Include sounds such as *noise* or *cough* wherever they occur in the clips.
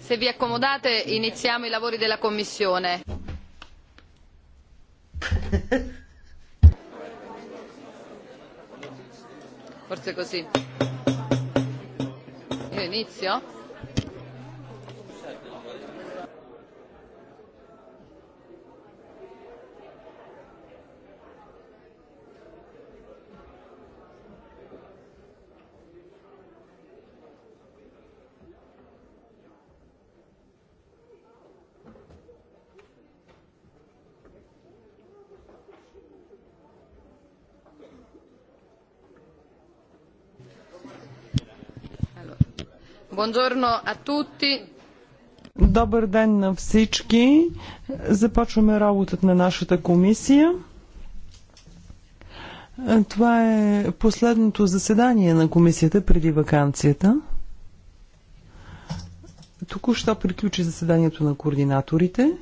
Se vi accomodate iniziamo i lavori della Commissione. Forse così. Io inizio? Buongiorno a tutti. Добър ден на всички. Започваме работата на нашата комисия. Това е последното заседание на комисията преди вакансията. Току-що приключи заседанието на координаторите.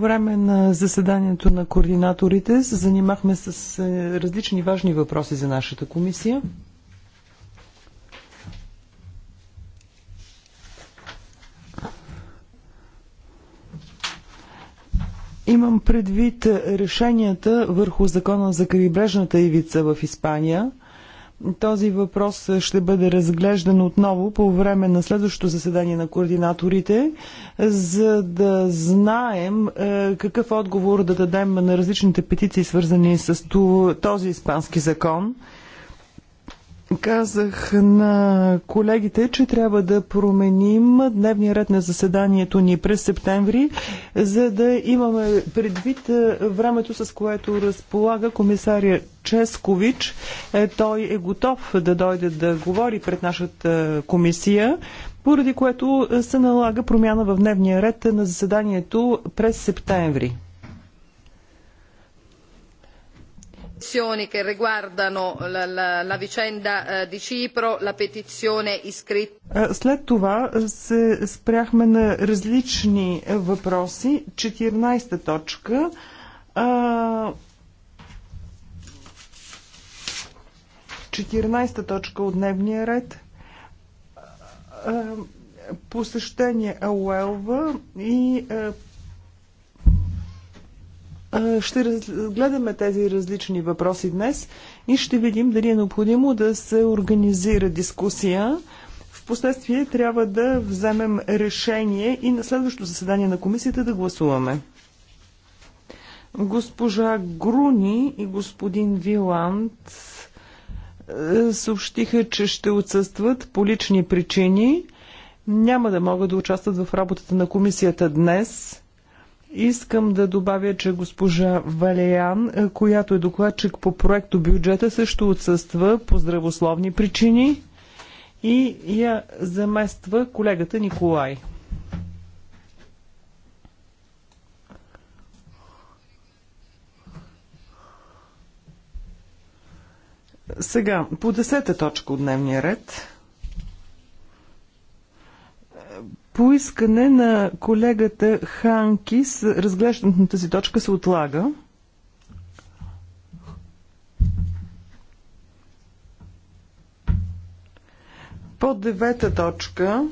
време на заседанието на координаторите се занимахме с е, различни важни въпроси за нашата комисия. Имам предвид решенията върху закона за крайбрежната ивица в Испания – този въпрос ще бъде разглеждан отново по време на следващото заседание на координаторите, за да знаем е, какъв отговор да дадем на различните петиции, свързани с този испански закон. Казах на колегите, че трябва да променим дневния ред на заседанието ни през септември, за да имаме предвид е, времето, с което разполага комисария Ческович. Е, той е готов да дойде да говори пред нашата комисия, поради което се налага промяна в дневния ред на заседанието през септември. petizioni che riguardano la, vicenda eh, di Cipro, la petizione iscritta. Е, след това се спряхме на различни въпроси. 14-та точка. А... 14-та точка от дневния ред. А... Посещение Ауелва и е, ще разгледаме тези различни въпроси днес и ще видим дали е необходимо да се организира дискусия. В последствие трябва да вземем решение и на следващото заседание на комисията да гласуваме. Госпожа Груни и господин Виланд е, съобщиха, че ще отсъстват по лични причини. Няма да могат да участват в работата на комисията днес. Искам да добавя, че госпожа Валеян, е, която е докладчик по проекто бюджета, също отсъства по здравословни причини и я замества колегата Николай. Сега, по десета точка от дневния ред. По искане на колегата Ханкис, разглеждането на тази точка се отлага. По девета точка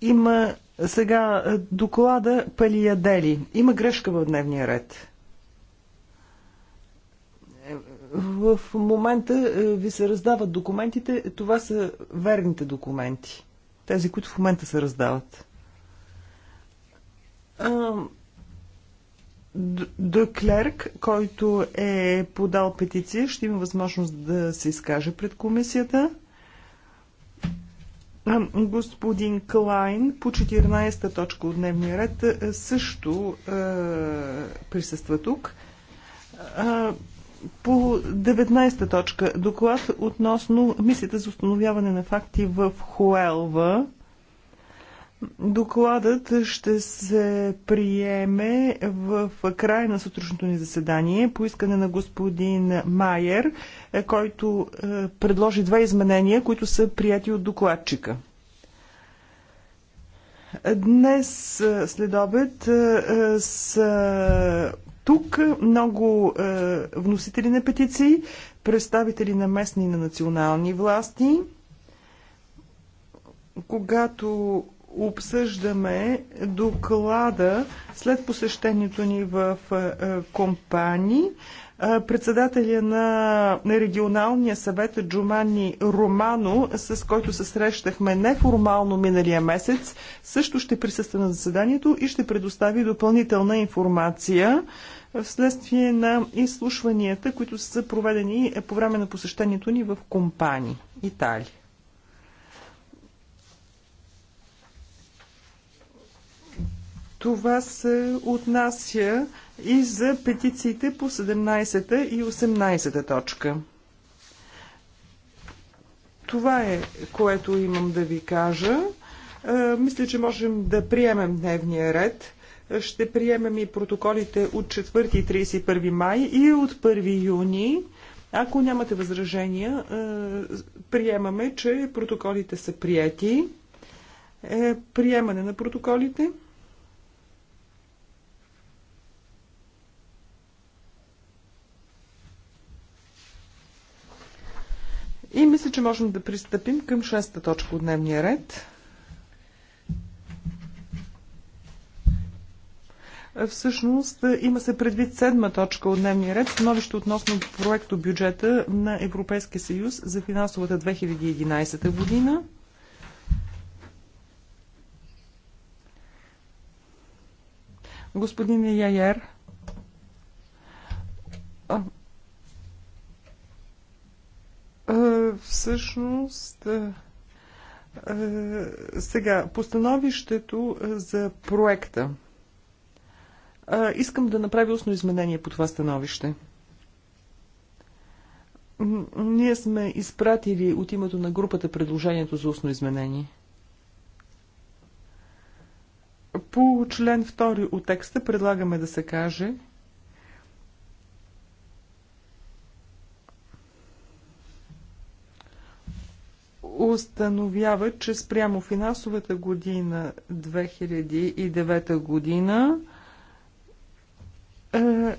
има сега доклада Палиядели. Има грешка в дневния ред. В момента е, ви се раздават документите. Това са верните документи тези, които в момента се раздават. До Клерк, който е подал петиция, ще има възможност да се изкаже пред комисията. Господин Клайн по 14-та точка от дневния ред също присъства тук. По 19-та точка. Доклад относно мисията за установяване на факти в Хуелва. Докладът ще се приеме в края на сутрешното ни заседание по искане на господин Майер, който е, предложи две изменения, които са прияти от докладчика. Днес е, след обед е, тук много е, вносители на петиции, представители на местни и на национални власти. Когато обсъждаме доклада след посещението ни в е, компании. Е, председателя на регионалния съвет Джумани Романо, с който се срещахме неформално миналия месец, също ще присъства на заседанието и ще предостави допълнителна информация вследствие на изслушванията, които са проведени по време на посещението ни в компании Италия. Това се отнася и за петициите по 17 та и 18 та точка. Това е, което имам да ви кажа. Е, мисля, че можем да приемем дневния ред ще приемем и протоколите от 4 и 31 май и от 1 юни. Ако нямате възражения, е, приемаме, че протоколите са прияти. Е, приемане на протоколите. И мисля, че можем да пристъпим към шеста точка от дневния ред. Е, всъщност е, има се предвид седма точка от дневния ред, становище относно проекто бюджета на Европейския съюз за финансовата 2011 година. Господин Яяр, всъщност сега, постановището за проекта искам да направя устно изменение по това становище. Ние сме изпратили от името на групата предложението за устно изменение. По член 2 от текста предлагаме да се каже установява, че спрямо финансовата година 2009 година е,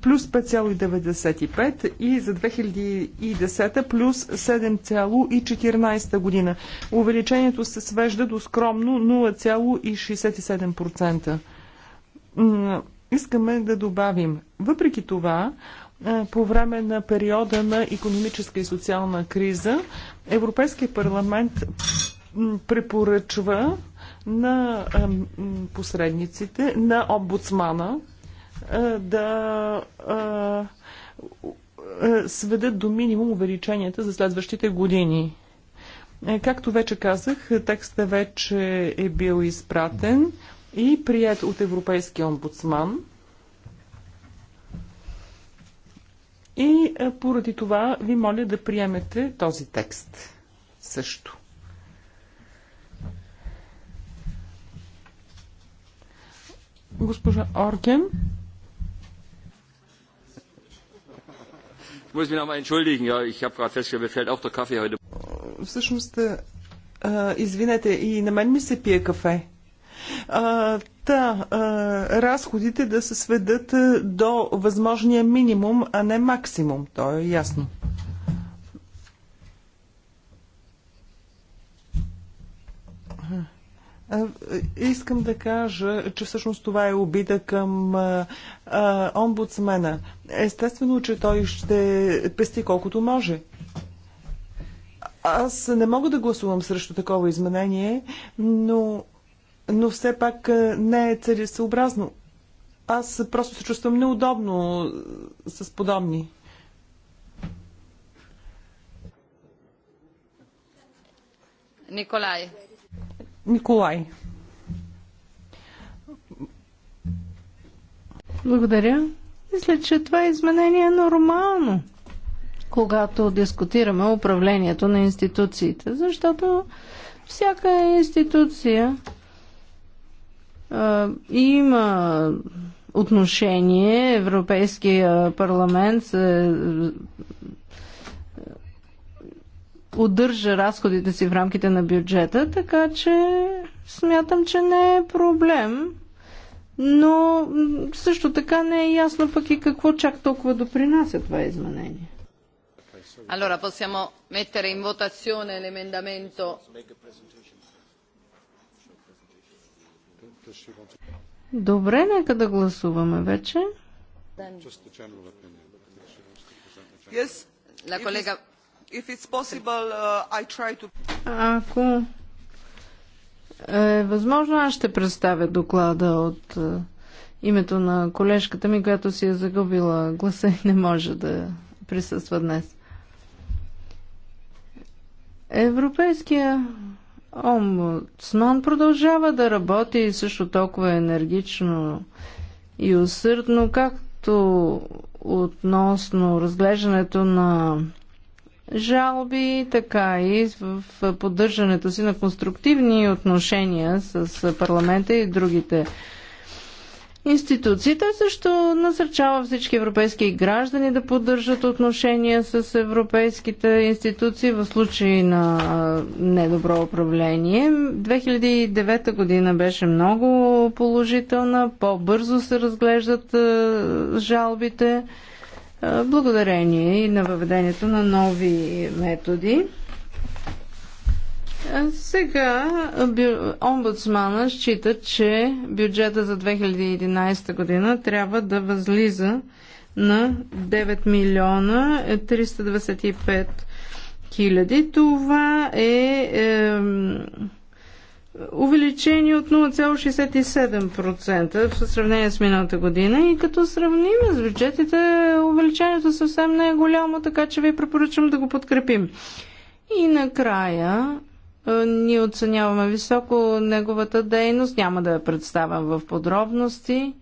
плюс 5,95 и за 2010 плюс 7,14 година. Увеличението се свежда до скромно 0,67%. Искаме да добавим. Въпреки това, е, по време на периода на економическа и социална криза, Европейския парламент препоръчва на посредниците, на омбудсмана, да сведат до минимум увеличенията за следващите години. Е, както вече казах, текстът вече е бил изпратен и прият от Европейския омбудсман. И поради това ви моля да приемете този текст също. Госпожа Орген. muss mich entschuldigen. Ja, ich habe gerade festgestellt, mir fällt auch der Kaffee heute. Всъщност, извинете, и на мен ми се пие кафе. А, та, а, разходите да се сведат до възможния минимум, а не максимум. То е ясно. Е, искам да кажа, че всъщност това е обида към а, омбудсмена. Естествено, че той ще пести колкото може. Аз не мога да гласувам срещу такова изменение, но, но все пак не е целесъобразно. Аз просто се чувствам неудобно с подобни. Николай. Николай. Благодаря. Мисля, че това изменение е нормално, когато дискутираме управлението на институциите, защото всяка институция а, има отношение. Европейския парламент се удържа разходите си в рамките на бюджета, така че смятам, че не е проблем. Но също така не е ясно пък и какво чак толкова допринася това изменение. Allora possiamo mettere in votazione l'emendamento. Добре, нека да гласуваме вече. Yes, la collega Possible, uh, to... Ако е възможно, аз ще представя доклада от е, името на колежката ми, която си е загубила гласа и не може да присъства днес. Европейския омбудсман продължава да работи също толкова енергично и усърдно, както относно разглеждането на жалби, така и в поддържането си на конструктивни отношения с парламента и другите институции. Той също насърчава всички европейски граждани да поддържат отношения с европейските институции в случай на недобро управление. 2009 година беше много положителна, по-бързо се разглеждат жалбите благодарение и на въведението на нови методи. Сега омбудсмана счита, че бюджета за 2011 година трябва да възлиза на 9 милиона 395 хиляди. Това е, е увеличение от 0,67% в сравнение с миналата година и като сравним с бюджетите, увеличението е съвсем не е голямо, така че ви препоръчвам да го подкрепим. И накрая е, ние оценяваме високо неговата дейност, няма да я представям в подробности,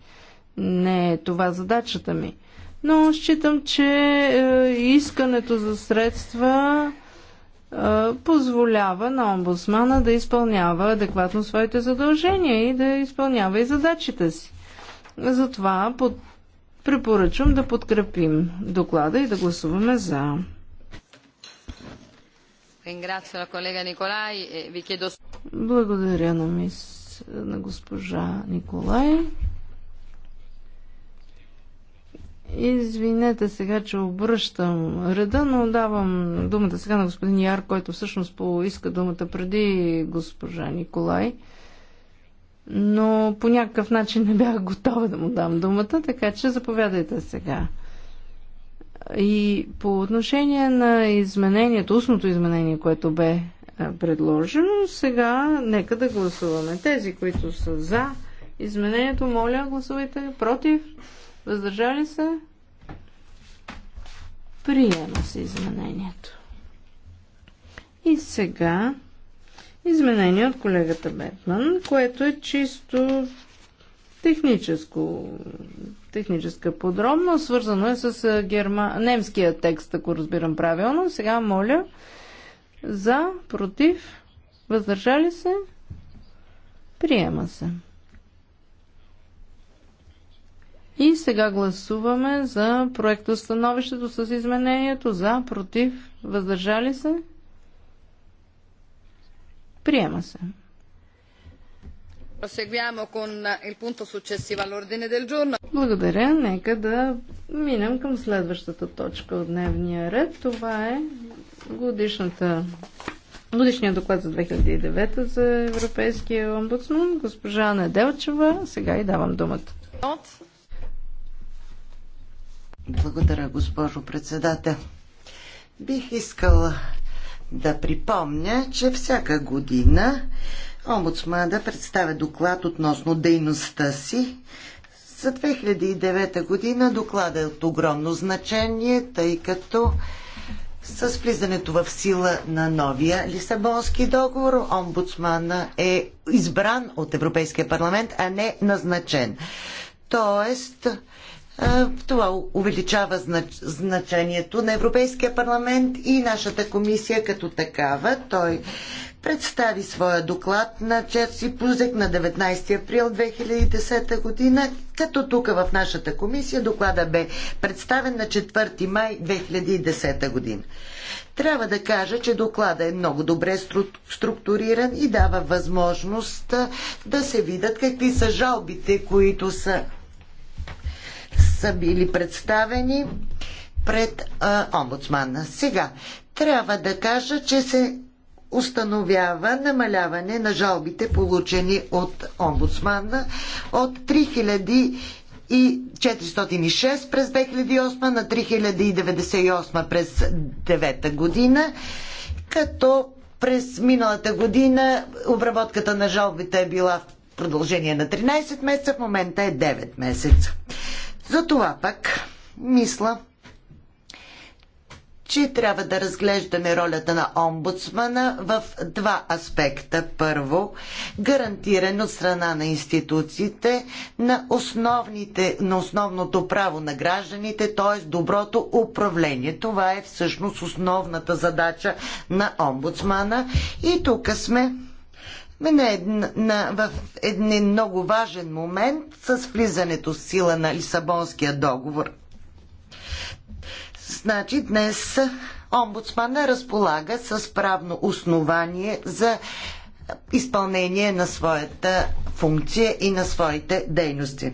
не е това задачата ми. Но считам, че е, искането за средства позволява на омбудсмана да изпълнява адекватно своите задължения и да изпълнява и задачите си. Затова под... препоръчвам да подкрепим доклада и да гласуваме за. E Благодаря на, мис... на госпожа Николай. Извинете сега, че обръщам реда, но давам думата сега на господин Яр, който всъщност поиска думата преди госпожа Николай. Но по някакъв начин не бях готова да му дам думата, така че заповядайте сега. И по отношение на изменението, устното изменение, което бе е, предложено, сега нека да гласуваме. Тези, които са за изменението, моля, гласувайте против. Въздържали се? Приема се изменението. И сега изменение от колегата Бетман, което е чисто техническо, техническа подробност, свързано е с герма... немския текст, ако разбирам правилно. Сега моля за, против, въздържали се, приема се. И сега гласуваме за становището с изменението за, против, въздържали се. Приема се. Благодаря. Нека да минем към следващата точка от дневния ред. Това е годишната годишния доклад за 2009 за Европейския омбудсман. Госпожа Неделчева, сега и давам думата. Благодаря, госпожо председател. Бих искала да припомня, че всяка година омбудсмада представя доклад относно дейността си. За 2009 година докладът е от огромно значение, тъй като с влизането в сила на новия Лисабонски договор, омбудсмана е избран от Европейския парламент, а не назначен. Тоест, това увеличава значението на Европейския парламент и нашата комисия като такава. Той представи своя доклад на Черси Пузек на 19 април 2010 година, като тук в нашата комисия доклада бе представен на 4 май 2010 година. Трябва да кажа, че доклада е много добре структуриран и дава възможност да се видят какви са жалбите, които са са били представени пред а, омбудсмана. Сега, трябва да кажа, че се установява намаляване на жалбите, получени от омбудсмана от 3000 и 406 през 2008 на 3098 през 2009 година, като през миналата година обработката на жалбите е била в продължение на 13 месеца, в момента е 9 месеца. За това пък мисля, че трябва да разглеждаме ролята на омбудсмана в два аспекта. Първо, гарантиране от страна на институциите на, основните, на основното право на гражданите, т.е. доброто управление. Това е всъщност основната задача на омбудсмана. И тук сме е една, на, в един много важен момент с влизането с сила на Лисабонския договор. Значи днес омбудсмана разполага с правно основание за изпълнение на своята функция и на своите дейности.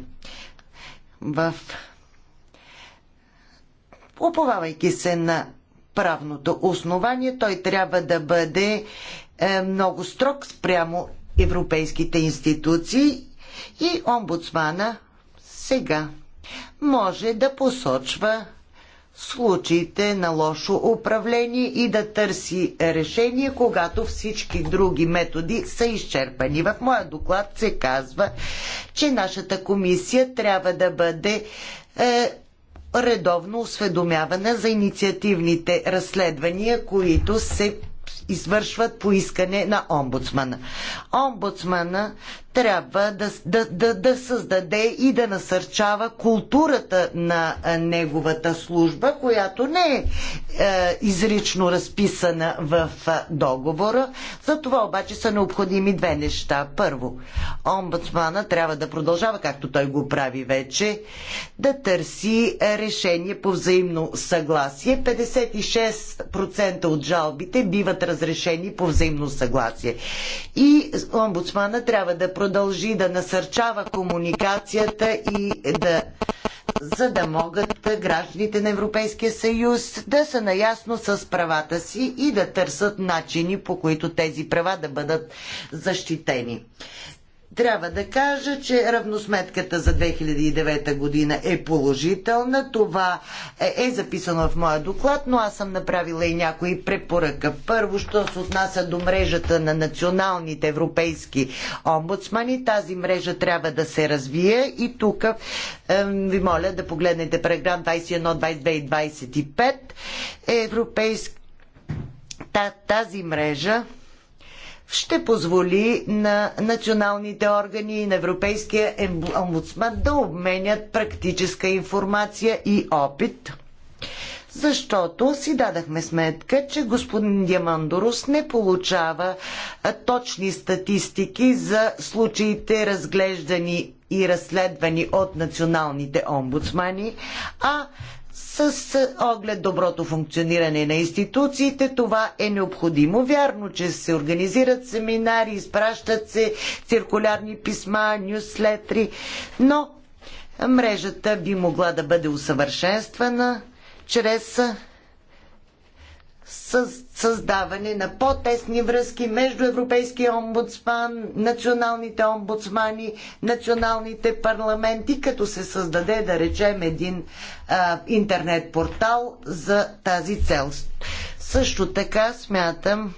В Уповавайки се на правното основание, той трябва да бъде е много строг спрямо европейските институции и омбудсмана сега може да посочва случаите на лошо управление и да търси решение, когато всички други методи са изчерпани. В моя доклад се казва, че нашата комисия трябва да бъде е, редовно осведомявана за инициативните разследвания, които се извършват по искане на омбудсмана. Омбудсмана трябва да, да, да, да създаде и да насърчава културата на неговата служба, която не е, е изрично разписана в договора. За това обаче са необходими две неща. Първо, омбудсмана трябва да продължава, както той го прави вече, да търси решение по взаимно съгласие. 56% от жалбите биват разрешени разрешени по взаимно съгласие. И омбудсмана трябва да продължи да насърчава комуникацията и да за да могат гражданите на Европейския съюз да са наясно с правата си и да търсят начини по които тези права да бъдат защитени. Трябва да кажа, че равносметката за 2009 година е положителна. Това е, е, записано в моя доклад, но аз съм направила и някои препоръка. Първо, що се отнася до мрежата на националните европейски омбудсмани, тази мрежа трябва да се развие и тук ви моля да погледнете параграф 21, 22 и 25. тази мрежа ще позволи на националните органи и на Европейския омбудсман да обменят практическа информация и опит. Защото си дадахме сметка, че господин Диамандорус не получава точни статистики за случаите разглеждани и разследвани от националните омбудсмани, а с оглед доброто функциониране на институциите, това е необходимо. Вярно, че се организират семинари, изпращат се циркулярни писма, нюслетри, но мрежата би могла да бъде усъвършенствана чрез създаване на по-тесни връзки между Европейския омбудсман, националните омбудсмани, националните парламенти, като се създаде, да речем, един интернет портал за тази цел. Също така смятам,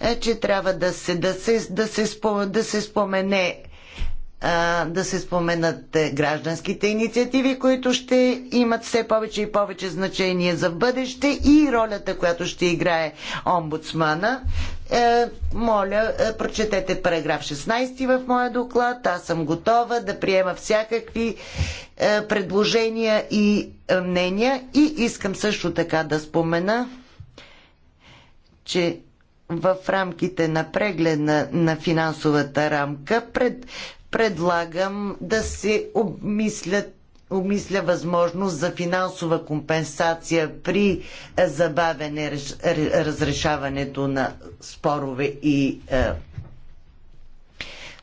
е, че трябва да се, да се, да се, да се спомене да се споменат е, гражданските инициативи, които ще имат все повече и повече значение за бъдеще и ролята, която ще играе омбудсмана. Е, моля, е, прочетете параграф 16 в моя доклад. Аз съм готова да приема всякакви е, предложения и е, мнения. И искам също така да спомена, че в рамките на прегледа на, на финансовата рамка пред, предлагам да се обмислят обмисля възможност за финансова компенсация при е, забавене разрешаването на спорове и е,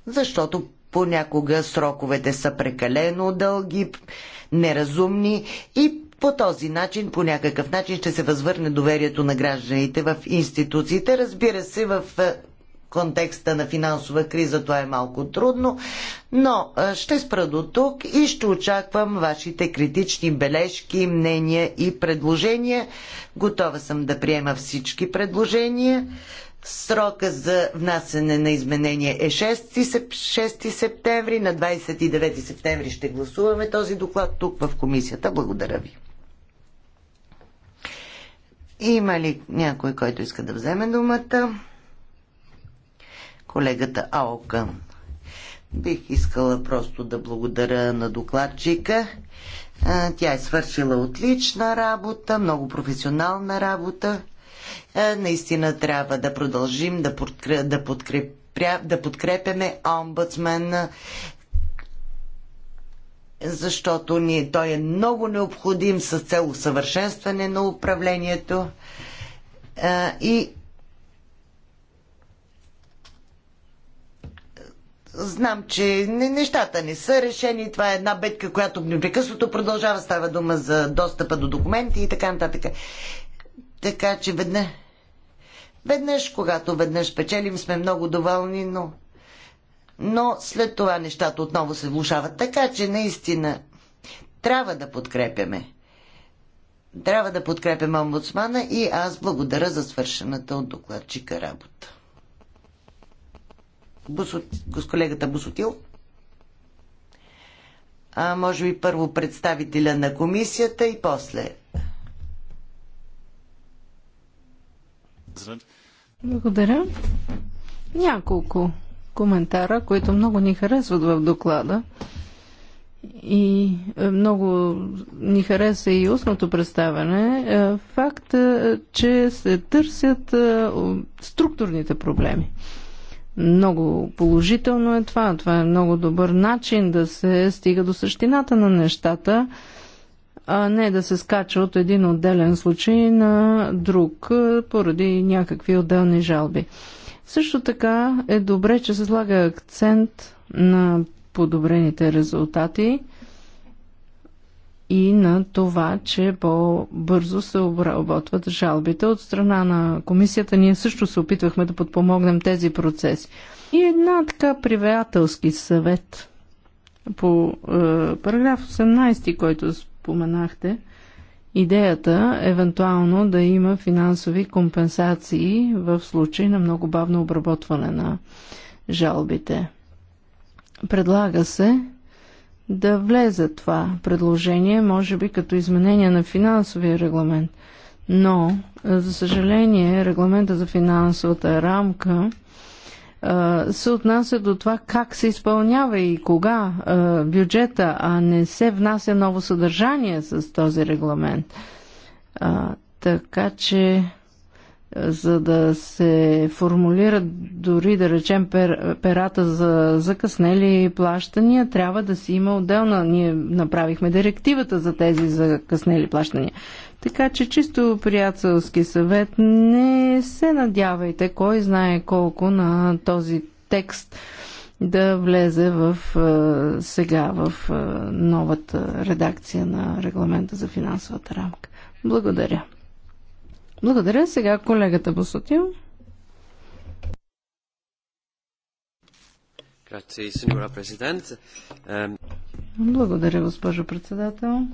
защото понякога сроковете са прекалено дълги, неразумни и по този начин, по някакъв начин ще се възвърне доверието на гражданите в институциите. Разбира се, в е, контекста на финансова криза това е малко трудно, но ще спра до тук и ще очаквам вашите критични бележки, мнения и предложения. Готова съм да приема всички предложения. Срока за внасене на изменение е 6, 6 септември. На 29 септември ще гласуваме този доклад тук в комисията. Благодаря ви. Има ли някой, който иска да вземе думата? колегата Аокън. Бих искала просто да благодаря на докладчика. Тя е свършила отлична работа, много професионална работа. Наистина трябва да продължим да, подкреп, да, подкреп, да подкрепяме омбудсмена, защото ни, той е много необходим с цел усъвършенстване на управлението и Знам, че нещата не са решени. Това е една бедка, която непрекъснато продължава. Става дума за достъпа до документи и така нататък. Така че веднъж, веднъж, когато веднъж печелим, сме много доволни, но, но след това нещата отново се влушават. Така че наистина трябва да подкрепяме. Трябва да подкрепяме омбудсмана и аз благодаря за свършената от докладчика работа с колегата Босотил. А, може би първо представителя на комисията и после. Благодаря. Няколко коментара, които много ни харесват в доклада. И е, много ни хареса и устното представяне. Е, факт, е, че се търсят структурните проблеми. Много положително е това. Това е много добър начин да се стига до същината на нещата, а не да се скача от един отделен случай на друг поради някакви отделни жалби. Също така е добре, че се слага акцент на подобрените резултати – и на това, че по-бързо се обработват жалбите. От страна на комисията ние също се опитвахме да подпомогнем тези процеси. И една така приятелски съвет по е, параграф 18, който споменахте, идеята евентуално да има финансови компенсации в случай на много бавно обработване на жалбите. Предлага се да влезе това предложение, може би като изменение на финансовия регламент. Но, за съжаление, регламента за финансовата рамка се отнася до това как се изпълнява и кога бюджета, а не се внася ново съдържание с този регламент. Така че за да се формулират дори да речем пер, перата за закъснели плащания, трябва да си има отделна. Ние направихме директивата за тези закъснели плащания. Така че чисто приятелски съвет, не се надявайте кой знае колко на този текст да влезе в, е, сега в е, новата редакция на регламента за финансовата рамка. Благодаря. Благодаря. Сега колегата Босотил. Ehm, Благодаря, госпожо председател.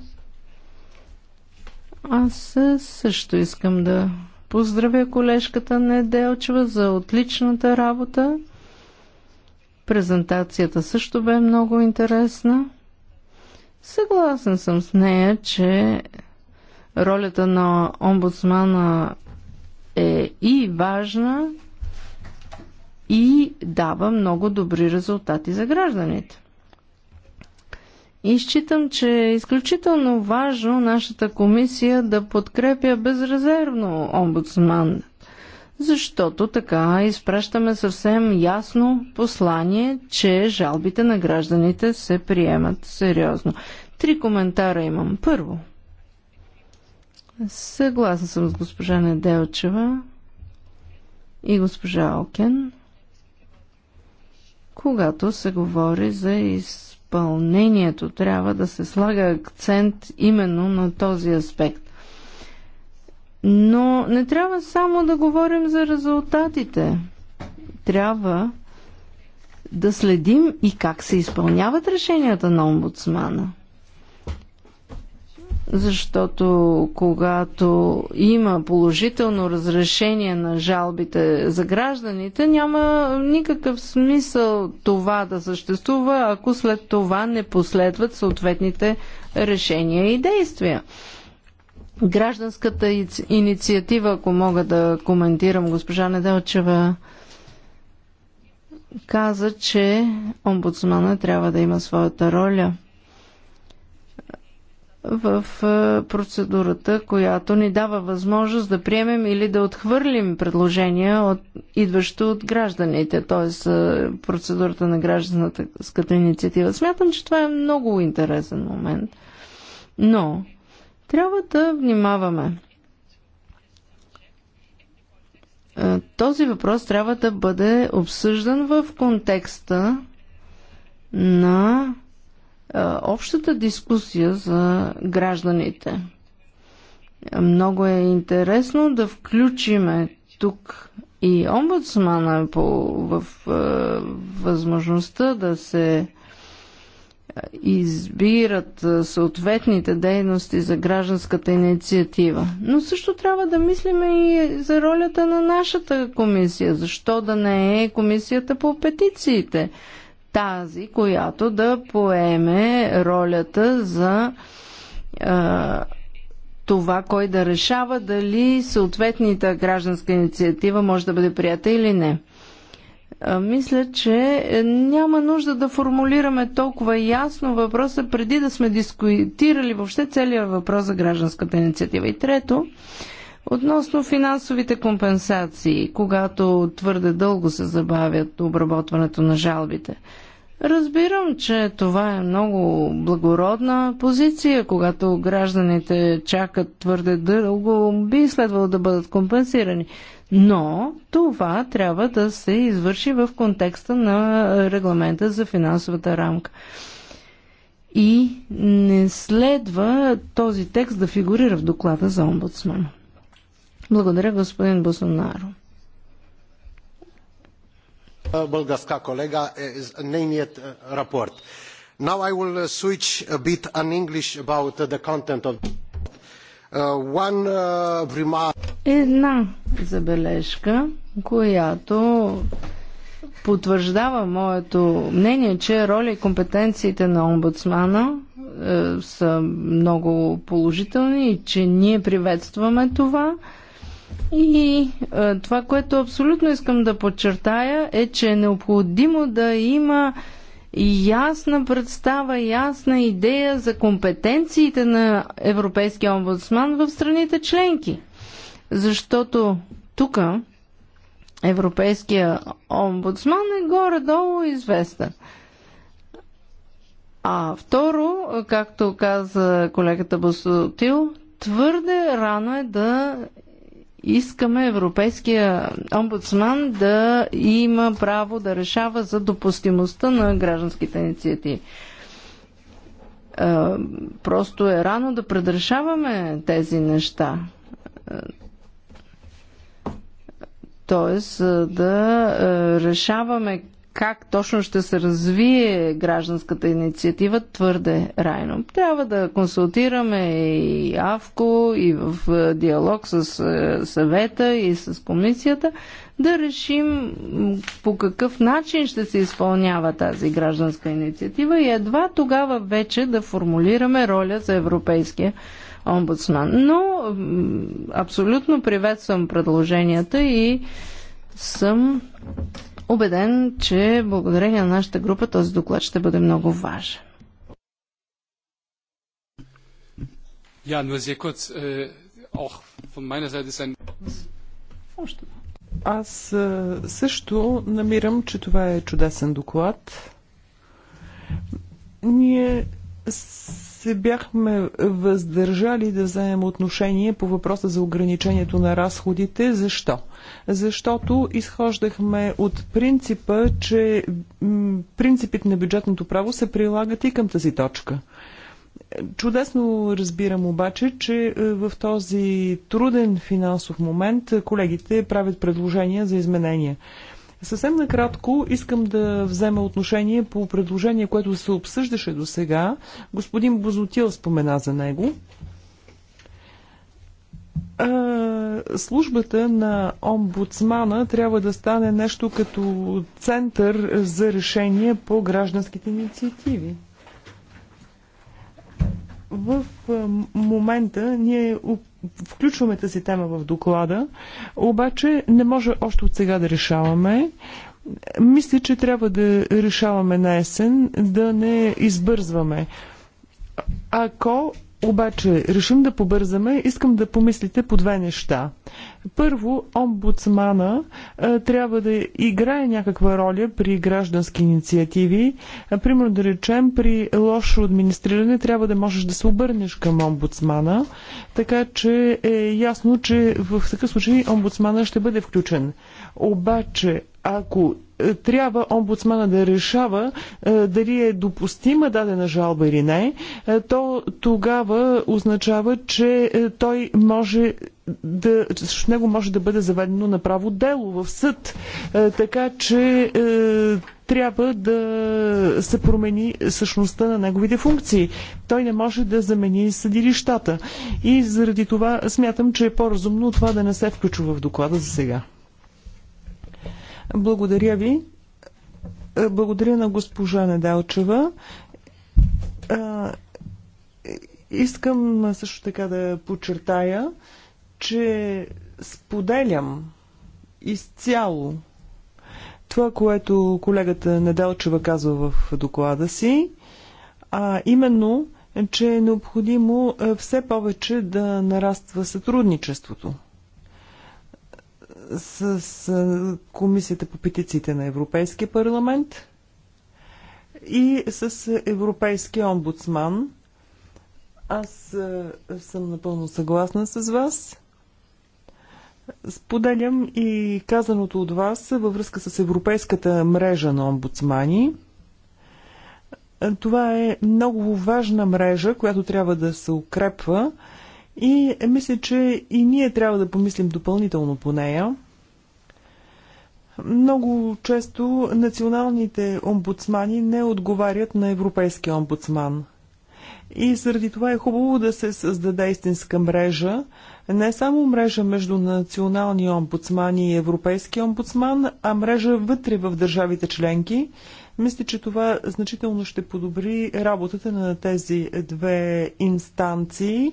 Аз също искам да поздравя колежката Неделчева за отличната работа. Презентацията също бе много интересна. Съгласен съм с нея, че Ролята на омбудсмана е и важна, и дава много добри резултати за гражданите. И считам, че е изключително важно нашата комисия да подкрепя безрезервно омбудсман, защото така изпращаме съвсем ясно послание, че жалбите на гражданите се приемат сериозно. Три коментара имам. Първо – Съгласна съм с госпожа Неделчева и госпожа Окен, когато се говори за изпълнението, трябва да се слага акцент именно на този аспект. Но не трябва само да говорим за резултатите. Трябва да следим и как се изпълняват решенията на омбудсмана – защото когато има положително разрешение на жалбите за гражданите, няма никакъв смисъл това да съществува, ако след това не последват съответните решения и действия. Гражданската инициатива, ако мога да коментирам, госпожа Неделчева каза, че омбудсмана трябва да има своята роля – в е, процедурата, която ни дава възможност да приемем или да отхвърлим предложения, от, идващо от гражданите, т.е. Е, процедурата на гражданската инициатива. Смятам, че това е много интересен момент. Но трябва да внимаваме. Е, този въпрос трябва да бъде обсъждан в контекста на общата дискусия за гражданите. Много е интересно да включиме тук и омбудсмана по, в в възможността да се избират съответните дейности за гражданската инициатива. Но също трябва да мислиме и за ролята на нашата комисия. Защо да не е комисията по петициите? тази, която да поеме ролята за а, това, кой да решава дали съответната гражданска инициатива може да бъде прията или не. А, мисля, че няма нужда да формулираме толкова ясно въпроса, преди да сме дискутирали въобще целият въпрос за гражданската инициатива. И трето, Относно финансовите компенсации, когато твърде дълго се забавят обработването на жалбите. Разбирам, че това е много благородна позиция, когато гражданите чакат твърде дълго, би следвало да бъдат компенсирани. Но това трябва да се извърши в контекста на регламента за финансовата рамка. И не следва този текст да фигурира в доклада за омбудсмана. Благодаря, господин Босонаро. Българска колега, е нейният е, рапорт. Now I will е, switch a bit on English about the content of uh, one uh, remark. Една забележка, която потвърждава моето мнение, че роля и компетенциите на омбудсмана е, са много положителни и че ние приветстваме това. И а, е, това, което абсолютно искам да подчертая, е, че е необходимо да има ясна представа, ясна идея за компетенциите на Европейския омбудсман в страните членки. Защото тук Европейския омбудсман е горе-долу известен. А второ, както каза колегата Босотил, твърде рано е да искаме Европейския омбудсман да има право да решава за допустимостта на гражданските инициативи. Просто е рано да предрешаваме тези неща. Тоест да решаваме как точно ще се развие гражданската инициатива, твърде райно. Трябва да консултираме и АВКО, и в е, диалог с е, съвета, и с комисията, да решим по какъв начин ще се изпълнява тази гражданска инициатива и едва тогава вече да формулираме роля за Европейския омбудсман. Но абсолютно приветствам предложенията и съм убеден, че благодарение на нашата група този доклад ще бъде много важен. Ja, nur sehr kurz. Äh, auch von meiner Seite ist ein. Аз е, също намирам, че това е чудесен доклад. Ние се бяхме въздържали да вземем отношение по въпроса за ограничението на разходите. Защо? Защото изхождахме от принципа, че принципите на бюджетното право се прилагат и към тази точка. Чудесно разбирам обаче, че е, в този труден финансов момент е, колегите правят предложения за изменения. Съвсем накратко искам да взема отношение по предложение, което се обсъждаше до сега. Господин Бозотил спомена за него. Службата на омбудсмана трябва да стане нещо като център за решение по гражданските инициативи. В момента ние включваме тази тема в доклада, обаче не може още от сега да решаваме. Мисля, че трябва да решаваме на есен, да не избързваме. Ако обаче решим да побързаме, искам да помислите по две неща. Първо, омбудсмана а, е, трябва да играе някаква роля при граждански инициативи. Е, примерно да речем, при лошо администриране трябва да можеш да се обърнеш към омбудсмана, така че е ясно, че в такъв случай омбудсмана ще бъде включен. Обаче, ако трябва омбудсмана да решава е, дали е допустима дадена жалба или не, е, то тогава означава, че е, той може да, срещу него може да бъде заведено направо дело в съд. Така че трябва да се промени същността на неговите функции. Той не може да замени съдилищата. И заради това смятам, че е по-разумно това да не се включва в доклада за сега. Благодаря ви. Е, благодаря на госпожа Недалчева. Е, искам също така да подчертая, че споделям изцяло това, което колегата Неделчева казва в доклада си, а именно, че е необходимо е, все повече да нараства сътрудничеството с, с Комисията по петициите на Европейския парламент и с Европейския омбудсман. Аз съм напълно съгласна с вас. Споделям и казаното от вас във връзка с Европейската мрежа на омбудсмани. Това е много важна мрежа, която трябва да се укрепва и мисля, че и ние трябва да помислим допълнително по нея. Много често националните омбудсмани не отговарят на европейския омбудсман. И заради това е хубаво да се създаде истинска мрежа, не само мрежа между национални омбудсмани и европейски омбудсман, а мрежа вътре в държавите членки. Мисля, че това значително ще подобри работата на тези две инстанции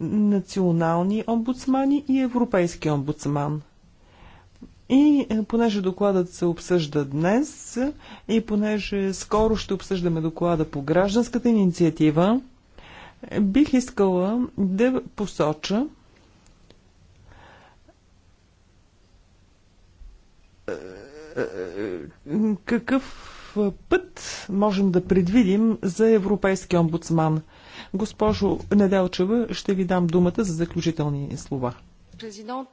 национални омбудсмани и европейски омбудсман. И е, понеже докладът се обсъжда днес и понеже скоро ще обсъждаме доклада по гражданската инициатива, бих искала да посоча какъв път можем да предвидим за Европейски омбудсман. Госпожо Неделчева, ще ви дам думата за заключителни слова. Президент,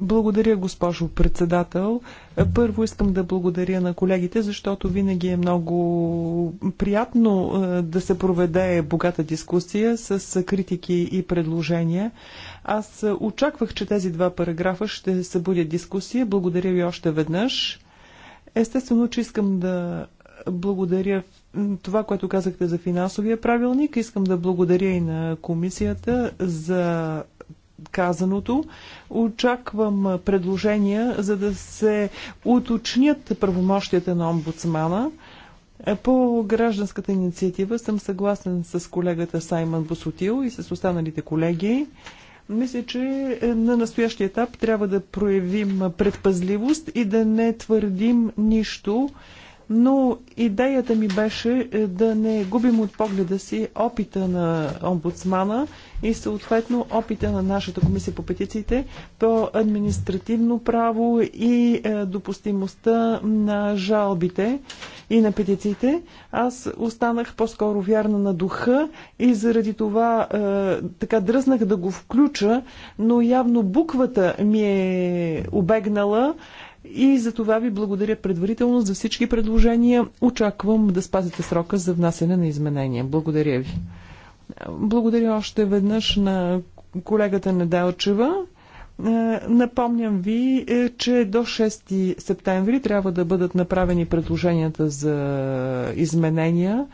благодаря, госпожо председател. Първо искам да благодаря на колегите, защото винаги е много приятно е, да се проведе богата дискусия с критики и предложения. Аз очаквах, че тези два параграфа ще събудят дискусия. Благодаря ви още веднъж. Естествено, че искам да благодаря това, което казахте за финансовия правилник. Искам да благодаря и на комисията за казаното. Очаквам предложения, за да се уточнят правомощията на омбудсмана. Е, по гражданската инициатива съм съгласен с колегата Саймън Босотил и с останалите колеги. Мисля, че е, на настоящия етап трябва да проявим предпазливост и да не твърдим нищо, но идеята ми беше е, да не губим от погледа си опита на омбудсмана и съответно опита на нашата комисия по петициите по административно право и е, допустимостта на жалбите и на петициите. Аз останах по-скоро вярна на духа и заради това е, така дръзнах да го включа, но явно буквата ми е обегнала и за това ви благодаря предварително за всички предложения. Очаквам да спазите срока за внасене на изменения. Благодаря ви. Благодаря още веднъж на колегата Недалчева. Е, напомням ви, е, че до 6 септември трябва да бъдат направени предложенията за изменения.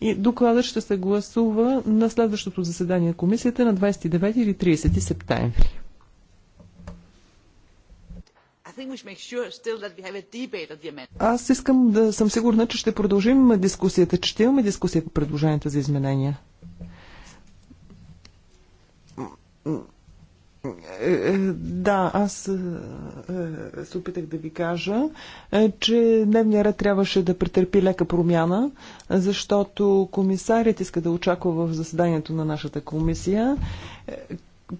И докладът ще се гласува на следващото заседание на комисията на 29 или 30 септември. Аз искам да съм сигурна, че ще продължим дискусията, че ще имаме дискусия по предложенията за изменения. Е, е, да, аз е, се опитах да ви кажа, че дневния ред трябваше да претърпи лека промяна, защото комисарят иска да очаква в заседанието на нашата комисия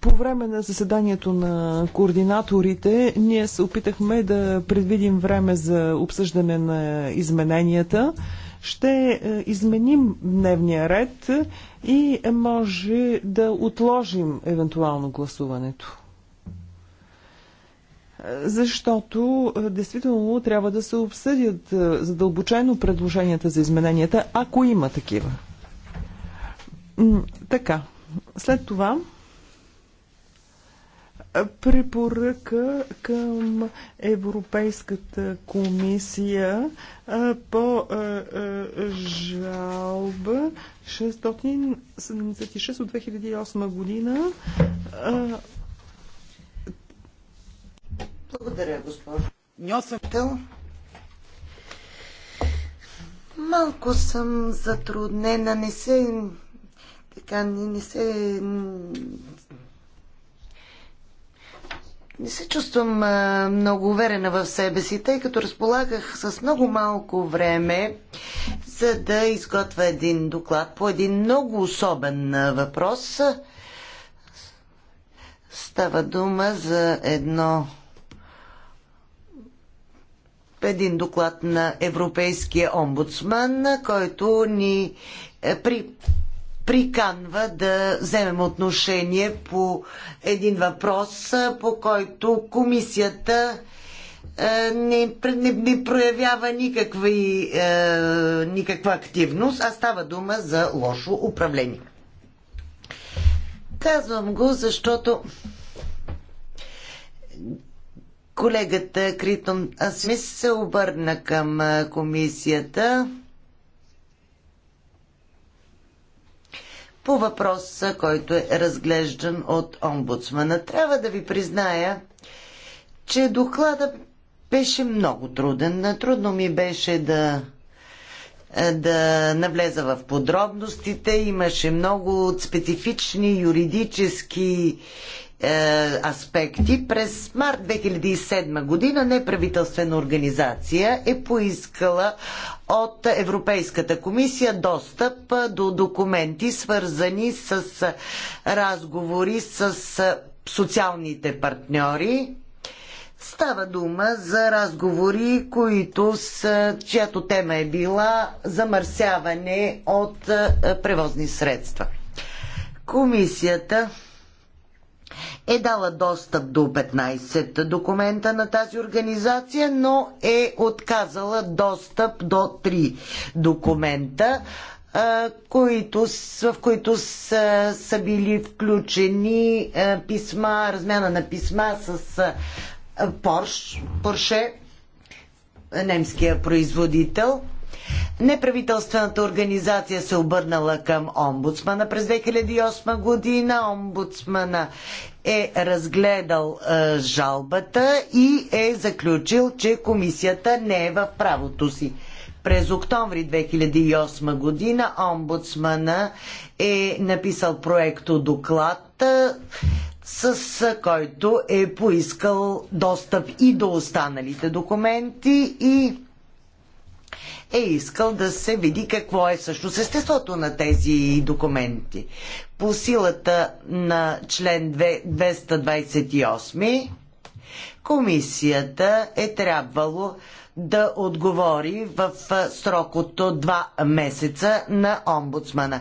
по време на заседанието на координаторите ние се опитахме да предвидим време за обсъждане на измененията. Ще е, изменим дневния ред и може да отложим евентуално гласуването. Защото е, действително трябва да се обсъдят е, задълбочено предложенията за измененията, ако има такива. Така, след това препоръка към Европейската комисия по жалба 676 от 2008 година. Благодаря, госпожо. Ньосъмтел. Малко съм затруднена, не се така не, не се не се чувствам а, много уверена в себе си, тъй като разполагах с много малко време, за да изготвя един доклад по един много особен въпрос. Става дума за едно един доклад на Европейския омбудсман, който ни е, при приканва да вземем отношение по един въпрос, по който комисията е, не, не, не проявява и, е, никаква активност, а става дума за лошо управление. Казвам го, защото колегата Критон Асмис се обърна към е, комисията по въпроса, който е разглеждан от омбудсмана. Трябва да ви призная, че доклада беше много труден. Трудно ми беше да да навлеза в подробностите. Имаше много специфични юридически е, аспекти. През март 2007 година неправителствена организация е поискала от Европейската комисия достъп е, до документи, свързани с е, разговори с социалните партньори. Става дума за разговори, които с, чиято тема е била замърсяване от превозни средства. Комисията е дала достъп до 15 документа на тази организация, но е отказала достъп до 3 документа, които, в които са, са били включени писма, размяна на писма с Порш, Порше, немския производител – Неправителствената организация се обърнала към омбудсмана през 2008 година. Омбудсмана е разгледал е, жалбата и е заключил, че комисията не е в правото си. През октомври 2008 година омбудсмана е написал проекто доклад, е, с е, който е поискал достъп и до останалите документи и е искал да се види какво е също естеството на тези документи. По силата на член 228 комисията е трябвало да отговори в срок от 2 месеца на омбудсмана. Е,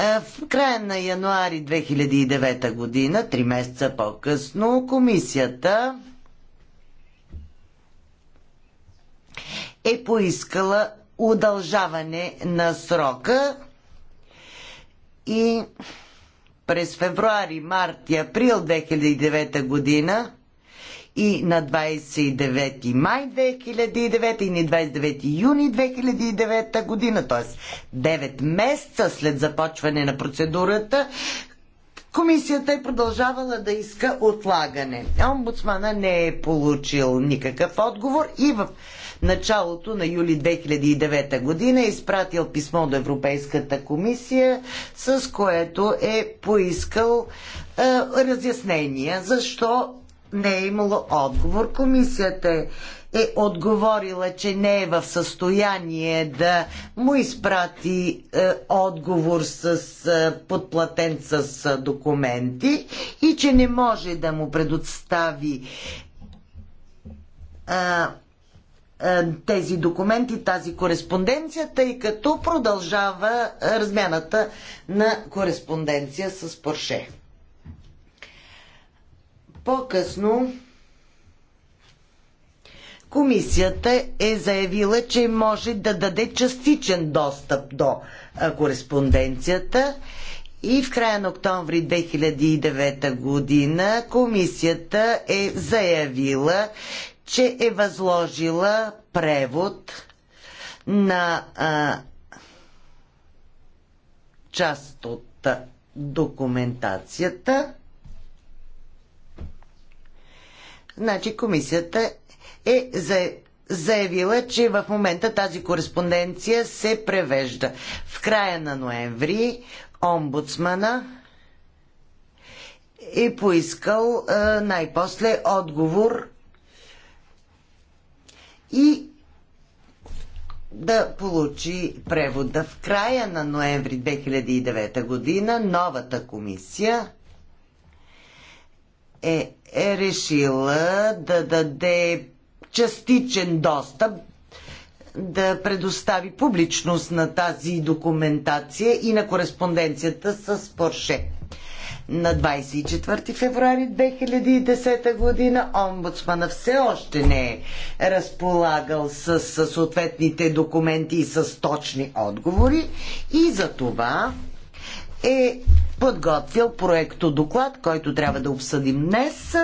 в края на януари 2009 година, 3 месеца по-късно, комисията е поискала удължаване на срока и през февруари, март и април 2009 година и на 29 май 2009 и на 29 юни 2009 година, т.е. 9 месеца след започване на процедурата, Комисията е продължавала да иска отлагане. Омбудсмана не е получил никакъв отговор и в началото на юли 2009 година е изпратил писмо до Европейската комисия, с което е поискал е, разяснения защо не е имало отговор. Комисията е е отговорила, че не е в състояние да му изпрати е, отговор с е, подплатен с е, документи и че не може да му предостави е, е, тези документи, тази кореспонденция, тъй като продължава е, размяната на кореспонденция с Порше. По-късно комисията е заявила, че може да даде частичен достъп до е, кореспонденцията и в края на октомври 2009 година комисията е заявила, че е възложила превод на а, част от документацията. Значи комисията е за заявила, че в момента тази кореспонденция се превежда. В края на ноември омбудсмана е поискал най-после отговор и да получи превода. В края на ноември 2009 година новата комисия е, е решила да даде частичен достъп да предостави публичност на тази документация и на кореспонденцията с Порше. На 24 февруари 2010 година омбудсмана все още не е разполагал с, с съответните документи и с точни отговори и за това е подготвил проекто доклад, който трябва да обсъдим днес.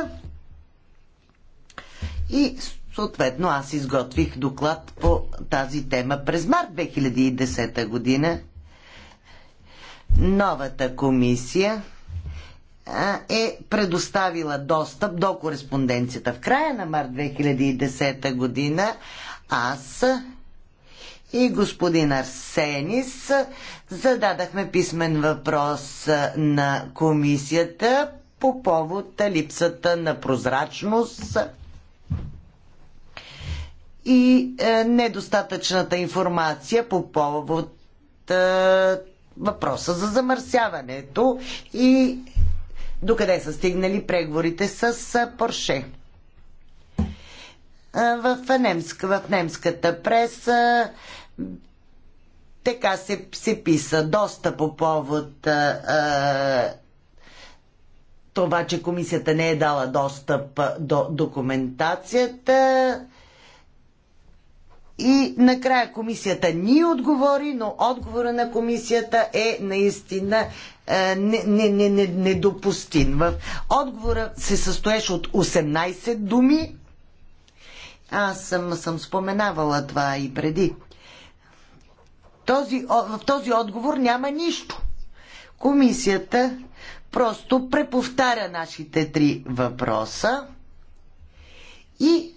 И съответно аз изготвих доклад по тази тема през март 2010 година. Новата комисия е предоставила достъп до кореспонденцията. В края на март 2010 година аз и господин Арсенис зададахме писмен въпрос на комисията по повод липсата на прозрачност и е, недостатъчната информация по повод е, въпроса за замърсяването и докъде са стигнали преговорите с Порше. В, немска, в немската преса така се, се писа доста по повод а, това, че комисията не е дала достъп до документацията и накрая комисията ни отговори, но отговора на комисията е наистина е, недопустим. В отговора се състоеше от 18 думи. Аз съм, съм споменавала това и преди. Този, в този отговор няма нищо. Комисията просто преповтаря нашите три въпроса и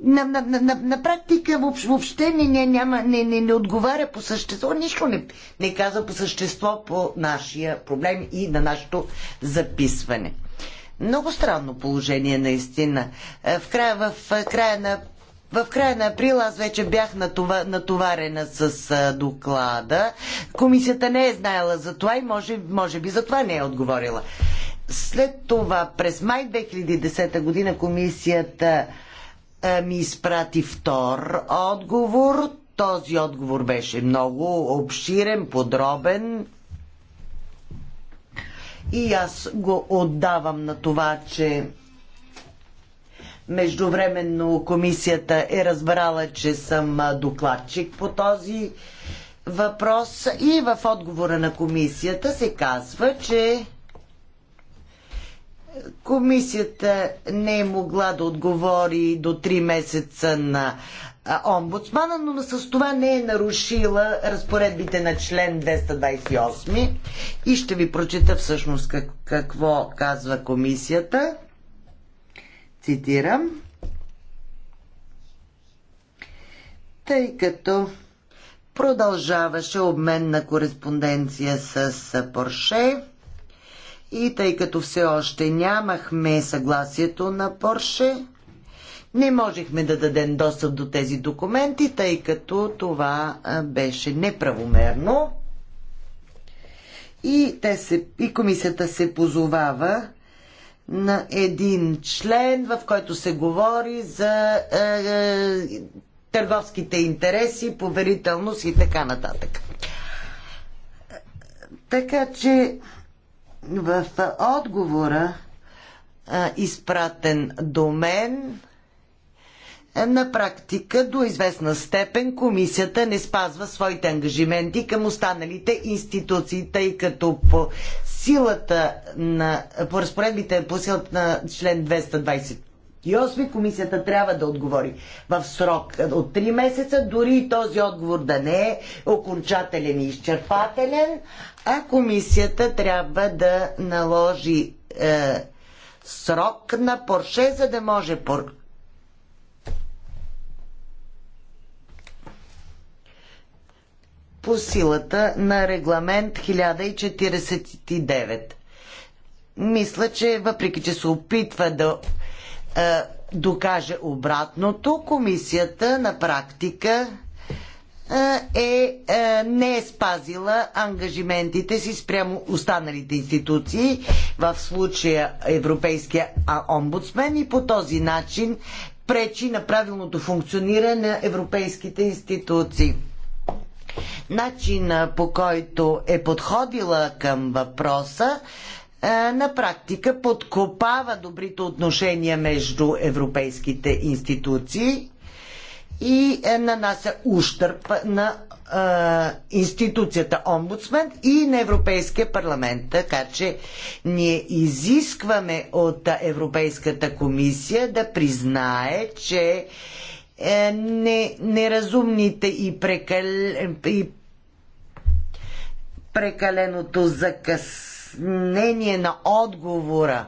на, на, на, на, практика въобще не, не, няма, не, не, не отговаря по същество, нищо не, не каза по същество по нашия проблем и на нашето записване. Много странно положение, наистина. Е, в края, в, в края на в края на април аз вече бях натоварена с е, доклада. Комисията не е знаела за това и може, може би за това не е отговорила. След това, през май 2010 година комисията е, ми изпрати втор отговор. Този отговор беше много обширен, подробен. И аз го отдавам на това, че междувременно комисията е разбрала, че съм докладчик по този въпрос и в отговора на комисията се казва, че Комисията не е могла да отговори до 3 месеца на омбудсмана, но с това не е нарушила разпоредбите на член 228. И ще ви прочита всъщност какво казва комисията. Цитирам. Тъй като продължаваше обмен на кореспонденция с Поршеев, и тъй като все още нямахме съгласието на Порше, не можехме да дадем достъп до тези документи, тъй като това беше неправомерно. И, те се, и комисията се позовава на един член, в който се говори за е, е, търговските интереси, поверителност и така нататък. Така че в отговора, изпратен до мен, е, на практика до известна степен комисията не спазва своите ангажименти към останалите институции, тъй като по силата на по разпоредбите по силата на член 225 28 комисията трябва да отговори в срок от 3 месеца, дори и този отговор да не е окончателен и изчерпателен, а комисията трябва да наложи е, срок на Порше, за да може Пор... по силата на регламент 1049. Мисля, че въпреки, че се опитва да е, докаже обратното, комисията на практика е, е, не е спазила ангажиментите си спрямо останалите институции, в случая Европейския омбудсмен и по този начин пречи на правилното функциониране на европейските институции. Начина по който е подходила към въпроса е, на практика подкопава добрите отношения между европейските институции и е, нанася ущърп на е, институцията омбудсмен и на Европейския парламент. Така че ние изискваме от Европейската комисия да признае, че не, неразумните и, прекал... и прекаленото закъс мнение на отговора,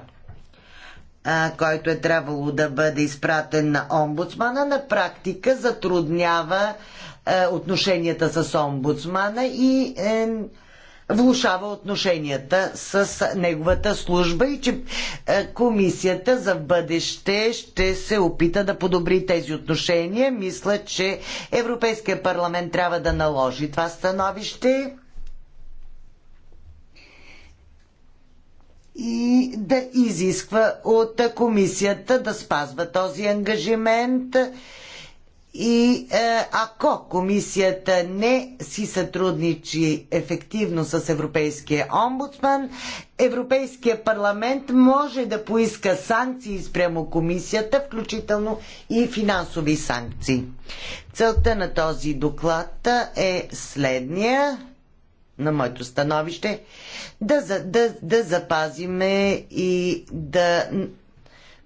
а, който е трябвало да бъде изпратен на омбудсмана, на практика затруднява а, е, отношенията с омбудсмана и е, влушава отношенията с неговата служба и че е, комисията за бъдеще ще се опита да подобри тези отношения. Мисля, че Европейския парламент трябва да наложи това становище и да изисква от комисията да спазва този ангажимент. И е, ако комисията не си сътрудничи ефективно с Европейския омбудсман, Европейския парламент може да поиска санкции спрямо комисията, включително и финансови санкции. Целта на този доклад е следния на моето становище, да, да, да запазиме и да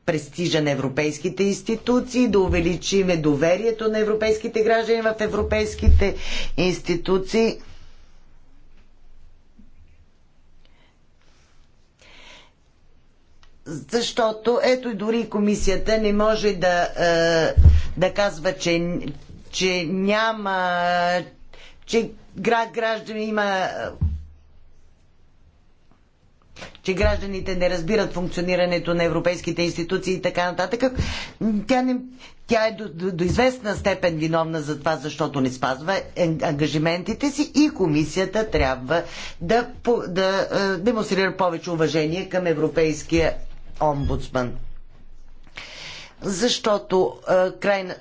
престижа на европейските институции, да увеличиме доверието на европейските граждани в европейските институции. Защото ето и дори комисията не може да, е, да казва, че, че няма че град граждани има че гражданите не разбират функционирането на европейските институции и така нататък. Тя, не, тя е до, до, до известна степен виновна за това, защото не спазва ангажиментите си и комисията трябва да, да, е, демонстрира повече уважение към европейския омбудсман. Защото е, крайна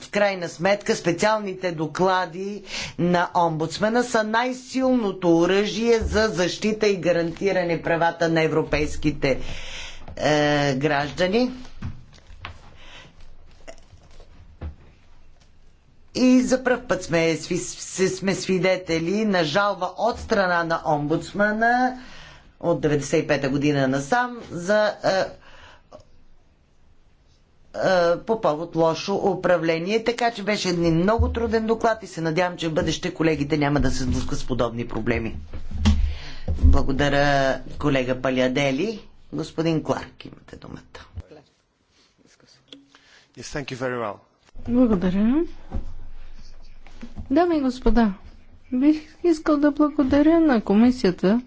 в крайна сметка специалните доклади на омбудсмена са най-силното оръжие за защита и гарантиране правата на европейските е, граждани. И за първ път сме, сме свидетели на жалба от страна на омбудсмана от 95-та година насам за е, е, по повод лошо управление. Така че беше един много труден доклад и се надявам, че в бъдеще колегите няма да се сблъскат с подобни проблеми. Благодаря, колега Палядели. Господин Кларк, имате думата. Yes, thank you very well. Благодаря. Дами и господа, бих искал да благодаря на комисията,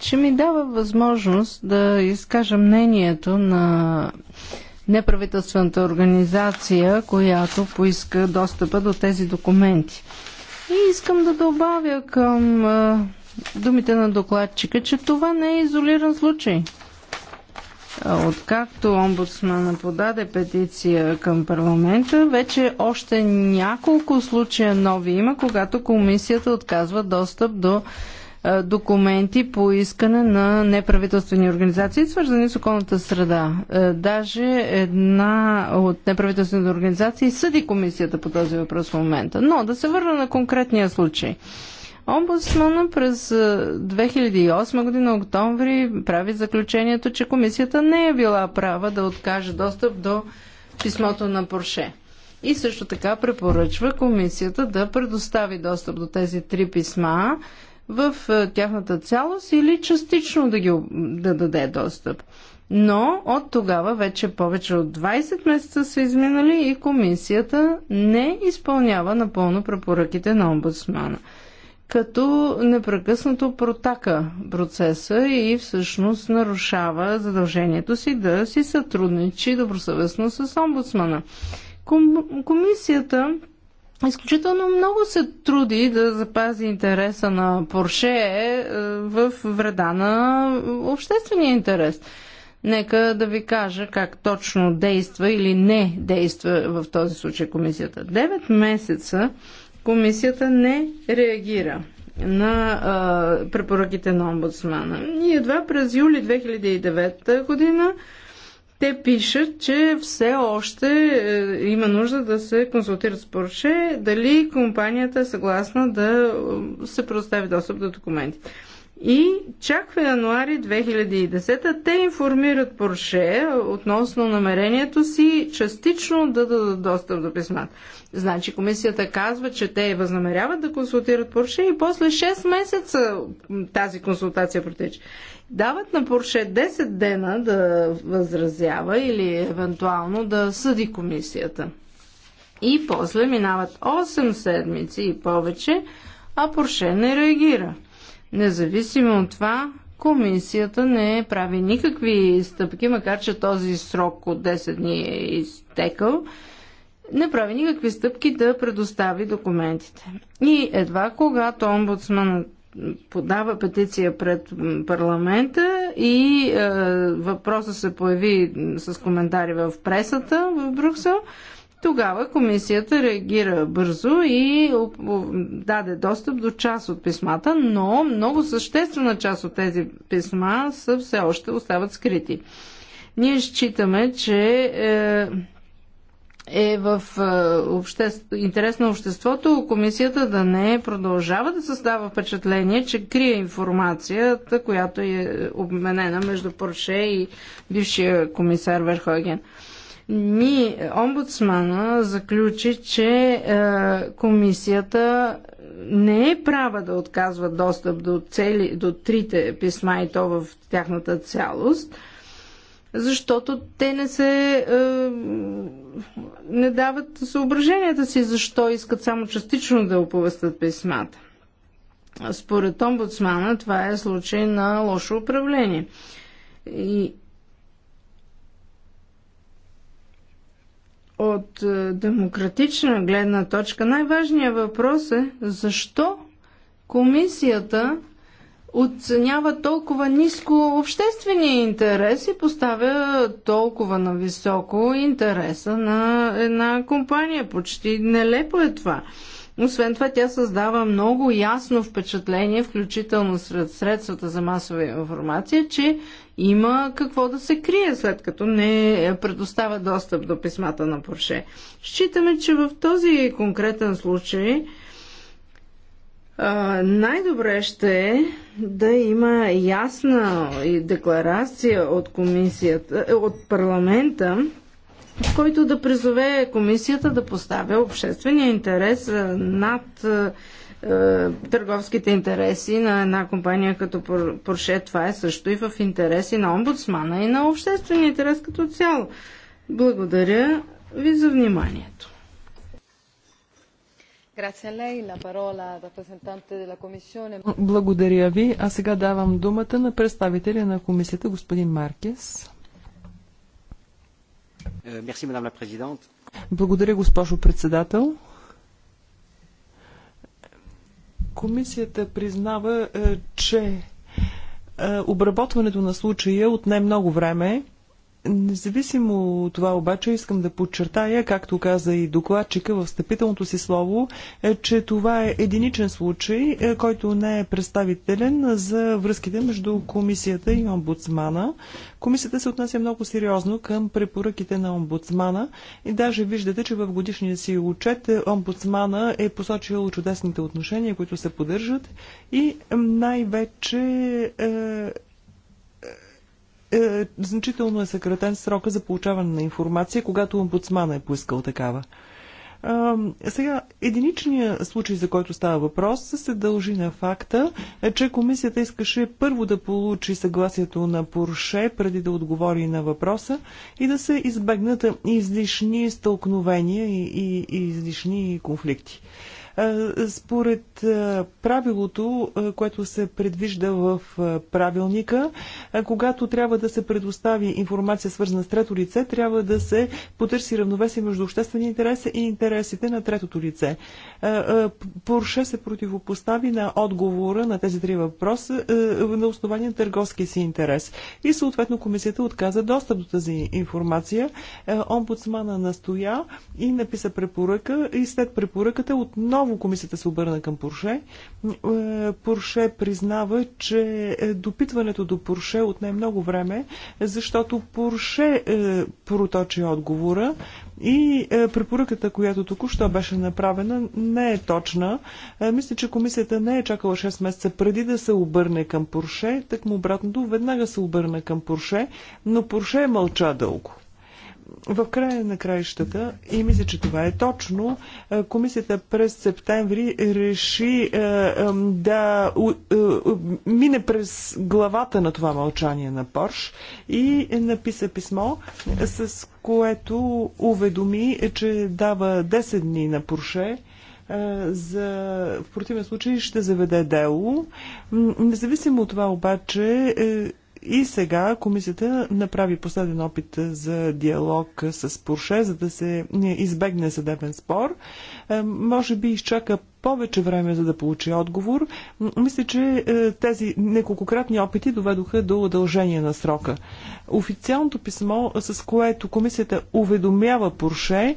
че ми дава възможност да изкажа мнението на неправителствената организация, която поиска достъпа до тези документи. И искам да добавя към а, думите на докладчика, че това не е изолиран случай. Откакто омбудсмана подаде петиция към парламента, вече още няколко случая нови има, когато комисията отказва достъп до е, документи по искане на неправителствени организации, свързани с околната среда. Е, даже една от неправителствените организации съди комисията по този въпрос в момента. Но да се върна на конкретния случай. Омбудсмана през 2008 е, година октомври прави заключението, че комисията не е била права да откаже достъп до писмото на Порше. И също така препоръчва комисията да предостави достъп до тези три писма в е, тяхната цялост или частично да ги да даде достъп. Но от тогава вече повече от 20 месеца са изминали и комисията не изпълнява напълно препоръките на омбудсмана. Като непрекъснато протака процеса и всъщност нарушава задължението си да си сътрудничи добросъвестно с омбудсмана. Ком- комисията изключително много се труди да запази интереса на Порше е, в вреда на обществения интерес. Нека да ви кажа как точно действа или не действа в този случай комисията. Девет месеца комисията не реагира на а, препоръките на омбудсмана. И едва през юли 2009 година те пишат, че все още е, има нужда да се консултират с Порше дали компанията е съгласна да е, се предостави достъп до документите. И чак в януари 2010 те информират Порше относно намерението си частично да дадат достъп до писмата. Значи комисията казва, че те възнамеряват да консултират Порше и после 6 месеца тази консултация протече. Дават на Порше 10 дена да възразява или евентуално да съди комисията. И после минават 8 седмици и повече, а Порше не реагира. Независимо от това, комисията не прави никакви стъпки, макар че този срок от 10 дни е изтекал, не прави никакви стъпки да предостави документите. И едва когато омбудсман подава петиция пред парламента и е, въпроса се появи с коментари в пресата в Брюксел, тогава комисията реагира бързо и даде достъп до част от писмата, но много съществена част от тези писма са все още остават скрити. Ние считаме, че е, е в е, обществ... интерес на обществото комисията да не продължава да създава впечатление, че крие информацията, която е обменена между Порше и бившия комисар Верхоген. Ми, омбудсмана, заключи, че е, комисията не е права да отказва достъп до, цели, до трите писма и то в тяхната цялост, защото те не се. Е, не дават съображенията си защо искат само частично да оповестят писмата. Според омбудсмана това е случай на лошо управление. И От е, демократична гледна точка най-важният въпрос е защо комисията оценява толкова ниско обществения интерес и поставя толкова на високо интереса на една компания. Почти нелепо е това. Освен това, тя създава много ясно впечатление, включително сред средствата за масова информация, че има какво да се крие, след като не предоставя достъп до писмата на Порше. Считаме, че в този конкретен случай най-добре ще е да има ясна декларация от комисията, от парламента, в който да призове комисията да поставя обществения интерес над търговските интереси на една компания като Порше. Това е също и в интереси на омбудсмана и на обществения интерес като цяло. Благодаря ви за вниманието. Благодаря ви. А сега давам думата на представителя на комисията господин Маркес. Euh, Благодаря, госпожо председател. Комисията признава, е, че е, обработването на случая е отне много време Независимо от това обаче искам да подчертая, както каза и докладчика в стъпителното си слово, е, че това е единичен случай, е, който не е представителен за връзките между комисията и омбудсмана. Комисията се отнася много сериозно към препоръките на омбудсмана и даже виждате, че в годишния си отчет омбудсмана е посочил чудесните отношения, които се поддържат и най-вече е, е, значително е съкратен срока за получаване на информация, когато омбудсмана е поискал такава. А, е, сега, единичният случай, за който става въпрос, се дължи на факта, е, че комисията искаше първо да получи съгласието на Порше, преди да отговори на въпроса и да се избегнат излишни стълкновения и, и, и излишни конфликти. Според правилото, което се предвижда в правилника, когато трябва да се предостави информация свързана с трето лице, трябва да се потърси равновесие между обществени интереси и интересите на третото лице. Порше се противопостави на отговора на тези три въпроса на основание на търговския си интерес. И съответно комисията отказа достъп до тази информация. Омбудсмана настоя и написа препоръка и след препоръката отново отново комисията се обърна към Порше. Е, Порше признава, че е, допитването до Порше отне много време, защото Порше е, проточи отговора и препоръката, която току-що беше направена, не е точна. Мисля, че комисията не е чакала 6 месеца преди да се обърне към Порше, так му обратното, веднага се обърна към Порше, но Порше е мълча дълго в края на краищата, и мисля, че това е точно, комисията през септември реши да мине през главата на това мълчание на Порш и написа писмо, с което уведоми, че дава 10 дни на Порше за, в противен случай ще заведе дело. Независимо от това обаче, е, и сега комисията направи последен опит за диалог с Порше, за да се избегне съдебен спор. Е, може би изчака повече време, за да получи отговор. Мисля, че е, тези неколкократни опити доведоха до удължение на срока. Официалното писмо, с което комисията уведомява Порше, е,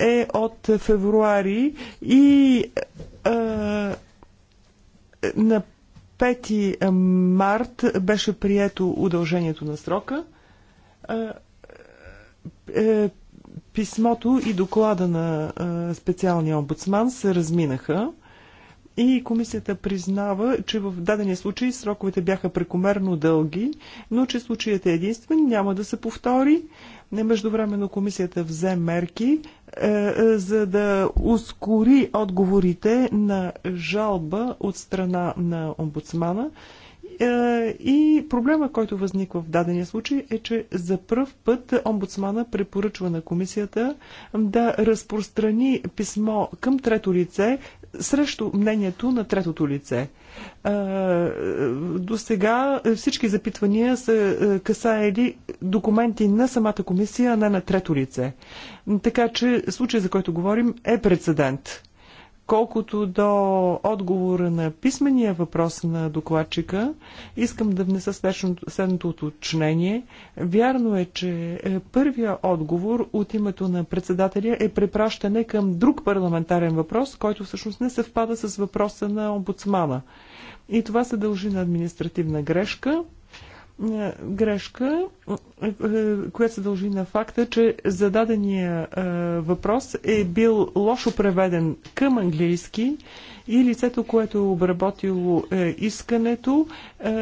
е от февруари и на 5 март беше прието удължението на срока. Е, писмото и доклада на специалния омбудсман се разминаха и комисията признава, че в дадения случай сроковете бяха прекомерно дълги, но че случаят е единствен, няма да се повтори не междувременно комисията взе мерки, е, е, за да ускори отговорите на жалба от страна на омбудсмана. Е, и проблема, който възниква в дадения случай е, че за първ път омбудсмана препоръчва на комисията да разпространи писмо към трето лице срещу мнението на третото лице. До сега всички запитвания са касаели документи на самата комисия, а не на трето лице. Така че случай, за който говорим, е прецедент. Колкото до отговора на писмения въпрос на докладчика, искам да внеса следното уточнение. Вярно е, че е, първия отговор от името на председателя е препращане към друг парламентарен въпрос, който всъщност не съвпада с въпроса на омбудсмана. И това се дължи на административна грешка. Е, грешка, е, е, която се дължи на факта, че зададения въпрос е бил лошо преведен към английски и лицето, което е обработило искането,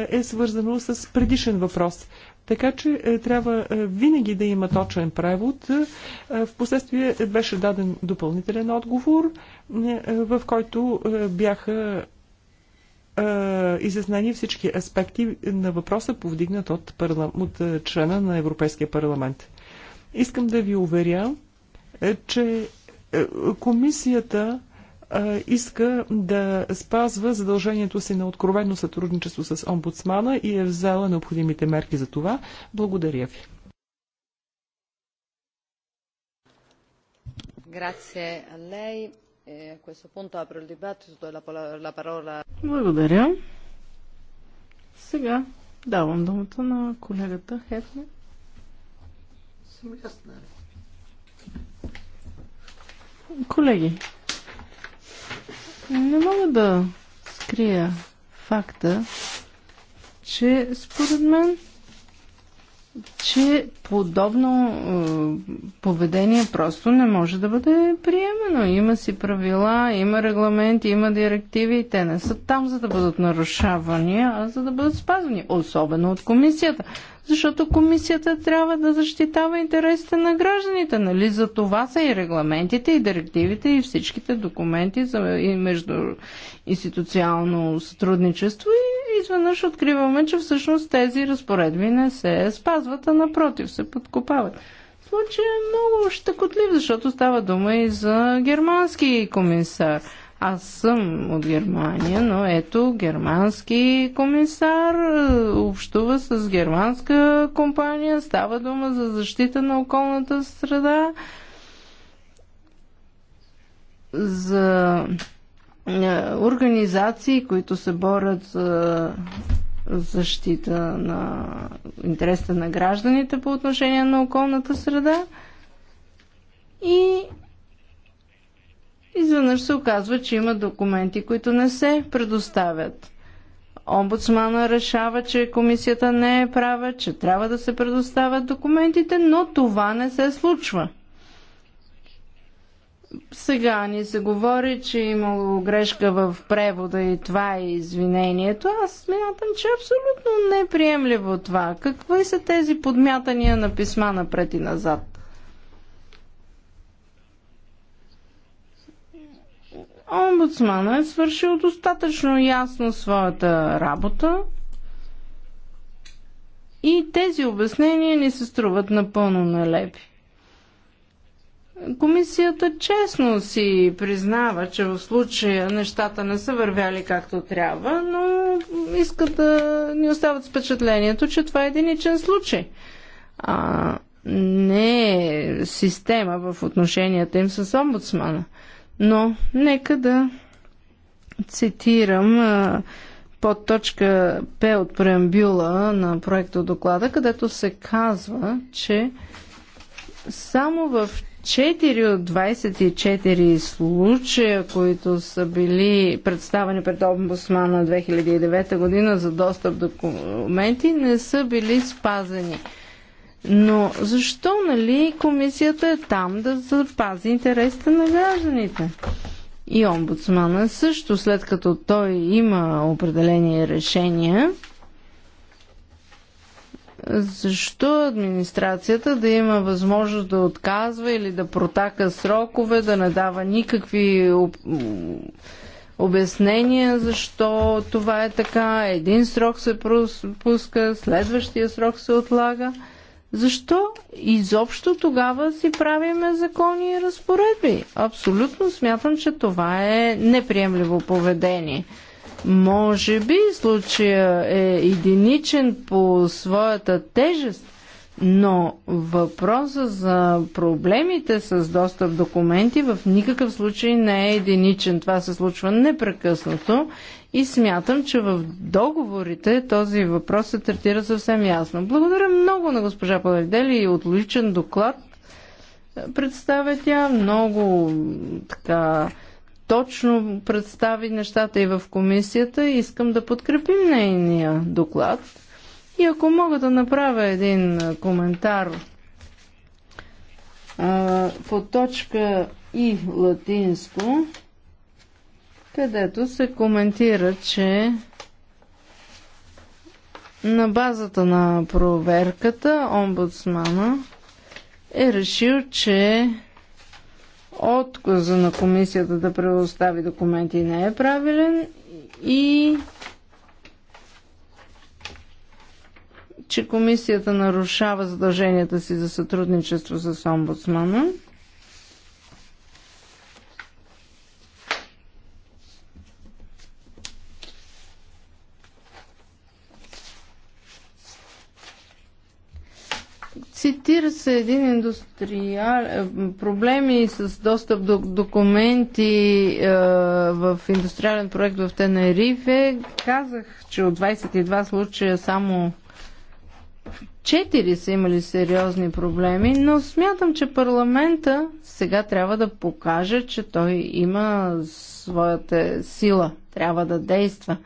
е свързано с предишен въпрос. Така че трябва винаги да има точен превод. В впоследствие беше даден допълнителен отговор, в който бяха изяснени всички аспекти на въпроса, повдигнат от, парла... от члена на Европейския парламент. Искам да ви уверя, е, че е, комисията иска да спазва задължението си на откровено сътрудничество с омбудсмана и е взела необходимите мерки за това. Благодаря ви. Grazie a lei. E, Благодаря. Сега давам думата на колегата Хефне. Колеги, не мога да скрия факта, че според мен че подобно е, поведение просто не може да бъде приемено. Има си правила, има регламенти, има директиви и те не са там, за да бъдат нарушавани, а за да бъдат спазвани. Особено от комисията защото комисията трябва да защитава интересите на гражданите. Нали? За това са и регламентите, и директивите, и всичките документи за и между институционално сътрудничество. И изведнъж откриваме, че всъщност тези разпоредби не се спазват, а напротив се подкопават. Случай е много щекотлив, защото става дума и за германски комисар – аз съм от Германия, но ето германски комисар е, общува с германска компания, става дума за защита на околната среда, за е, организации, които се борят за защита на интересите на гражданите по отношение на околната среда и изведнъж се оказва, че има документи, които не се предоставят. Омбудсмана решава, че комисията не е права, че трябва да се предоставят документите, но това не се случва. Сега ни се говори, че е имало грешка в превода и това е извинението. Аз смятам, че е абсолютно неприемливо това. Какви са тези подмятания на писма напред и назад? омбудсмана е свършил достатъчно ясно своята работа и тези обяснения ни се струват напълно налепи. Комисията честно си признава, че в случая нещата не са вървяли както трябва, но искат да ни остават с впечатлението, че това е единичен случай. А не е система в отношенията им с омбудсмана. Но нека да цитирам под точка П от преамбюла на проекта доклада, където се казва, че само в 4 от 24 случая, които са били представени пред Омбусмана 2009 година за достъп до документи, не са били спазени. Но защо, нали, комисията е там да запази интересите на гражданите? И омбудсмана също, след като той има определени решения, защо администрацията да има възможност да отказва или да протака срокове, да не дава никакви об... обяснения защо това е така? Един срок се пуска, следващия срок се отлага. Защо изобщо тогава си правиме закони и разпоредби? Абсолютно смятам, че това е неприемливо поведение. Може би случая е единичен по своята тежест, но въпроса за проблемите с достъп документи в никакъв случай не е единичен. Това се случва непрекъснато и смятам, че в договорите този въпрос се третира съвсем ясно. Благодаря много на госпожа Паведели и отличен доклад. Е, представя тя много така точно представи нещата и в комисията. Искам да подкрепим нейния доклад. И ако мога да направя един е, коментар а, е, по точка и латинско, където се коментира, че на базата на проверката омбудсмана е решил, че отказа на комисията да предостави документи не е правилен и че комисията нарушава задълженията си за сътрудничество с омбудсмана. Един индустриал... Е, проблеми с достъп до документи е, в индустриален проект в Тенерифе. Казах, че от 22 случая само 4 са имали сериозни проблеми, но смятам, че парламента сега трябва да покаже, че той има своята сила, трябва да действа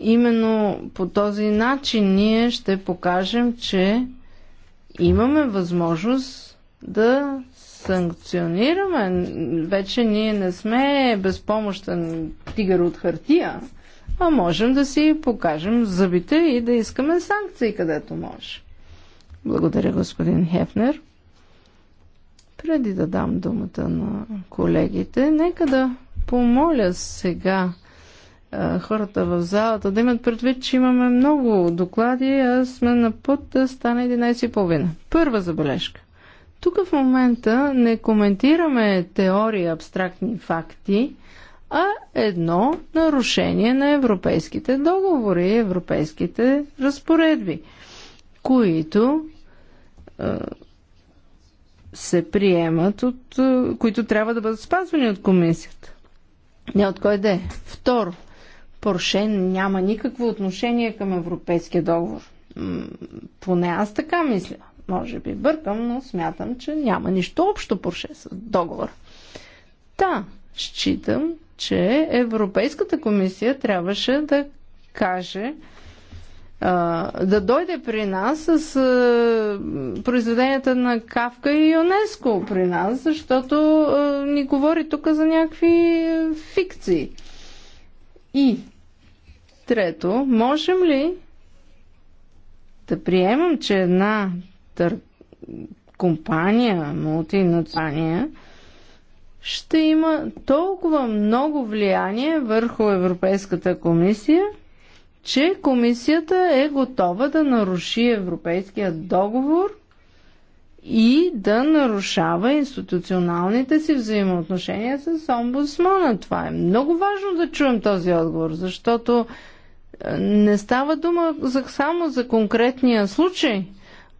именно по този начин ние ще покажем, че имаме възможност да санкционираме. Вече ние не сме безпомощен тигър от хартия, а можем да си покажем зъбите и да искаме санкции където може. Благодаря, господин Хефнер. Преди да дам думата на колегите, нека да помоля сега хората в залата да имат предвид, че имаме много доклади, а сме на път да стане 11.30. Първа забележка. Тук в момента не коментираме теории, абстрактни факти, а едно нарушение на европейските договори, европейските разпоредби, които се приемат, от, които трябва да бъдат спазвани от комисията. Не от кой де. Второ, Порше няма никакво отношение към Европейския договор. Поне аз така мисля. Може би бъркам, но смятам, че няма нищо общо Порше с договор. Та, считам, че Европейската комисия трябваше да каже, да дойде при нас с произведенията на Кавка и ЮНЕСКО при нас, защото ни говори тук за някакви фикции. И Трето, можем ли да приемам, че една тър... компания, мултинационалния, ще има толкова много влияние върху Европейската комисия, че комисията е готова да наруши Европейския договор и да нарушава институционалните си взаимоотношения с омбудсмана. Това е много важно да чуем този отговор, защото не става дума за, само за конкретния случай,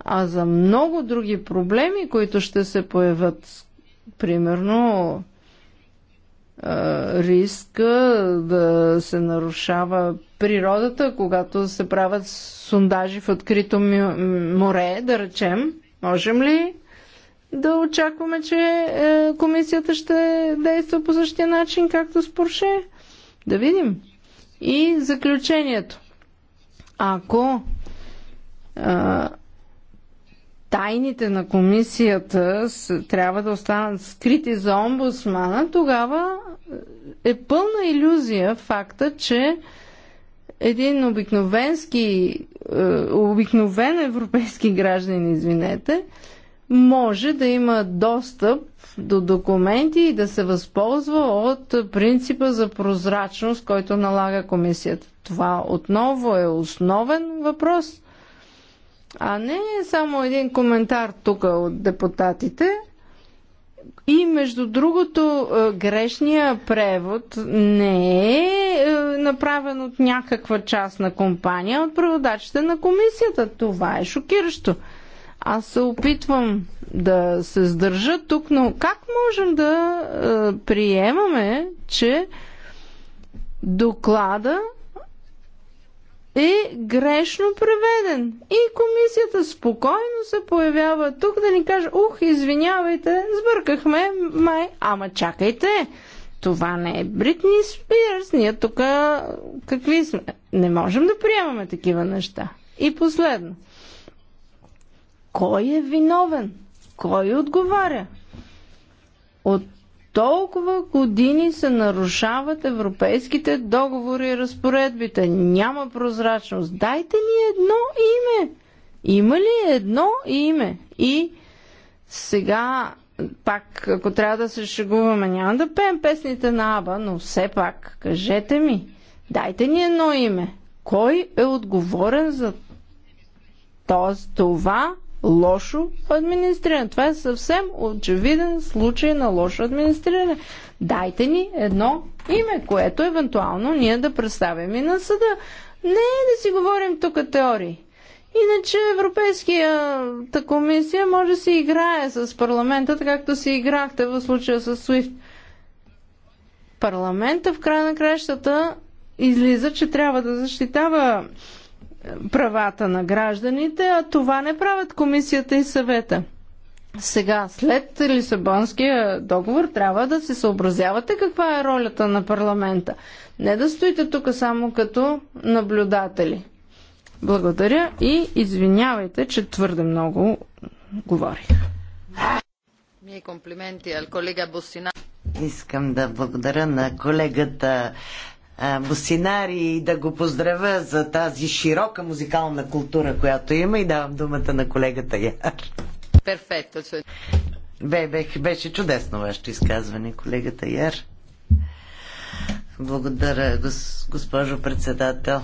а за много други проблеми, които ще се появят. Примерно, риска да се нарушава природата, когато се правят сундажи в открито море, да речем. Можем ли да очакваме, че е, комисията ще действа по същия начин, както с Порше? Да видим. И заключението. Ако а, тайните на комисията с, трябва да останат скрити за омбудсмана, тогава е пълна иллюзия факта, че един обикновенски, е, обикновен европейски гражданин, извинете, може да има достъп до документи и да се възползва от принципа за прозрачност, който налага комисията. Това отново е основен въпрос, а не само един коментар тук от депутатите. И между другото, е, грешния превод не е, е направен от някаква частна компания, а от преводачите на комисията. Това е шокиращо. Аз се опитвам да се сдържа тук, но как можем да е, приемаме, че доклада е грешно преведен. И комисията спокойно се появява тук да ни каже, ух, извинявайте, сбъркахме, май, ама чакайте, това не е Бритни Спирс, ние тук какви сме? Не можем да приемаме такива неща. И последно – кой е виновен? Кой отговаря? От толкова години се нарушават европейските договори и разпоредбите. Няма прозрачност. Дайте ни едно име. Има ли едно име? И сега, пак, ако трябва да се шегуваме, няма да пеем песните на Аба, но все пак, кажете ми, дайте ни едно име. Кой е отговорен за това лошо администриране. Това е съвсем очевиден случай на лошо администриране. Дайте ни едно име, което евентуално ние да представим и на съда. Не е да си говорим тук теории. Иначе Европейската комисия може да си играе с парламента, както си играхте в случая с SWIFT. Парламента в края на кращата излиза, че трябва да защитава правата на гражданите, а това не правят комисията и съвета. Сега, след Лисабонския договор, трябва да се съобразявате каква е ролята на парламента. Не да стоите тук само като наблюдатели. Благодаря и извинявайте, че твърде много говорих. Мие комплименти ал колега Босина. Искам да благодаря на колегата Босинари и да го поздравя за тази широка музикална култура, която има и давам думата на колегата Яр. Перфекто. Бе, бе, беше чудесно вашето изказване, колегата Яр. Благодаря, гос, госпожо председател.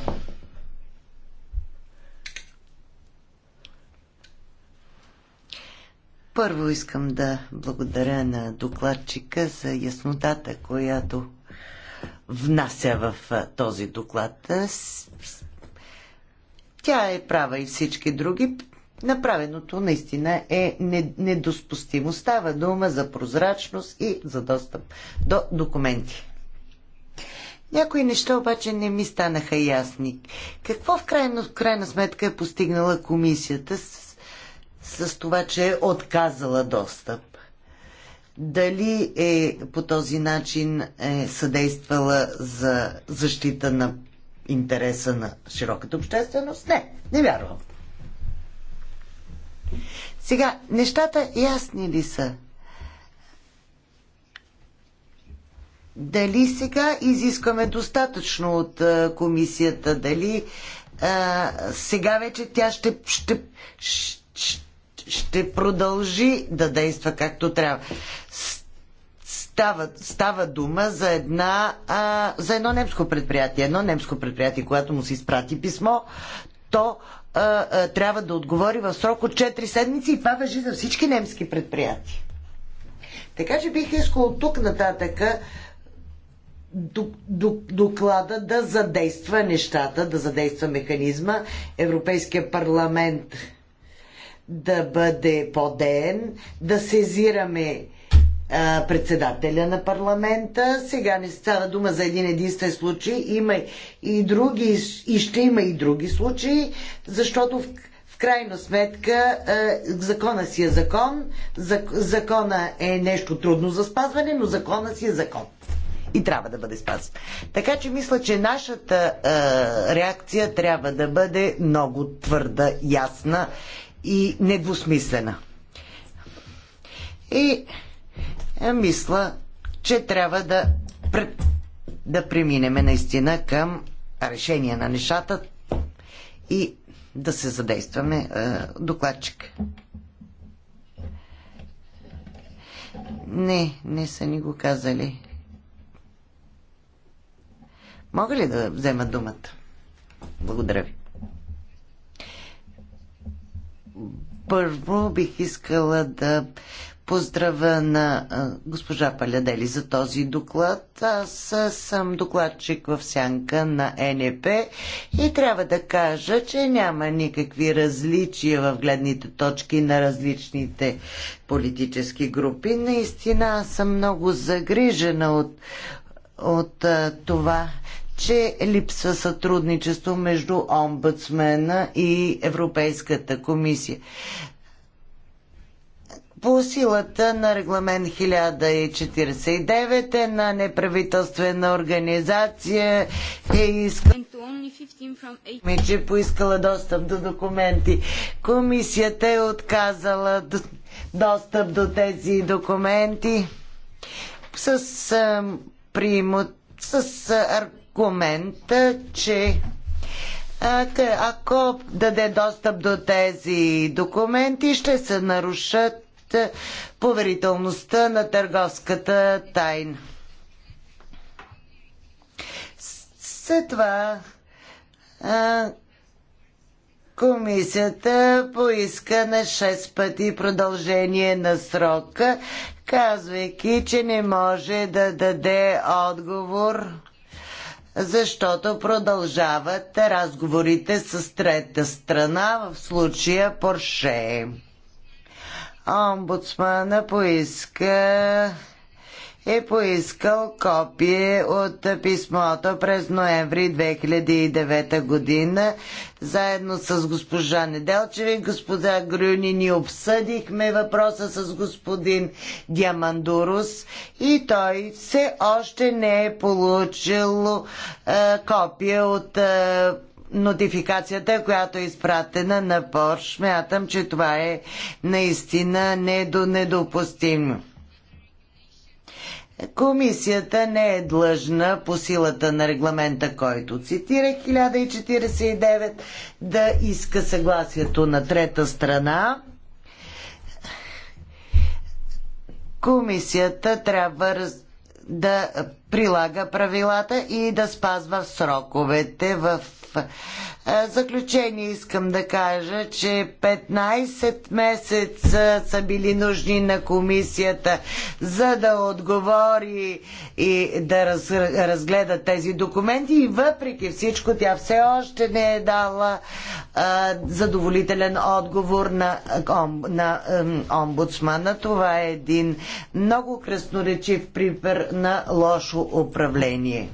Първо искам да благодаря на докладчика за яснотата, която внася в този доклад. Тя е права и всички други. Направеното наистина е недоспустимо. Става дума за прозрачност и за достъп до документи. Някои неща обаче не ми станаха ясни. Какво в крайна, в крайна сметка е постигнала комисията с, с това, че е отказала достъп? дали е по този начин е съдействала за защита на интереса на широката общественост? Не, не вярвам. Сега, нещата ясни ли са? Дали сега изискваме достатъчно от а, е, комисията? Дали а, е, сега вече тя ще, ще, ще, ще продължи да действа както трябва. Става, става дума за, една, а, за едно немско предприятие. Едно немско предприятие, когато му се изпрати писмо, то а, а, трябва да отговори в срок от 4 седмици и това въжи за всички немски предприятия. Така че бих искал от тук нататъка доклада да задейства нещата, да задейства механизма. Европейския парламент да бъде подеен, да сезираме а, председателя на парламента. Сега не става дума за един единствен случай. Има и други, и ще има и други случаи, защото в, в крайна сметка а, закона си е закон. Закона е нещо трудно за спазване, но закона си е закон и трябва да бъде спазен. Така че мисля, че нашата а, реакция трябва да бъде много твърда, ясна и недвусмислена. И е, мисля, че трябва да, да преминеме наистина към решение на нещата и да се задействаме е, докладчик. Не, не са ни го казали. Мога ли да взема думата? Благодаря ви първо бих искала да поздравя на госпожа Палядели за този доклад. Аз съм докладчик в сянка на НЕП и трябва да кажа, че няма никакви различия в гледните точки на различните политически групи. Наистина аз съм много загрижена от, от това, че липсва сътрудничество между омбудсмена и Европейската комисия. По силата на регламент 1049 е на неправителствена организация е искала че поискала достъп до документи. Комисията е отказала достъп до тези документи с а, с а, документ, че ако даде достъп до тези документи, ще се нарушат поверителността на търговската тайна. След това комисията поиска на 6 пъти продължение на срока, казвайки, че не може да даде отговор защото продължават разговорите с трета страна, в случая Порше. Омбудсмана поиска е поискал копие от писмото през ноември 2009 година. Заедно с госпожа Неделчева и господа Грюни ни обсъдихме въпроса с господин Диамандурус и той все още не е получил е, копие от е, нотификацията, която е изпратена на Порш. Мятам, че това е наистина недопустимо. Комисията не е длъжна по силата на регламента, който цитира 1049, да иска съгласието на трета страна. Комисията трябва да прилага правилата и да спазва сроковете. В е, заключение искам да кажа, че 15 месеца са били нужни на комисията, за да отговори и да раз, разгледа тези документи и въпреки всичко тя все още не е дала а, е, задоволителен отговор на, ом, на ом, омбудсмана. Това е един много красноречив припер на лошо управление.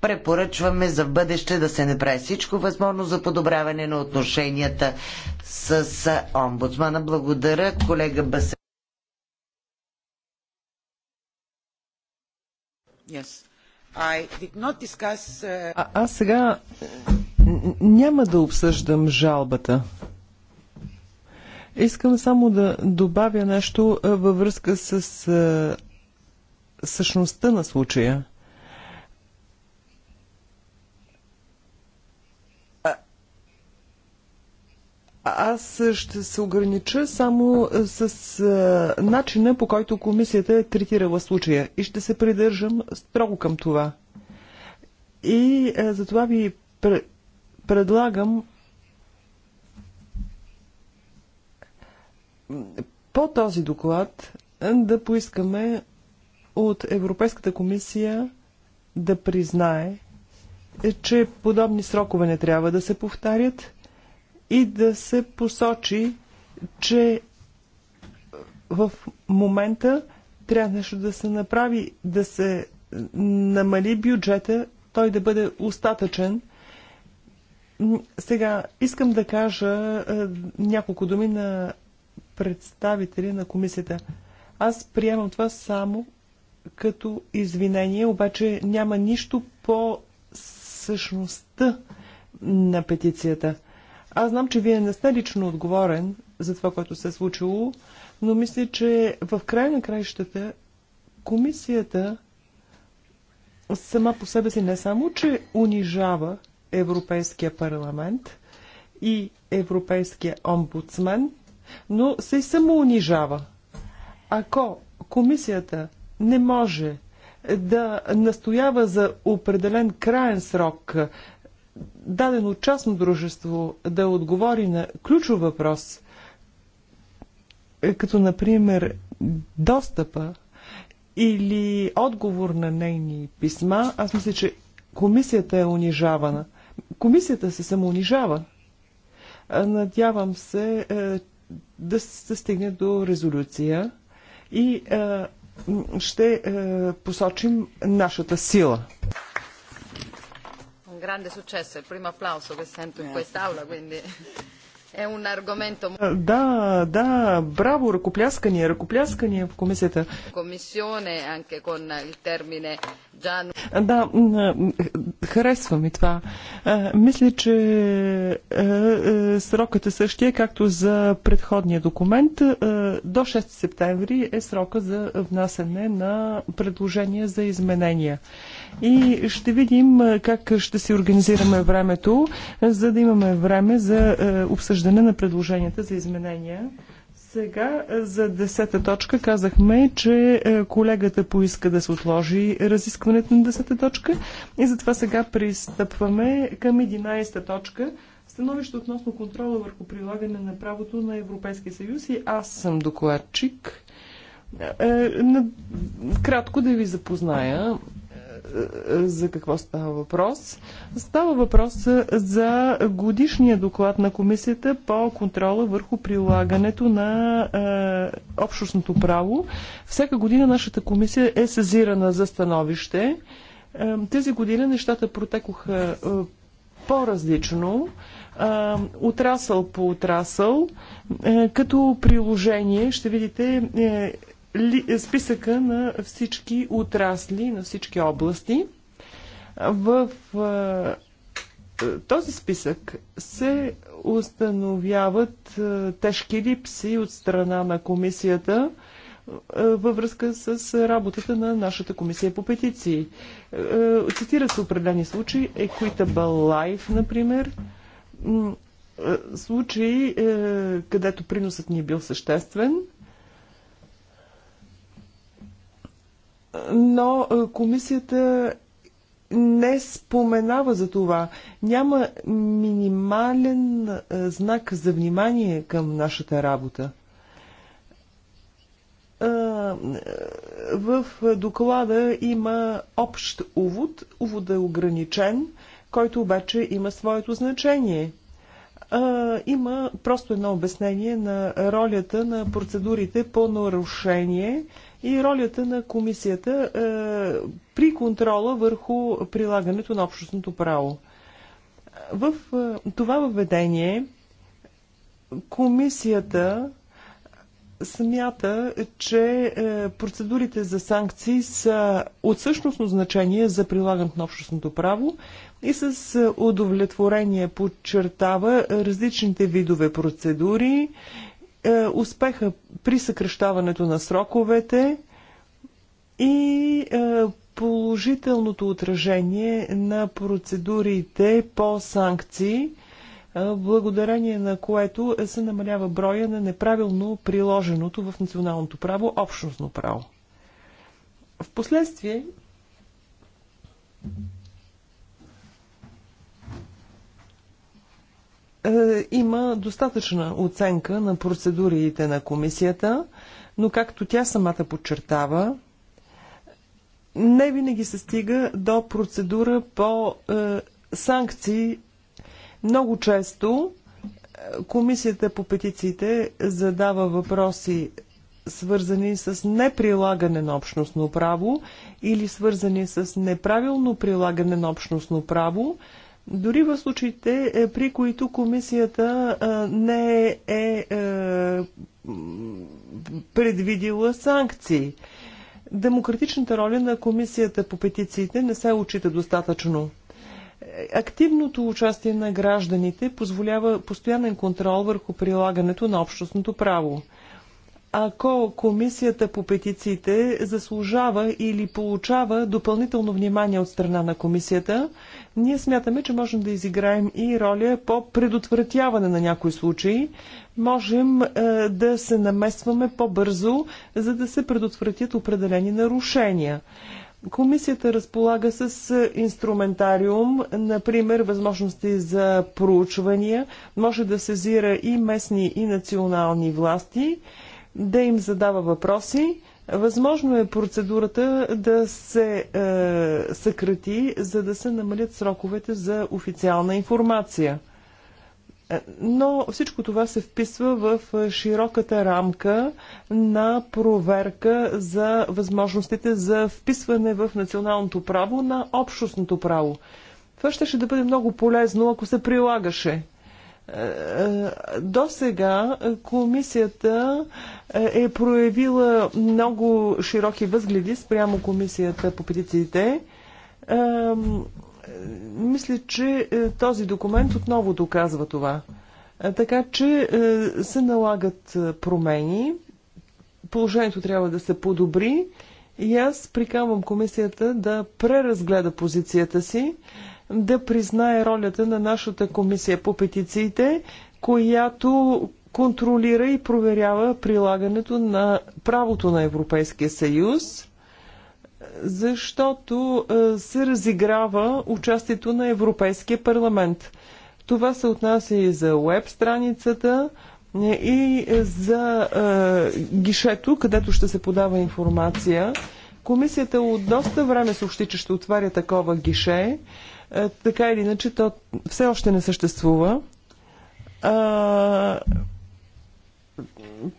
Препоръчваме за бъдеще да се направи всичко възможно за подобряване на отношенията с омбудсмана. Благодаря, колега Басе. Yes. Discuss... Uh, а, аз сега е, няма да обсъждам жалбата. Искам само да добавя нещо е, във връзка с е, същността на случая. Аз ще се огранича само с а, начина по който комисията е третирала случая и ще се придържам строго към това. И а, затова ви пр- предлагам по този доклад да поискаме от Европейската комисия да признае, е, че подобни срокове не трябва да се повтарят и да се посочи, че в момента трябва нещо да се направи, да се намали бюджета, той да бъде остатъчен. Сега искам да кажа е, няколко думи на представители на комисията. Аз приемам това само като извинение, обаче няма нищо по същността на петицията. Аз знам, че вие не сте лично отговорен за това, което се е случило, но мисля, че в края на краищата комисията сама по себе си не само, че унижава Европейския парламент и Европейския омбудсмен, но се и самоунижава. Ако комисията не може да настоява за определен краен срок, дадено частно дружество да отговори на ключов въпрос, като например достъпа или отговор на нейни писма, аз мисля, че комисията е унижавана. Комисията се самоунижава. Надявам се е, да се стигне до резолюция и е, ще е, посочим нашата сила. Un grande successo, è il primo applauso che sento in quest'aula, quindi е un аргумент. Да, да, браво, ръкопляскания, ръкопляскания в комисията. Комисионе, анке кон термине джан. Да, харесва ми това. Мисля, че срокът е същия, както за предходния документ. До 6 септември е срока за внасене на предложения за изменения. И ще видим как ще си организираме времето, за да имаме време за обсъждане обсъждане на предложенията за изменения. Сега е, за десета точка казахме, че е, колегата поиска да се отложи разискването на десета точка и затова сега пристъпваме към 11 точка. Становище относно контрола върху прилагане на правото на Европейския съюз и аз съм докладчик. Е, кратко да ви запозная за какво става въпрос. Става въпрос за годишния доклад на комисията по контрола върху прилагането на е, общностното право. Всяка година нашата комисия е сезирана за становище. Е, тези година нещата протекоха е, по-различно е, отрасъл по отрасъл. Е, като приложение ще видите е, ли, списъка на всички отрасли, на всички области. В този списък се установяват тежки липси от страна на комисията във връзка с работата на нашата комисия по петиции. Цитират се определени случаи, Equitable Life, например, случаи, е, където приносът ни е бил съществен – но е, комисията не споменава за това. Няма минимален е, знак за внимание към нашата работа. Е, в доклада има общ увод, увод е ограничен, който обаче има своето значение. Има просто едно обяснение на ролята на процедурите по нарушение – и ролята на комисията е, при контрола върху прилагането на общностното право. В е, това въведение комисията смята, че е, процедурите за санкции са от същностно значение за прилагането на общностното право и с удовлетворение подчертава различните видове процедури е, успеха при съкръщаването на сроковете и е, положителното отражение на процедурите по санкции, е, благодарение на което се намалява броя на неправилно приложеното в националното право общностно право. В последствие Е, има достатъчна оценка на процедурите на комисията, но както тя самата подчертава, не винаги се стига до процедура по е, санкции. Много често е, комисията по петициите задава въпроси свързани с неприлагане на общностно право или свързани с неправилно прилагане на общностно право, дори в случаите, е, при които комисията е, не е, е предвидила санкции. Демократичната роля на комисията по петициите не се очита достатъчно. Активното участие на гражданите позволява постоянен контрол върху прилагането на общностното право ако комисията по петициите заслужава или получава допълнително внимание от страна на комисията, ние смятаме, че можем да изиграем и роля по предотвратяване на някои случаи. Можем е, да се намесваме по-бързо, за да се предотвратят определени нарушения. Комисията разполага с е, инструментариум, например, възможности за проучвания, може да сезира и местни и национални власти да им задава въпроси. Възможно е процедурата да се е, съкрати, за да се намалят сроковете за официална информация. Е, но всичко това се вписва в е, широката рамка на проверка за възможностите за вписване в националното право на общностното право. Това ще, ще да бъде много полезно, ако се прилагаше. Е, е, до сега комисията е, е проявила много широки възгледи спрямо комисията по петициите. Мисля, че този документ отново доказва това. Така че се налагат промени. Положението трябва да се подобри. И аз приканвам комисията да преразгледа позицията си да признае ролята на нашата комисия по петициите, която контролира и проверява прилагането на правото на Европейския съюз, защото е, се разиграва участието на Европейския парламент. Това се отнася и за веб страницата, и за е, гишето, където ще се подава информация. Комисията от доста време съобщи, че ще отваря такова гише. Е, така или иначе, то все още не съществува.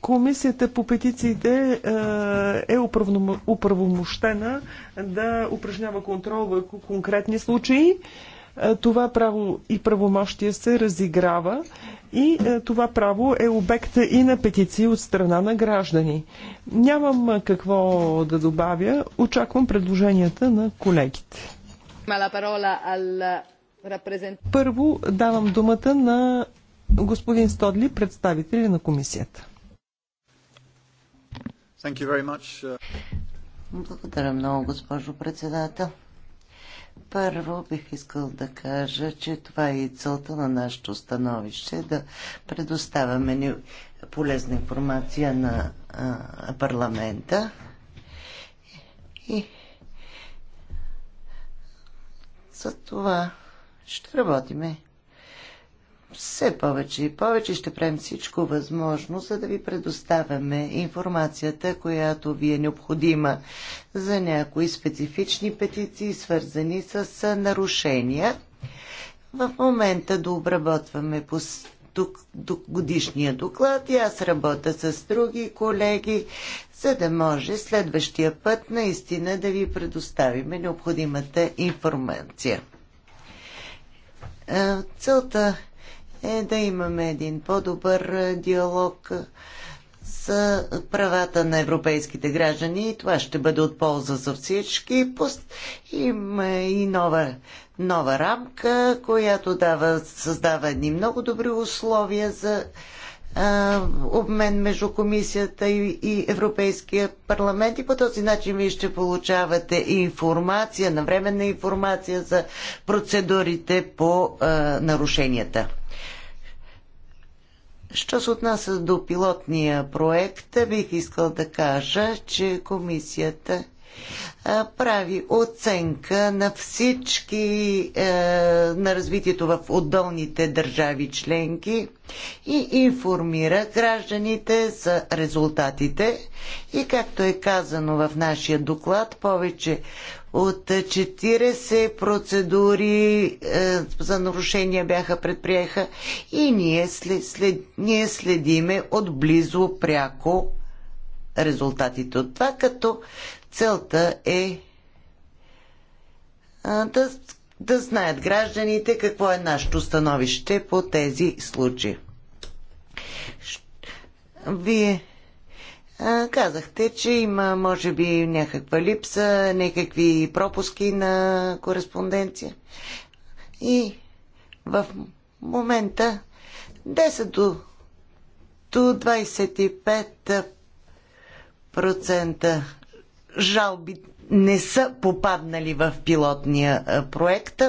Комисията по петициите е, е управомощена да упражнява контрол върху конкретни случаи. Е, това право и правомощие се разиграва и това право е обект и на петиции от страна на граждани. Нямам какво да добавя. Очаквам предложенията на колегите. Първо давам думата на господин Стодли, представители на комисията. Uh, Благодаря много, госпожо председател. Първо бих искал да кажа, че това е и целта на нашето становище да предоставяме полезна информация на а, парламента и за това ще работиме все повече и повече ще правим всичко възможно, за да ви предоставяме информацията, която ви е необходима за някои специфични петиции, свързани с нарушения. В момента да обработваме тук годишния доклад и аз работя с други колеги, за да може следващия път наистина да ви предоставим необходимата информация. Е, целта е да имаме един по-добър диалог правата на европейските граждани. Това ще бъде от полза за всички. Има и нова, нова рамка, която дава, създава едни много добри условия за обмен между комисията и, Европейския парламент и по този начин вие ще получавате информация, навременна информация за процедурите по нарушенията. Що се отнася до пилотния проект, бих искал да кажа, че комисията прави оценка на всички е, на развитието в отдолните държави членки и информира гражданите за резултатите. И както е казано в нашия доклад, повече от 40 процедури е, за нарушения бяха предприеха и ние, след, след, ние следиме отблизо пряко резултатите от това, като целта е а, да, да знаят гражданите какво е нашето становище по тези случаи. Вие Казахте, че има, може би, някаква липса, някакви пропуски на кореспонденция. И в момента 10 до, 25 жалби не са попаднали в пилотния проект.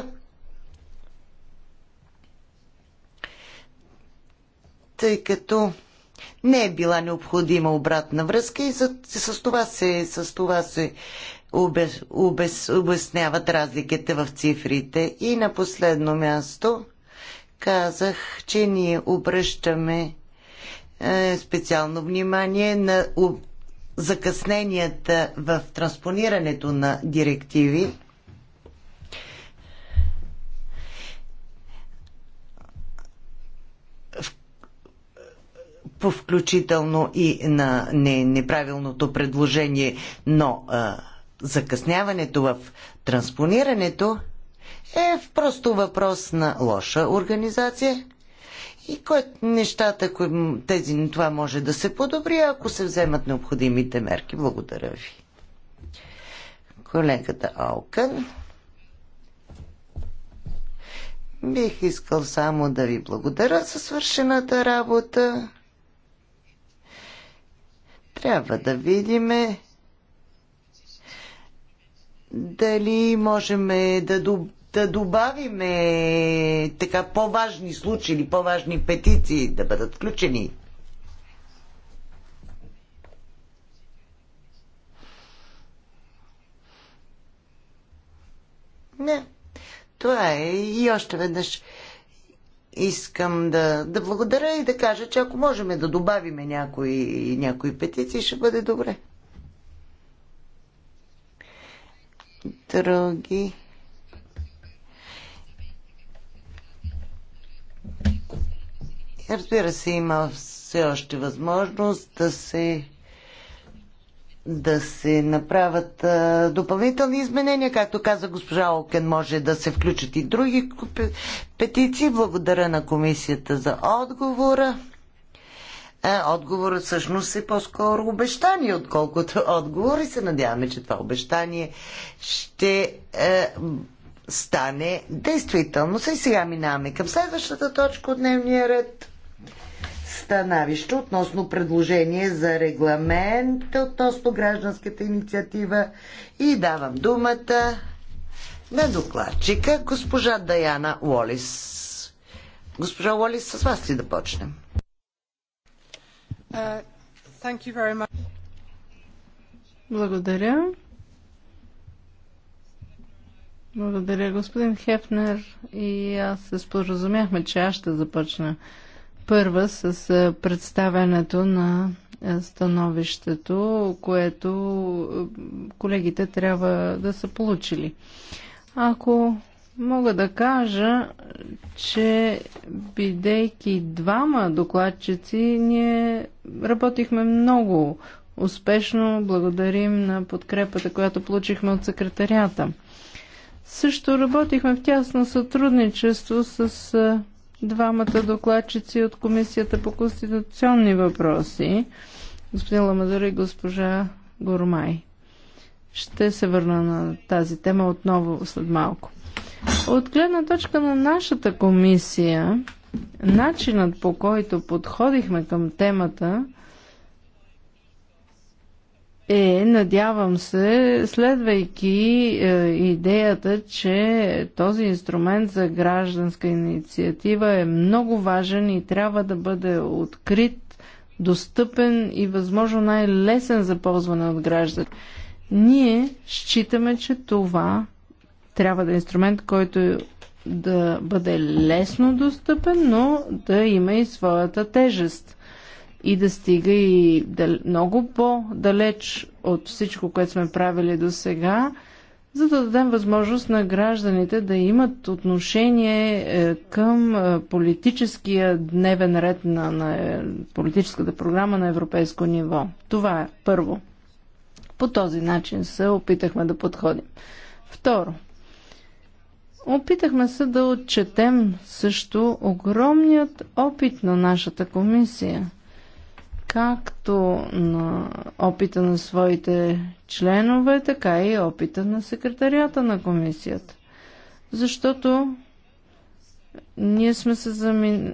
Тъй като не е била необходима обратна връзка и с, с това се, с това се обес, обес, обясняват разликите в цифрите. И на последно място казах, че ние обръщаме е, специално внимание на закъсненията в транспонирането на директиви включително и на неправилното предложение, но а, закъсняването в транспонирането е просто въпрос на лоша организация и кое нещата, тези, това може да се подобри, ако се вземат необходимите мерки. Благодаря ви. Колегата Алкън. Бих искал само да ви благодаря за свършената работа. Трябва да видиме дали можем да, да добавиме така по-важни случаи или по-важни петиции да бъдат включени. Не. Това е и още веднъж искам да, да благодаря и да кажа, че ако можем да добавиме някои, някои петиции, ще бъде добре. Други. Разбира се, има все още възможност да се да се направят а, допълнителни изменения. Както каза госпожа Окен, може да се включат и други петиции. Благодаря на комисията за отговора. А, е, отговорът всъщност е по-скоро обещание, отколкото отговор и се надяваме, че това обещание ще е, стане действително. И сега минаваме към следващата точка от дневния ред становище относно предложение за регламент относно гражданската инициатива и давам думата на докладчика госпожа Даяна Уолис. Госпожа Уолис, с вас ли да почнем? Uh, Благодаря. Благодаря, господин Хефнер. И аз се споразумяхме, че аз ще започна. Uh, Първа с представянето на становището, което колегите трябва да са получили. Ако мога да кажа, че бидейки двама докладчици, ние работихме много успешно. Благодарим на подкрепата, която получихме от секретарията. Също работихме в тясно сътрудничество с двамата докладчици от Комисията по конституционни въпроси, господин Ламадър и госпожа Гормай. Ще се върна на тази тема отново след малко. От гледна точка на нашата комисия, начинът по който подходихме към темата е, надявам се, следвайки е, идеята, че този инструмент за гражданска инициатива е много важен и трябва да бъде открит, достъпен и възможно най-лесен за ползване от граждани. Ние считаме, че това трябва да е инструмент, който да бъде лесно достъпен, но да има и своята тежест – и да стига и дал... много по-далеч от всичко, което сме правили до сега, за да дадем възможност на гражданите да имат отношение е, към е, политическия дневен ред на, на е, политическата програма на европейско ниво. Това е първо. По този начин се опитахме да подходим. Второ, опитахме се да отчетем също огромният опит на нашата комисия както на опита на своите членове, така и опита на секретарията на комисията. Защото ние сме се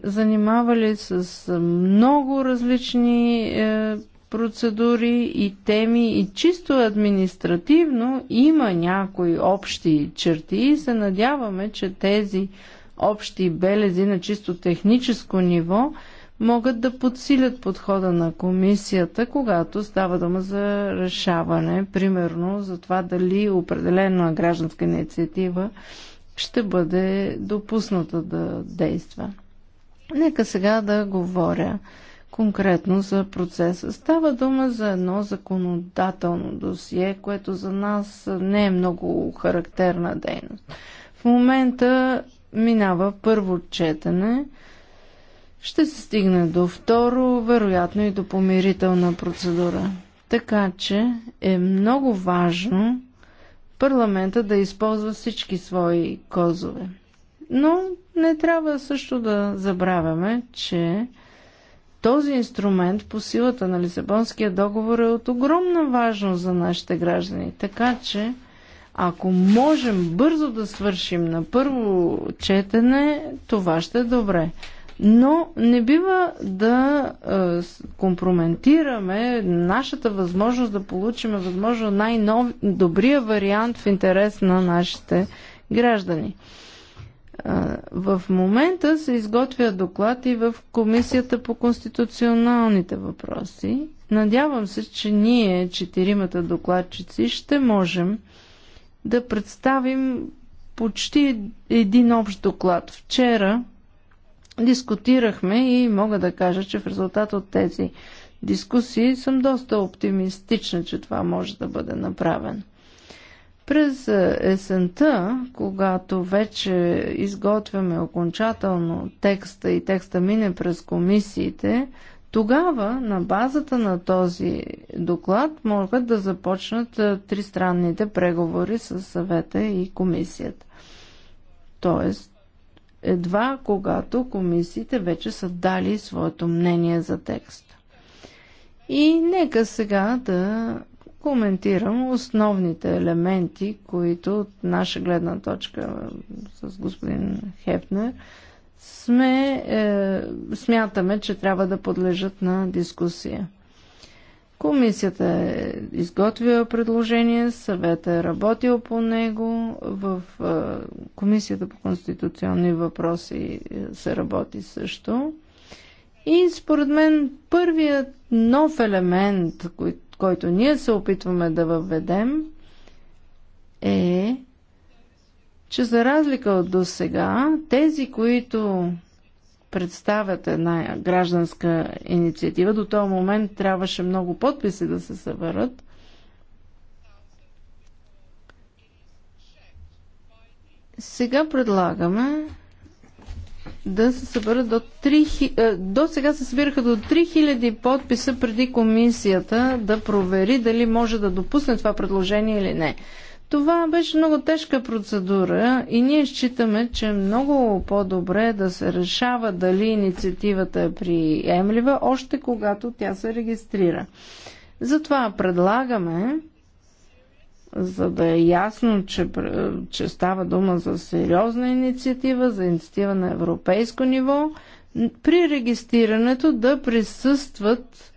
занимавали с много различни е, процедури и теми и чисто административно има някои общи черти и се надяваме, че тези общи белези на чисто техническо ниво – могат да подсилят подхода на комисията, когато става дума за решаване, примерно за това дали определена гражданска инициатива ще бъде допусната да действа. Нека сега да говоря конкретно за процеса. Става дума за едно законодателно досие, което за нас не е много характерна дейност. В момента минава първо четене, ще се стигне до второ, вероятно и до помирителна процедура. Така че е много важно парламента да използва всички свои козове. Но не трябва също да забравяме, че този инструмент по силата на Лисабонския договор е от огромна важност за нашите граждани. Така че, ако можем бързо да свършим на първо четене, това ще е добре но не бива да компрометираме нашата възможност да получим възможно най-добрия вариант в интерес на нашите граждани. В момента се изготвя доклад и в Комисията по конституционалните въпроси. Надявам се, че ние, четиримата докладчици, ще можем да представим почти един общ доклад. Вчера дискутирахме и мога да кажа, че в резултат от тези дискусии съм доста оптимистична, че това може да бъде направено. През е, есента, когато вече изготвяме окончателно текста и текста мине през комисиите, тогава на базата на този доклад могат да започнат е, тристранните преговори с съвета и комисията. Тоест, едва когато комисиите вече са дали своето мнение за текст. И нека сега да коментирам основните елементи, които от наша гледна точка с господин Хефнер сме, е, смятаме, че трябва да подлежат на дискусия. Комисията е изготвила предложение, съвета е работил по него, в Комисията по конституционни въпроси е, се работи също. И според мен първият нов елемент, кой, който ние се опитваме да въведем, е, че за разлика от досега, тези, които представят една гражданска инициатива. До този момент трябваше много подписи да се съберат. Сега предлагаме да се съберат до 3... Е, до сега се събираха до 3000 подписа преди комисията да провери дали може да допусне това предложение или не. Това беше много тежка процедура и ние считаме, че е много по-добре да се решава дали инициативата е приемлива, още когато тя се регистрира. Затова предлагаме, за да е ясно, че, че става дума за сериозна инициатива, за инициатива на европейско ниво, при регистрирането да присъстват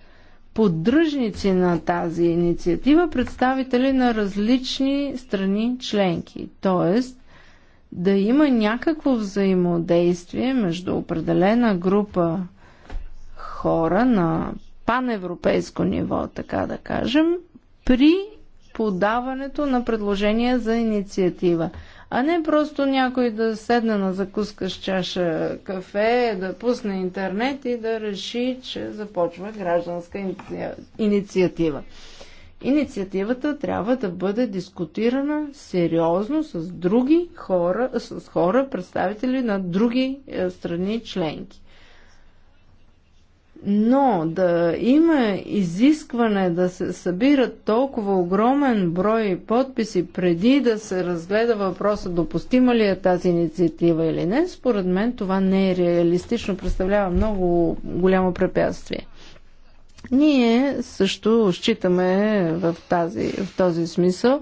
поддръжници на тази инициатива представители на различни страни членки. Тоест, да има някакво взаимодействие между определена група хора на паневропейско ниво, така да кажем, при подаването на предложения за инициатива а не просто някой да седне на закуска с чаша кафе, да пусне интернет и да реши, че започва гражданска инициатива. Инициативата трябва да бъде дискутирана сериозно с други хора, с хора, представители на други е, страни членки. Но да има изискване да се събират толкова огромен брой подписи преди да се разгледа въпроса допустима ли е тази инициатива или не, според мен това не е реалистично, представлява много голямо препятствие. Ние също считаме в, тази, в този смисъл,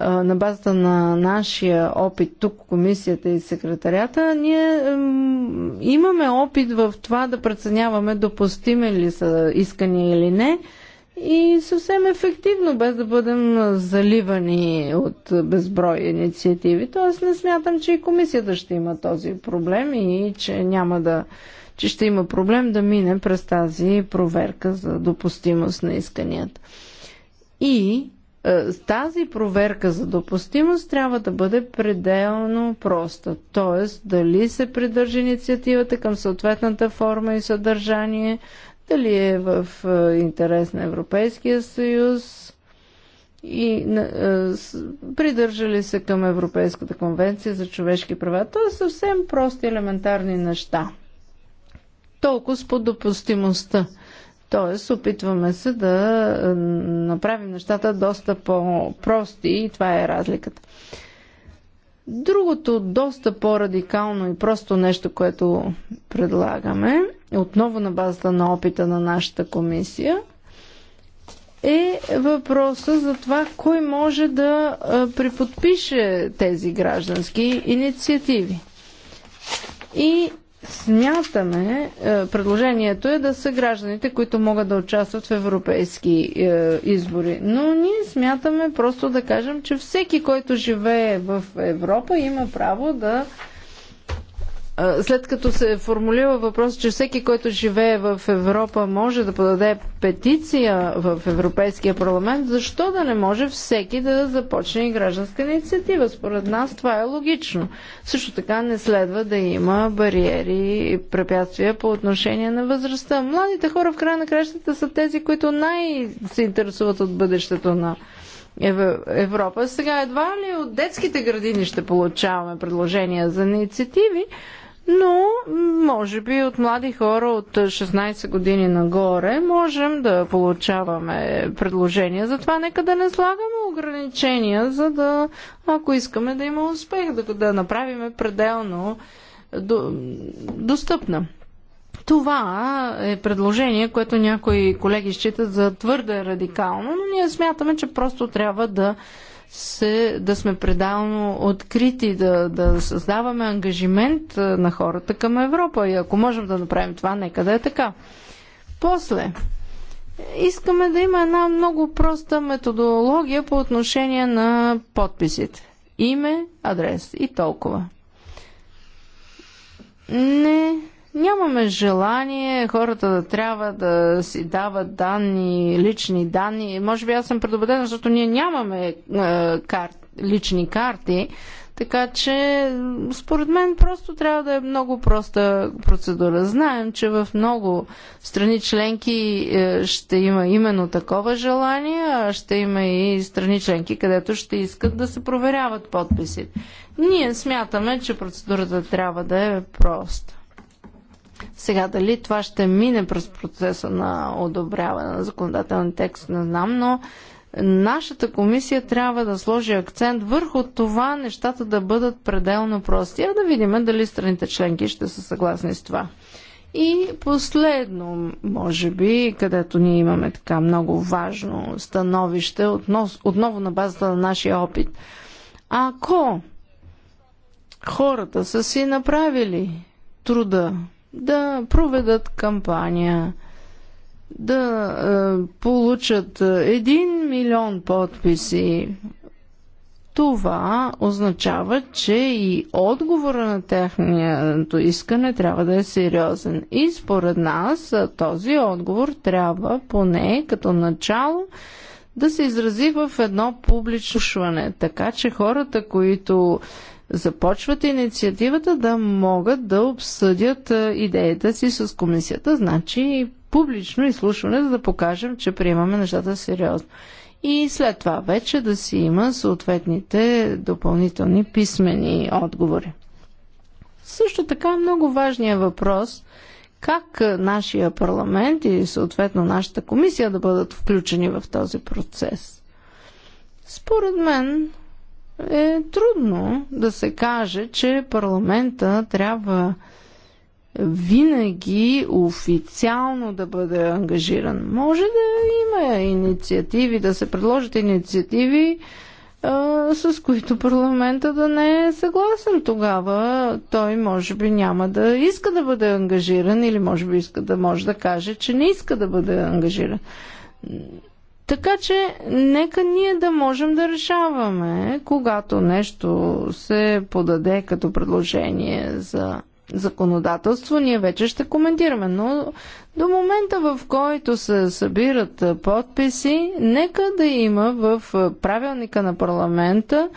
на базата на нашия опит тук, комисията и секретарята, ние имаме опит в това да преценяваме допустими ли са искания или не и съвсем ефективно, без да бъдем заливани от безброй инициативи. Тоест не смятам, че и комисията ще има този проблем и че няма да че ще има проблем да мине през тази проверка за допустимост на исканията. И е, тази проверка за допустимост трябва да бъде пределно проста, т.е. дали се придържа инициативата към съответната форма и съдържание, дали е в е, интерес на Европейския съюз и е, придържа ли се към Европейската конвенция за човешки права. Това е съвсем прости елементарни неща. Толкова с допустимостта. Тоест, опитваме се да е, направим нещата доста по-прости и това е разликата. Другото доста по-радикално и просто нещо, което предлагаме, отново на базата на опита на нашата комисия, е въпроса за това кой може да е, преподпише тези граждански инициативи. И Смятаме, е, предложението е да са гражданите, които могат да участват в европейски е, избори. Но ние смятаме просто да кажем, че всеки, който живее в Европа, има право да след като се формулира въпрос, че всеки, който живее в Европа, може да подаде петиция в Европейския парламент, защо да не може всеки да започне и гражданска инициатива? Според нас това е логично. Също така не следва да има бариери и препятствия по отношение на възрастта. Младите хора в края на кращата са тези, които най- се интересуват от бъдещето на Европа. Сега едва ли от детските градини ще получаваме предложения за инициативи, но може би от млади хора от 16 години нагоре можем да получаваме предложения. Затова нека да не слагаме ограничения, за да, ако искаме да има успех, да, да направиме пределно до, достъпна. Това е предложение, което някои колеги считат за твърде радикално, но ние смятаме, че просто трябва да се, да сме предално открити, да, да създаваме ангажимент е, на хората към Европа. И ако можем да направим това, нека да е така. После, искаме да има една много проста методология по отношение на подписите. Име, адрес и толкова. Не Нямаме желание хората да трябва да си дават данни, лични данни. Може би аз съм предубедена, защото ние нямаме е, кар, лични карти. Така че, според мен, просто трябва да е много проста процедура. Знаем, че в много страни членки е, ще има именно такова желание, а ще има и страни членки, където ще искат да се проверяват подписи. Ние смятаме, че процедурата трябва да е проста. Сега дали това ще мине през процеса на одобряване на законодателен текст, не знам, но нашата комисия трябва да сложи акцент върху това нещата да бъдат пределно прости, а да видим дали страните членки ще са съгласни с това. И последно, може би, където ние имаме така много важно становище, отново на базата на нашия опит, ако хората са си направили труда да проведат кампания, да е, получат 1 милион подписи. Това означава, че и отговора на тяхното искане трябва да е сериозен. И според нас е, този отговор трябва поне като начало да се изрази в едно публично шване. Така че хората, които започват инициативата, да могат да обсъдят е, идеята си с комисията. Значи публично изслушване, за да покажем, че приемаме нещата сериозно. И след това вече да си има съответните допълнителни писмени отговори. Също така е много важният въпрос как е, нашия парламент и съответно нашата комисия да бъдат включени в този процес. Според мен е трудно да се каже, че парламента трябва винаги официално да бъде ангажиран. Може да има инициативи, да се предложат инициативи, а, с които парламента да не е съгласен тогава. Той може би няма да иска да бъде ангажиран или може би иска да може да каже, че не иска да бъде ангажиран. Така че, нека ние да можем да решаваме, когато нещо се подаде като предложение за законодателство, ние вече ще коментираме. Но до момента, в който се събират подписи, нека да има в правилника на парламента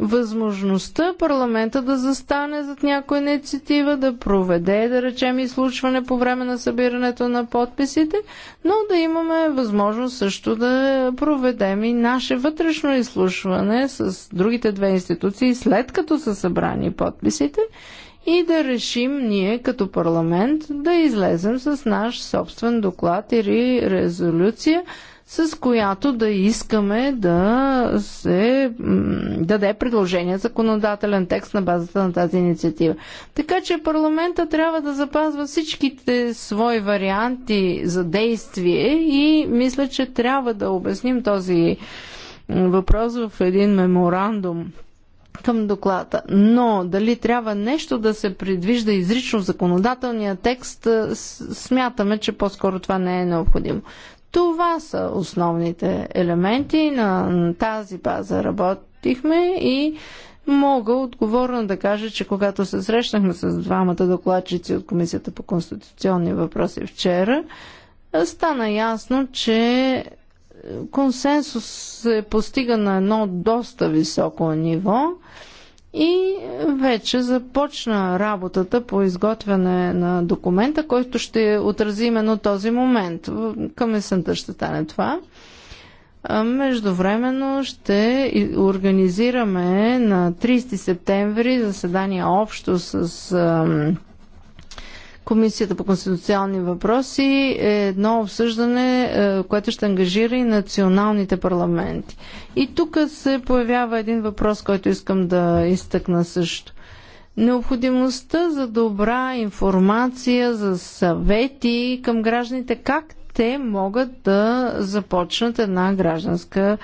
възможността парламента да застане зад някоя инициатива, да проведе, да речем, изслушване по време на събирането на подписите, но да имаме възможност също да проведем и наше вътрешно изслушване с другите две институции, след като са събрани подписите и да решим ние като парламент да излезем с наш собствен доклад или резолюция, с която да искаме да се даде предложение законодателен текст на базата на тази инициатива. Така че парламента трябва да запазва всичките свои варианти за действие и мисля, че трябва да обясним този въпрос в един меморандум към доклада. Но дали трябва нещо да се предвижда изрично в законодателния текст, смятаме, че по-скоро това не е необходимо. Това са основните елементи на тази база. Работихме и мога отговорно да кажа, че когато се срещнахме с двамата докладчици от Комисията по конституционни въпроси вчера, стана ясно, че консенсус се постига на едно доста високо ниво и вече започна работата по изготвяне на документа, който ще отрази именно този момент. Към есента ще стане това. Междувременно ще организираме на 30 септември заседание общо с Комисията по конституционни въпроси е едно обсъждане, е, което ще ангажира и националните парламенти. И тук се появява един въпрос, който искам да изтъкна също. Необходимостта за добра информация, за съвети към гражданите, как те могат да започнат една гражданска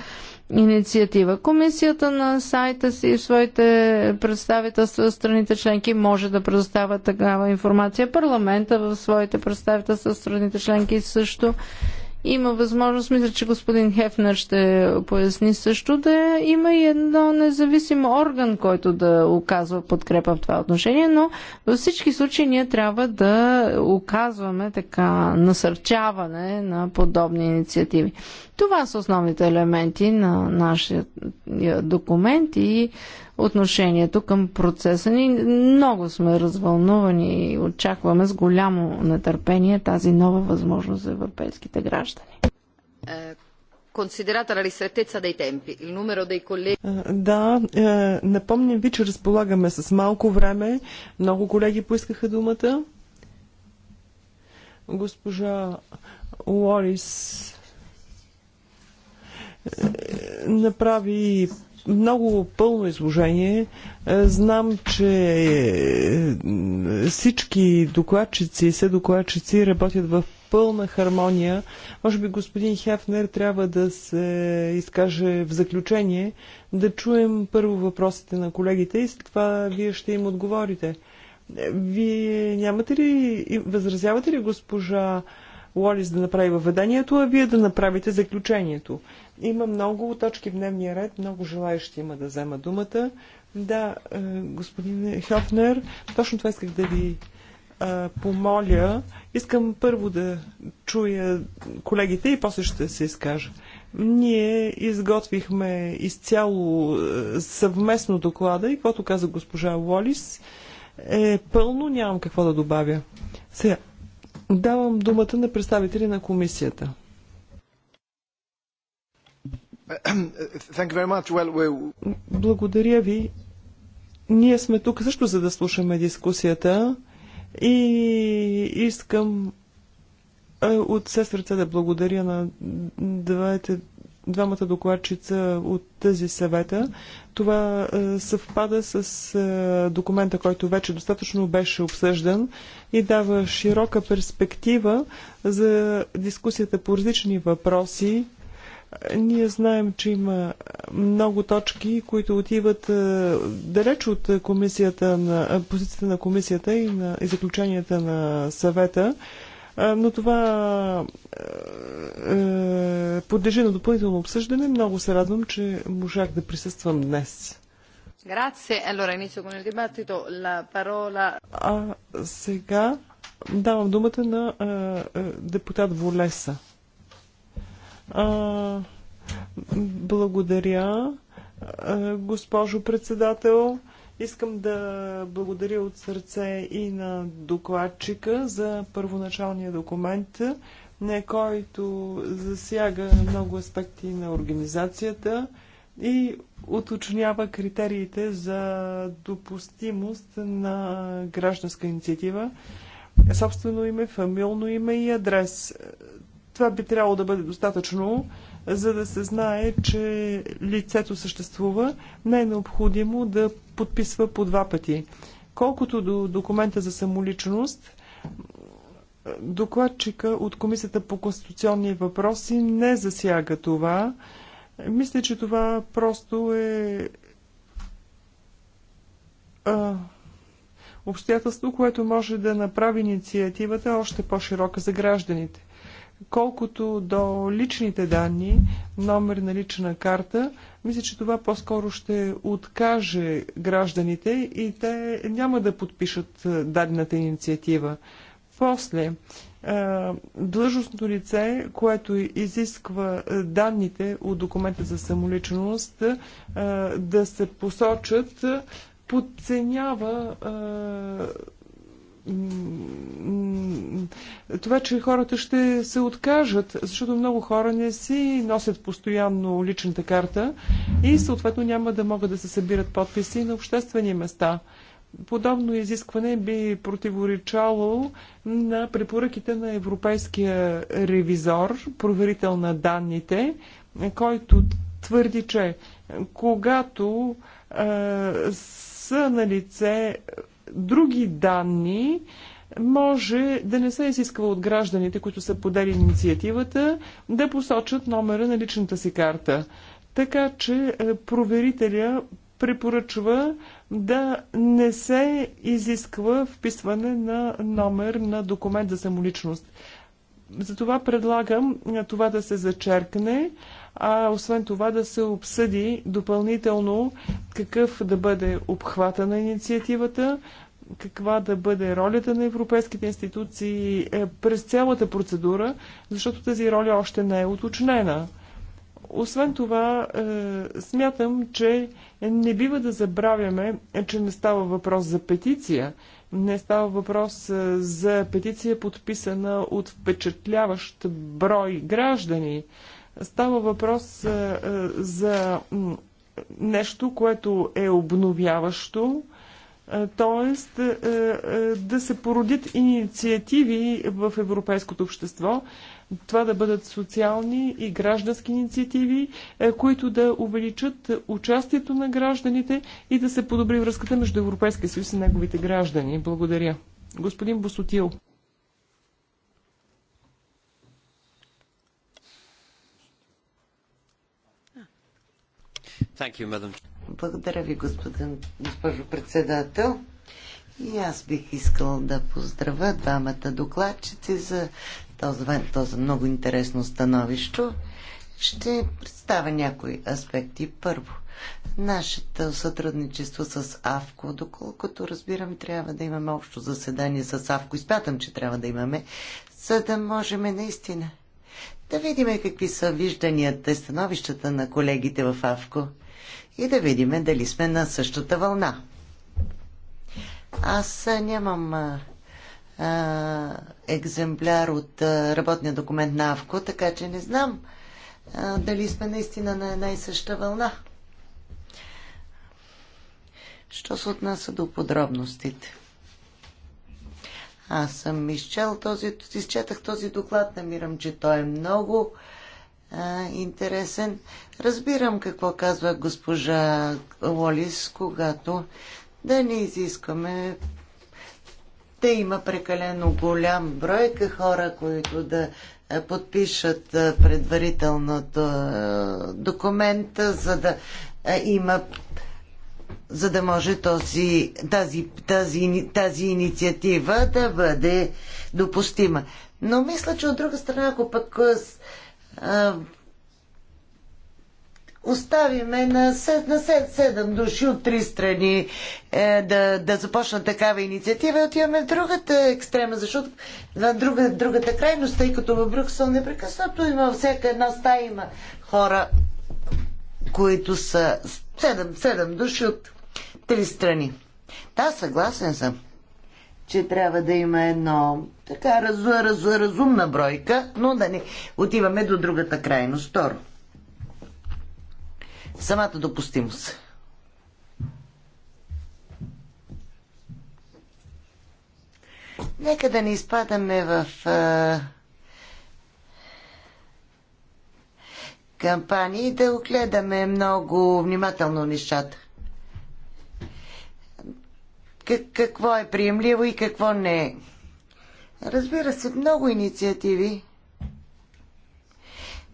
инициатива. Комисията на сайта си и в своите представителства в страните членки може да предоставя такава информация. Парламента в своите представителства в страните членки също има възможност, мисля, че господин Хефнер ще поясни също, да има и едно независим орган, който да оказва подкрепа в това отношение, но във всички случаи ние трябва да оказваме така насърчаване на подобни инициативи. Това са основните елементи на нашия документ и отношението към процеса ни. Много сме развълнувани и очакваме с голямо нетърпение тази нова възможност за европейските граждани. Considerata la ristrettezza dei tempi, il numero dei colleghi... Да, е, напомням ви, че разполагаме с малко време. Много колеги поискаха думата. Госпожа Уорис е, направи много пълно изложение. Е, знам, че е, всички докладчици и съ-докладчици работят в пълна хармония. Може би господин Хефнер трябва да се изкаже в заключение, да чуем първо въпросите на колегите и след това вие ще им отговорите. Е, вие нямате ли, възразявате ли госпожа Уолис, да направи въведението, а вие да направите заключението. Има много точки в дневния ред, много желаящи има да взема думата. Да, е, господин Хофнер, точно това исках да ви е, помоля. Искам първо да чуя колегите и после ще се изкажа. Ние изготвихме изцяло е, съвместно доклада и каквото каза госпожа Лолис е пълно, нямам какво да добавя. Сега, Давам думата на представители на комисията. Благодаря ви. Ние сме тук също за да слушаме дискусията и искам е, от все сърце да благодаря на двете двамата докладчица от тази съвета. Това е, съвпада с е, документа, който вече достатъчно беше обсъждан и дава широка перспектива за дискусията по различни въпроси, ние знаем, че има много точки, които отиват е, далеч от комисията на, позицията на комисията и, на, и заключенията на съвета но това е, подлежи на допълнително обсъждане. Много се радвам, че можах да присъствам днес. А сега давам думата на депутат Волеса. А, благодаря, госпожо председател. Искам да благодаря от сърце и на докладчика за първоначалния документ, не който засяга много аспекти на организацията и уточнява критериите за допустимост на гражданска инициатива. Собствено име, фамилно име и адрес. Това би трябвало да бъде достатъчно, за да се знае, че лицето съществува, не е необходимо да подписва по два пъти. Колкото до документа за самоличност, докладчика от Комисията по конституционни въпроси не засяга това. Мисля, че това просто е а, обстоятелство, което може да направи инициативата още по-широка за гражданите. Колкото до личните данни, номер на лична карта, мисля, че това по-скоро ще откаже гражданите и те няма да подпишат е, дадената инициатива. После, е, длъжностното лице, което изисква е, данните от документа за самоличност да се посочат, подценява това, че хората ще се откажат, защото много хора не си носят постоянно личната карта и съответно няма да могат да се събират подписи на обществени места. Подобно изискване би противоречало на препоръките на европейския ревизор, проверител на данните, който твърди, че когато са на лице други данни може да не се изисква от гражданите, които са подели инициативата, да посочат номера на личната си карта. Така че е, проверителя препоръчва да не се изисква вписване на номер на документ за самоличност. Затова предлагам е, това да се зачеркне, а освен това да се обсъди допълнително какъв да бъде обхвата на инициативата, каква да бъде ролята на европейските институции е, през цялата процедура, защото тази роля още не е уточнена. Освен това, е, смятам, че не бива да забравяме, е, че не става въпрос за петиция. Не става въпрос за петиция, подписана от впечатляващ брой граждани. Става въпрос е, е, за нещо, което е обновяващо, т.е. Е, да се породят инициативи в европейското общество, това да бъдат социални и граждански инициативи, които да увеличат участието на гражданите и да се подобри връзката между Европейския съюз и неговите граждани. Благодаря. Господин Босотил. Благодаря ви, господин, госпожо председател. И аз бих искал да поздравя двамата докладчици за този, този много интересно становище. Ще представя някои аспекти. Първо, нашето сътрудничество с АВКО, доколкото разбирам, трябва да имаме общо заседание с АВКО. Изпятам, че трябва да имаме, за да можем наистина да видим какви са вижданията и становищата на колегите в АВКО и да видим дали сме на същата вълна. Аз нямам а, а, екземпляр от а, работния документ на АВКО, така че не знам а, дали сме наистина на една и съща вълна. Що се отнася до подробностите? Аз съм изчел този, изчетах този доклад, намирам, че той е много а, интересен. Разбирам какво казва госпожа Лолис, когато да не изискаме, да има прекалено голям бройка хора, които да подпишат предварителното документа, за да има за да може този, тази, тази, тази инициатива да бъде допустима. Но мисля, че от друга страна, ако пък оставиме на 7 души от три страни е, да, да започнат такава инициатива и отиваме в другата екстрема, защото на друга, другата крайност, тъй като в Брюксел непрекъснато има всяка една стая има хора, които са 7, 7 души от три страни. Да, съгласен съм че трябва да има едно така раз, раз, разумна бройка, но да не отиваме до другата крайност. Второ. Самата допустимост. Нека да не изпадаме в а, кампании, да огледаме много внимателно нещата какво е приемливо и какво не е. Разбира се, много инициативи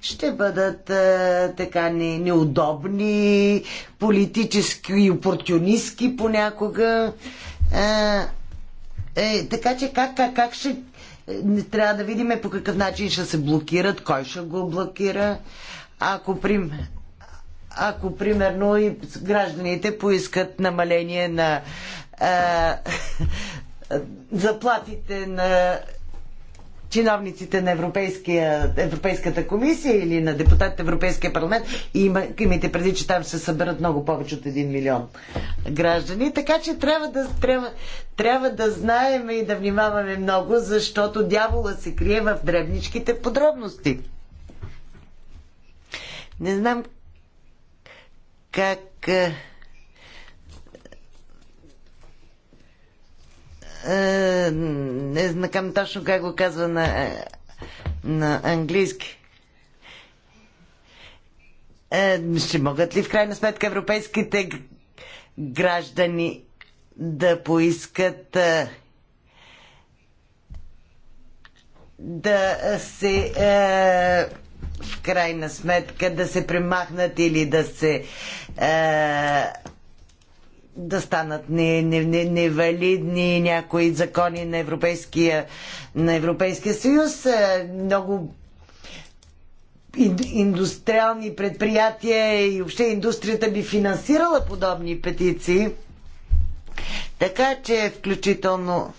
ще бъдат а, е, така не, неудобни, политически и опортунистки понякога. А, е, е, така че как, как, как ще... Не трябва да видим по какъв начин ще се блокират, кой ще го блокира. Ако, прим, ако примерно и гражданите поискат намаление на а, *laughs* заплатите на чиновниците на Европейската комисия или на депутатите в Европейския парламент. и имайте преди, че там ще съберат много повече от 1 милион граждани. Така че трябва да, трябва, трябва да знаем и да внимаваме много, защото дявола се крие в дребничките подробности. Не знам как Е, не знам точно как го казва на, е, на английски. Е, ще могат ли в крайна сметка европейските граждани да поискат да се в крайна сметка да се примахнат или да се е, да станат невалидни някои закони на Европейския, на Европейския съюз. Е, много индустриални предприятия и въобще индустрията би финансирала подобни петиции. Така че включително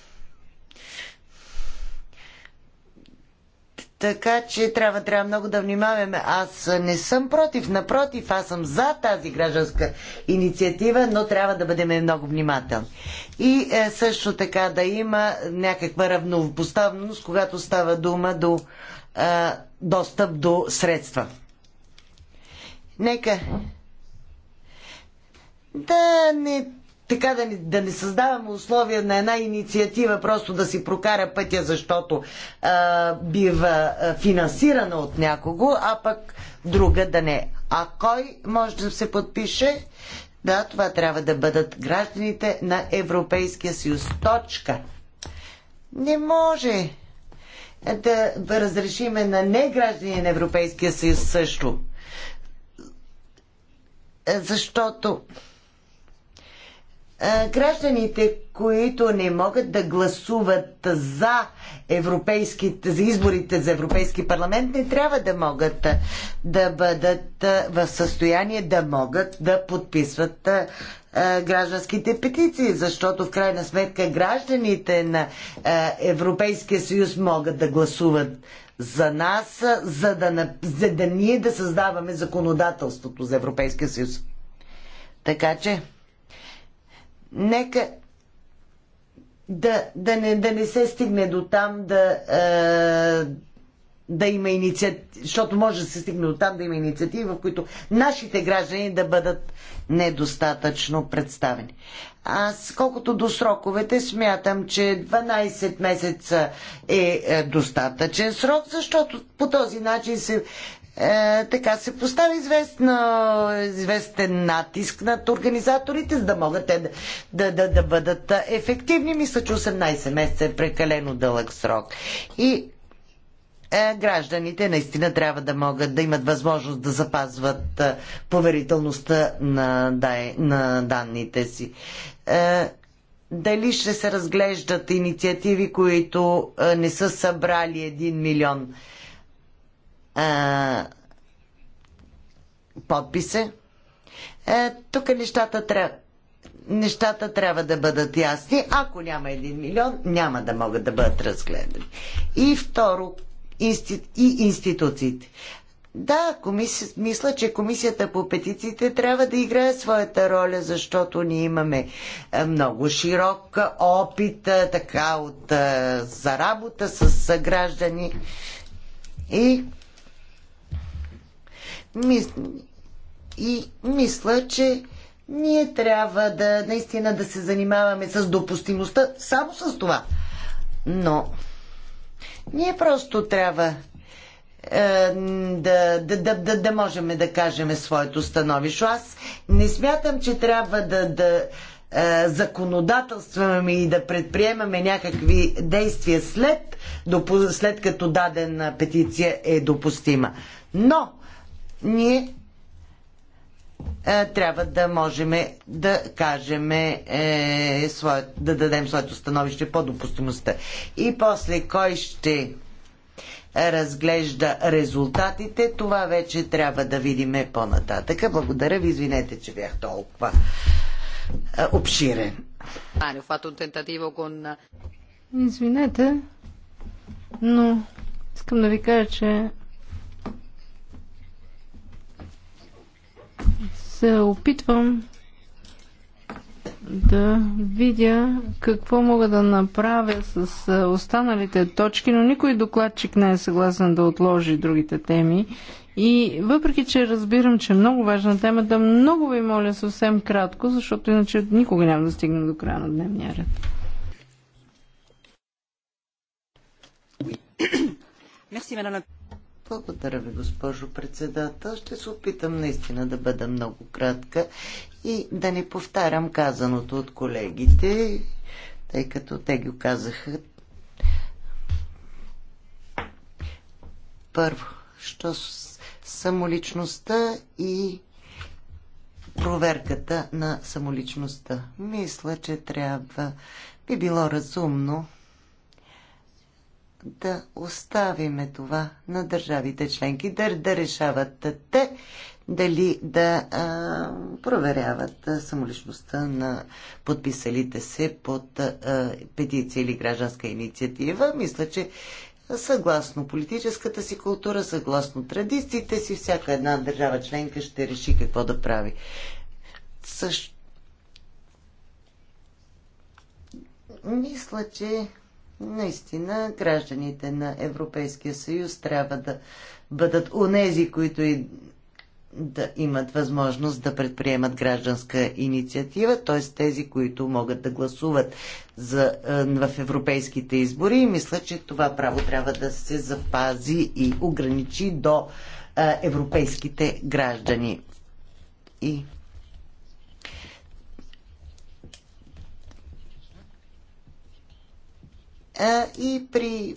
Така че трябва, трябва много да внимаваме. Аз не съм против, напротив, аз съм за тази гражданска инициатива, но трябва да бъдем много внимателни. И е, също така да има някаква равнопоставеност, когато става дума до е, достъп до средства. Нека да не така да не, да не създаваме условия на една инициатива просто да си прокара пътя, защото а, бива финансирана от някого, а пък друга да не. А кой може да се подпише? Да, това трябва да бъдат гражданите на Европейския съюз. Точка. Не може да разрешиме на не граждани на Европейския съюз също. Защото е, гражданите, които не могат да гласуват за, европейските, за изборите за Европейски парламент, не трябва да могат е, да бъдат е, в състояние да могат да подписват гражданските петиции, защото в крайна сметка гражданите на Европейския съюз могат да гласуват за нас, за да, за да ние да създаваме законодателството за Европейския съюз. Така че нека да, да, не, да не се стигне до там да, а, е, да има инициатива, защото може да се стигне до там да има инициативи, в които нашите граждани да бъдат недостатъчно представени. Аз, колкото до сроковете, смятам, че 12 месеца е, е достатъчен срок, защото по този начин се е, така се постави известен натиск над организаторите, за да могат те да, да, да, да бъдат ефективни. Мисля, че 18 месеца е прекалено дълъг срок. И е, гражданите наистина трябва да могат да имат възможност да запазват е, поверителността на, дай, на данните си. Е, дали ще се разглеждат инициативи, които е, не са събрали 1 милион? Е, а, подписа. А, е, тук нещата трябва нещата трябва да бъдат ясни. Ако няма един милион, няма да могат да бъдат разгледани. И второ, инсти... и институциите. Да, комис... мисля, че комисията по петициите трябва да играе своята роля, защото ние имаме е, много широк е, опит така от, за работа с граждани. И и мисля, че ние трябва да наистина да се занимаваме с допустимостта само с това. Но ние просто трябва да, да, да, да, да можем да кажем своето становище. Аз не смятам, че трябва да, да законодателстваме и да предприемаме някакви действия след, след като дадена петиция е допустима. Но ние е, трябва да можем да кажем е, свое, да дадем своето становище по допустимостта. И после кой ще разглежда резултатите, това вече трябва да видиме по-нататък. Благодаря ви, извинете, че бях толкова е, обширен. Извинете, но искам да ви кажа, че се опитвам да видя какво мога да направя с останалите точки, но никой докладчик не е съгласен да отложи другите теми. И въпреки, че разбирам, че е много важна тема, да много ви моля съвсем кратко, защото иначе никога няма да стигнем до края на дневния ред. Merci, madame благодаря ви, госпожо председател. Ще се опитам наистина да бъда много кратка и да не повтарям казаното от колегите, тъй като те ги казаха. Първо, що самоличността и проверката на самоличността. Мисля, че трябва би било разумно да оставиме това на държавите членки, да, да решават те дали да а, проверяват самоличността на подписалите се под а, петиция или гражданска инициатива. Мисля, че съгласно политическата си култура, съгласно традициите си, всяка една държава членка ще реши какво да прави. Също... Мисля, че наистина гражданите на Европейския съюз трябва да бъдат унези, които и да имат възможност да предприемат гражданска инициатива, т.е. тези, които могат да гласуват за, е, в европейските избори. И мисля, че това право трябва да се запази и ограничи до е, европейските граждани. И а, и при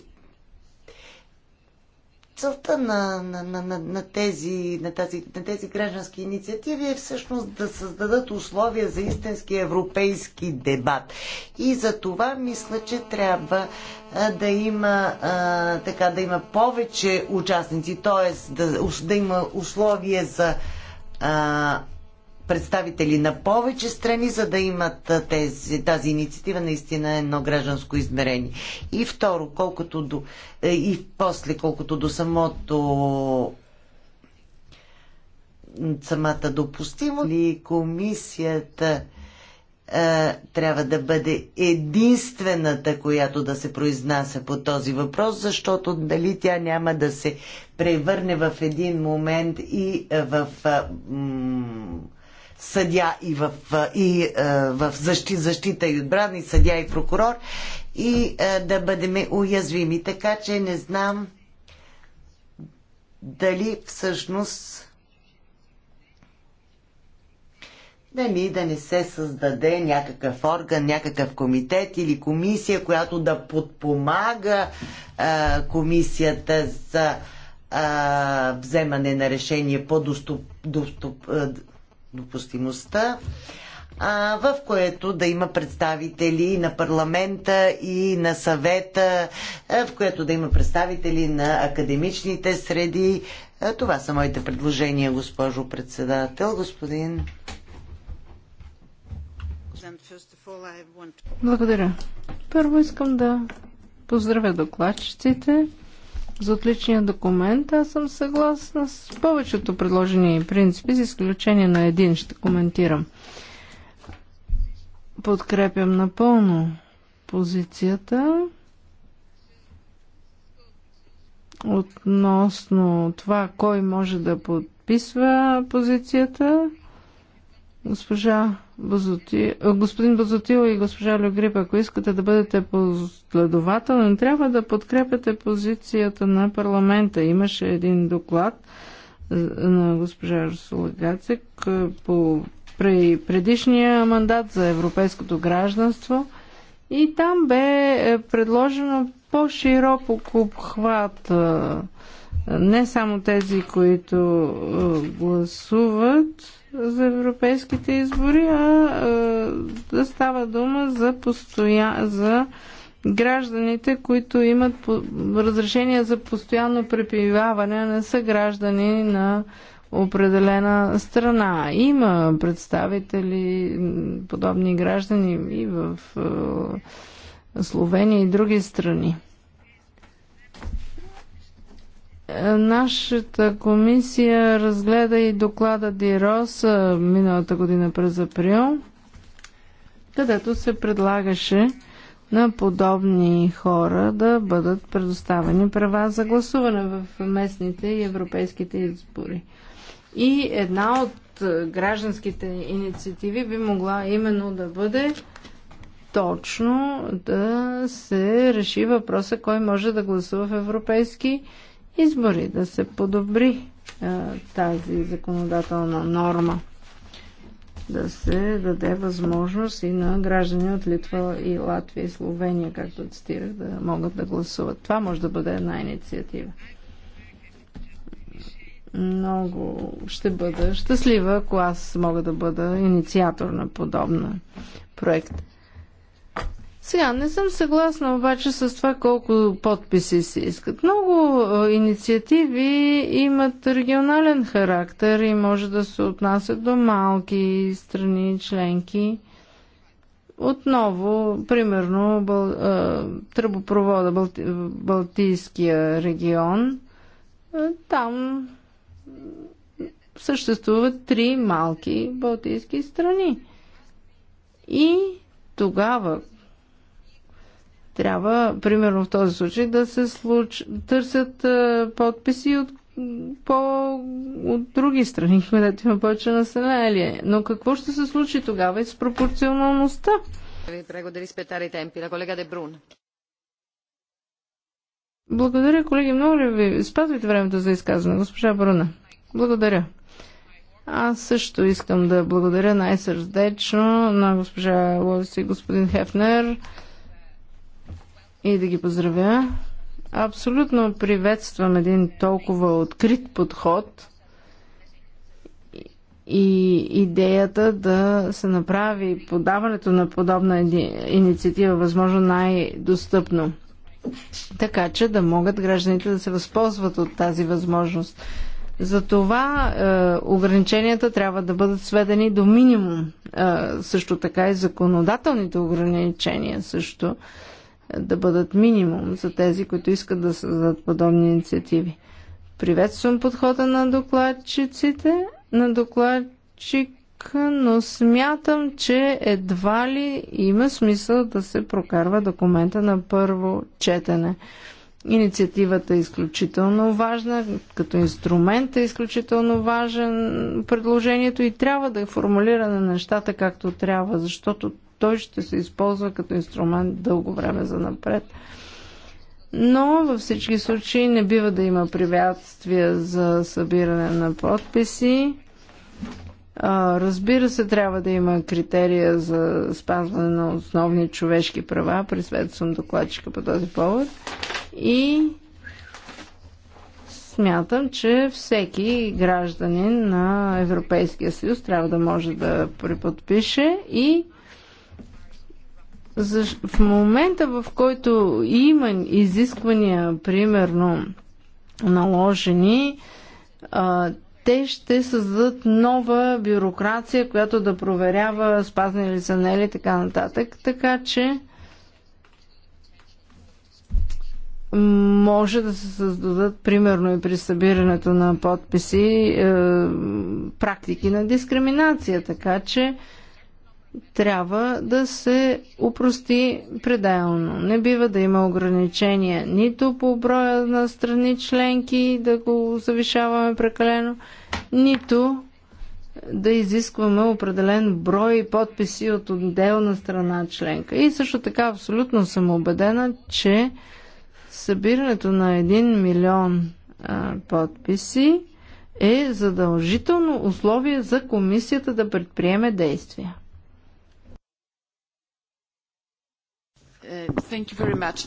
целта на, на, на, на, на, тези, на, тази, на тези граждански инициативи е всъщност да създадат условия за истински европейски дебат. И за това мисля, че трябва а, да има, а, така, да има повече участници, т.е. Да, да има условия за а, представители на повече страни, за да имат тези, тази инициатива наистина е едно гражданско измерение. И второ, колкото до, е, и после, колкото до самото самата допустимо ли комисията а, трябва да бъде единствената, която да се произнася по този въпрос, защото дали тя няма да се превърне в един момент и в а, съдя и в, и, е, в защи, защита и отбрана, и съдя и прокурор, и е, да бъдем уязвими. Така че не знам дали всъщност Да ни да не се създаде някакъв орган, някакъв комитет или комисия, която да подпомага а, е, комисията за а, вземане на решение по достоп... достоп допустимостта, в което да има представители на парламента и на съвета, в което да има представители на академичните среди. Това са моите предложения, госпожо председател. Господин. Благодаря. Първо искам да поздравя докладчиците за отличния документ. Аз съм съгласна с повечето предложени принципи, за изключение на един ще коментирам. Подкрепям напълно позицията относно това кой може да подписва позицията. Госпожа Бозоти... господин Бозотил и госпожа Люгрип, ако искате да бъдете последователни, трябва да подкрепяте позицията на парламента. Имаше един доклад на госпожа Русула по при предишния мандат за европейското гражданство и там бе е, предложено по-широк обхват не само тези, които гласуват, за европейските избори, а да става дума за, постоя... за гражданите, които имат разрешение за постоянно препиваване, а не са граждани на определена страна. Има представители, подобни граждани и в Словения и други страни. Нашата комисия разгледа и доклада Дирос миналата година през април, където се предлагаше на подобни хора да бъдат предоставени права за гласуване в местните и европейските избори. И една от гражданските инициативи би могла именно да бъде точно да се реши въпроса кой може да гласува в европейски избори, да се подобри а, тази законодателна норма, да се даде възможност и на граждани от Литва и Латвия и Словения, както цитирах, да могат да гласуват. Това може да бъде една инициатива. Много ще бъда щастлива, ако аз мога да бъда инициатор на подобна проект. Сега не съм съгласна обаче с това колко подписи се искат. Много инициативи имат регионален характер и може да се отнасят до малки страни, членки. Отново, примерно, бъл, а, тръбопровода Балти, Балтийския регион, а, там съществуват три малки балтийски страни. И тогава, трябва, примерно в този случай, да се случ... търсят е, подписи от по от други страни, *laughs* където има повече население. Но какво ще се случи тогава и с пропорционалността? Ви да темпи на колега Благодаря, колеги. Много ли ви спазвайте времето за изказване, госпожа Бруна? Благодаря. Аз също искам да благодаря най-сърдечно на госпожа Ловис и господин Хефнер и да ги поздравя. Абсолютно приветствам един толкова открит подход и идеята да се направи подаването на подобна инициатива възможно най-достъпно. Така че да могат гражданите да се възползват от тази възможност. Затова е, ограниченията трябва да бъдат сведени до минимум. Е, също така и законодателните ограничения също да бъдат минимум за тези, които искат да създадат подобни инициативи. Приветствам подхода на докладчиците, на докладчик, но смятам, че едва ли има смисъл да се прокарва документа на първо четене. Инициативата е изключително важна, като инструмент е изключително важен предложението и трябва да е формулиране на нещата както трябва, защото той ще се използва като инструмент дълго време за напред. Но във всички случаи не бива да има препятствия за събиране на подписи. Разбира се, трябва да има критерия за спазване на основни човешки права. съм докладчика по този повод. И смятам, че всеки гражданин на Европейския съюз трябва да може да преподпише и в момента, в който има изисквания, примерно, наложени, те ще създадат нова бюрокрация, която да проверява спазни ли са нели така нататък. Така че може да се създадат, примерно и при събирането на подписи, е, практики на дискриминация. Така че трябва да се упрости пределно. Не бива да има ограничения нито по броя на страни членки, да го завишаваме прекалено, нито да изискваме определен брой подписи от отделна страна членка. И също така абсолютно съм убедена, че събирането на 1 милион а, подписи е задължително условие за комисията да предприеме действия. Uh,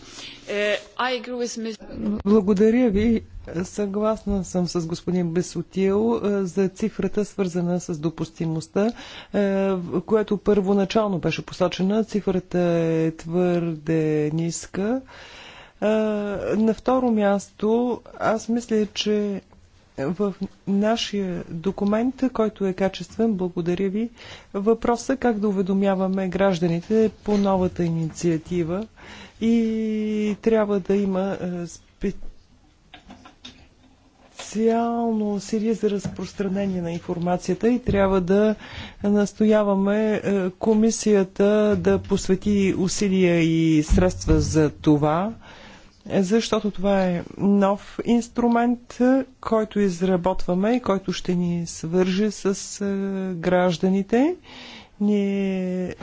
uh, Благодаря ви. Съгласна съм с господин Бесотил е, за цифрата, свързана с допустимостта, е, която първоначално беше посочена. Цифрата е твърде ниска. Е, на второ място, аз мисля, че в нашия документ, който е качествен, благодаря ви, въпроса как да уведомяваме гражданите по новата инициатива и трябва да има е, специално усилие за разпространение на информацията и трябва да настояваме е, комисията да посвети усилия и средства за това защото това е нов инструмент, е, който изработваме и който ще ни свърже с е, гражданите. Ние е,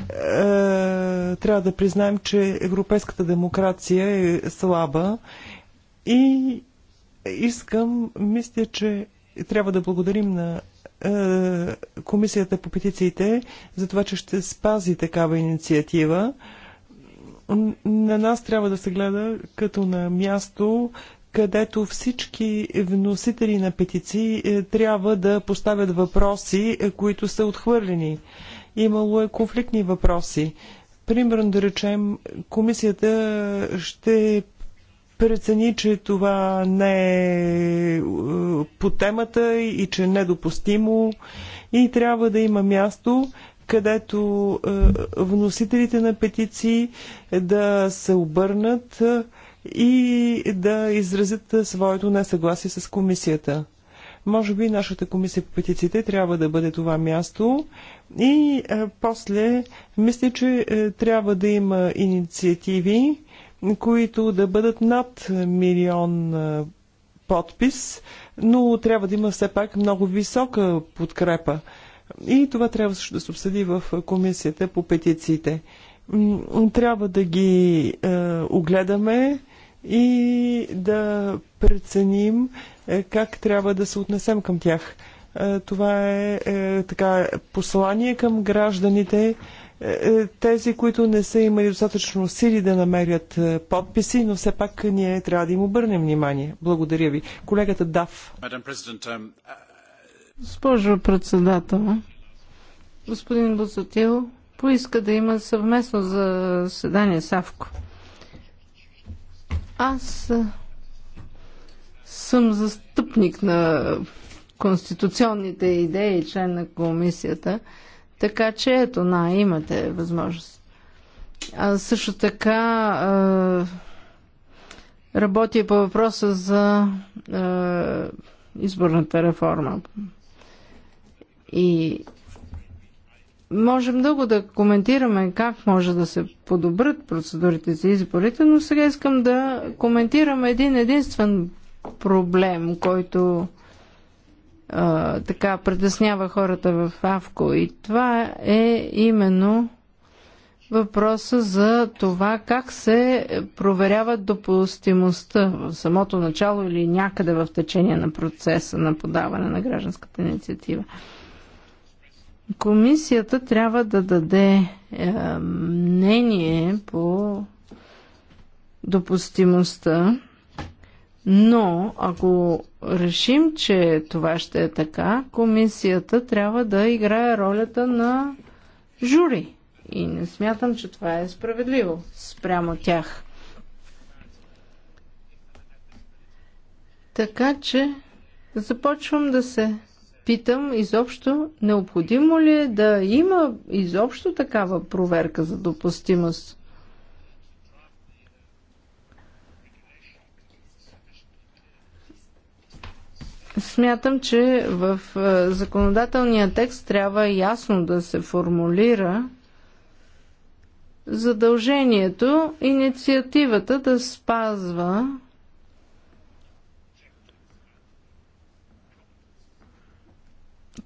трябва да признаем, че европейската демокрация е слаба и искам, мисля, че трябва да благодарим на е, Комисията по петициите за това, че ще спази такава инициатива на нас трябва да се гледа като на място, където всички вносители на петиции е, трябва да поставят въпроси, е, които са отхвърлени. Имало е конфликтни въпроси. Примерно да речем, комисията ще прецени, че това не е, е по темата и че е недопустимо и трябва да има място, където е, вносителите на петиции да се обърнат е, и да изразят е, своето несъгласие с комисията. Може би нашата комисия по петициите трябва да бъде това място. И е, после, мисля, че е, трябва да има инициативи, които да бъдат над милион е, подпис, но трябва да има все пак много висока подкрепа. И това трябва също да се обсъди в комисията по петициите. Трябва да ги е, огледаме и да преценим е, как трябва да се отнесем към тях. Е, това е, е така послание към гражданите, е, е, тези, които не са имали достатъчно сили да намерят е, подписи, но все пак ние трябва да им обърнем внимание. Благодаря ви. Колегата Дав. Госпожо председател, господин Бозатил поиска да има съвместно заседание с Авко. Аз съм застъпник на конституционните идеи, член на комисията, така че ето, на, имате възможност. А също така работя по въпроса за изборната реформа. И може много да коментираме как може да се подобрат процедурите за изборите, но сега искам да коментирам един единствен проблем, който а, така притеснява хората в Авко. И това е именно въпроса за това как се проверява допустимостта в самото начало или някъде в течение на процеса на подаване на гражданската инициатива. Комисията трябва да даде е, мнение по допустимостта, но ако решим, че това ще е така, комисията трябва да играе ролята на жури. И не смятам, че това е справедливо спрямо тях. Така че започвам да се питам изобщо, необходимо ли е да има изобщо такава проверка за допустимост? Смятам, че в е, законодателния текст трябва ясно да се формулира задължението инициативата да спазва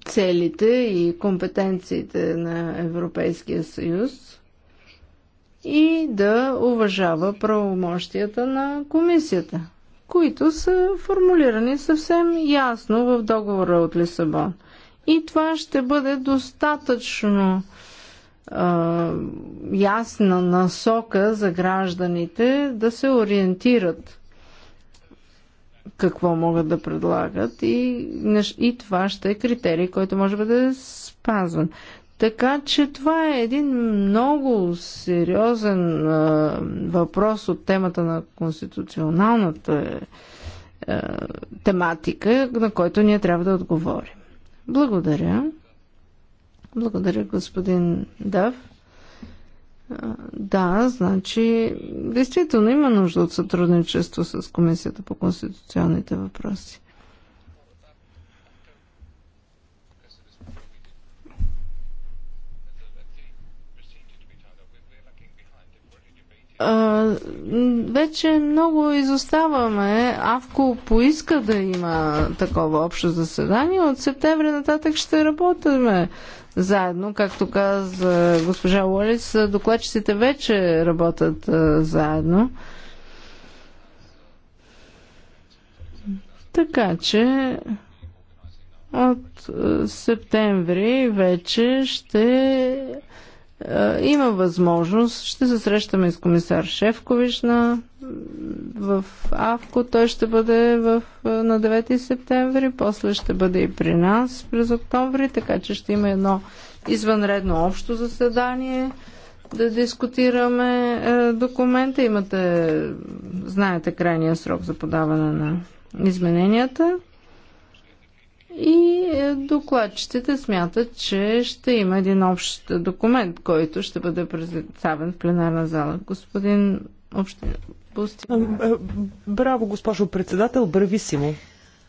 целите и компетенциите на Европейския съюз и да уважава правомощията на комисията, които са формулирани съвсем ясно в договора от Лисабон. И това ще бъде достатъчно ясна насока за гражданите да се ориентират какво могат да предлагат и, и това ще е критерий, който може да бъде спазван. Така че това е един много сериозен а, въпрос от темата на конституционалната а, тематика, на който ние трябва да отговорим. Благодаря. Благодаря, господин Дав. Да, значи, действително има нужда от сътрудничество с Комисията по конституционните въпроси. вече много изоставаме. Авко поиска да има такова общо заседание. От септември нататък ще работиме заедно, както каза госпожа Уолис, докладчиците вече работят заедно. Така че от септември вече ще е, има възможност. Ще се срещаме с комисар Шефкович на, в Авко. Той ще бъде в, е, на 9 септември, после ще бъде и при нас през октомври, така че ще има едно извънредно общо заседание да дискутираме е, документа. Имате, знаете, крайния срок за подаване на измененията. И е, докладчиците смятат, че ще има един общ документ, който ще бъде представен в пленарна зала. Господин Общи пусти. Е, браво, госпожо председател, брависимо.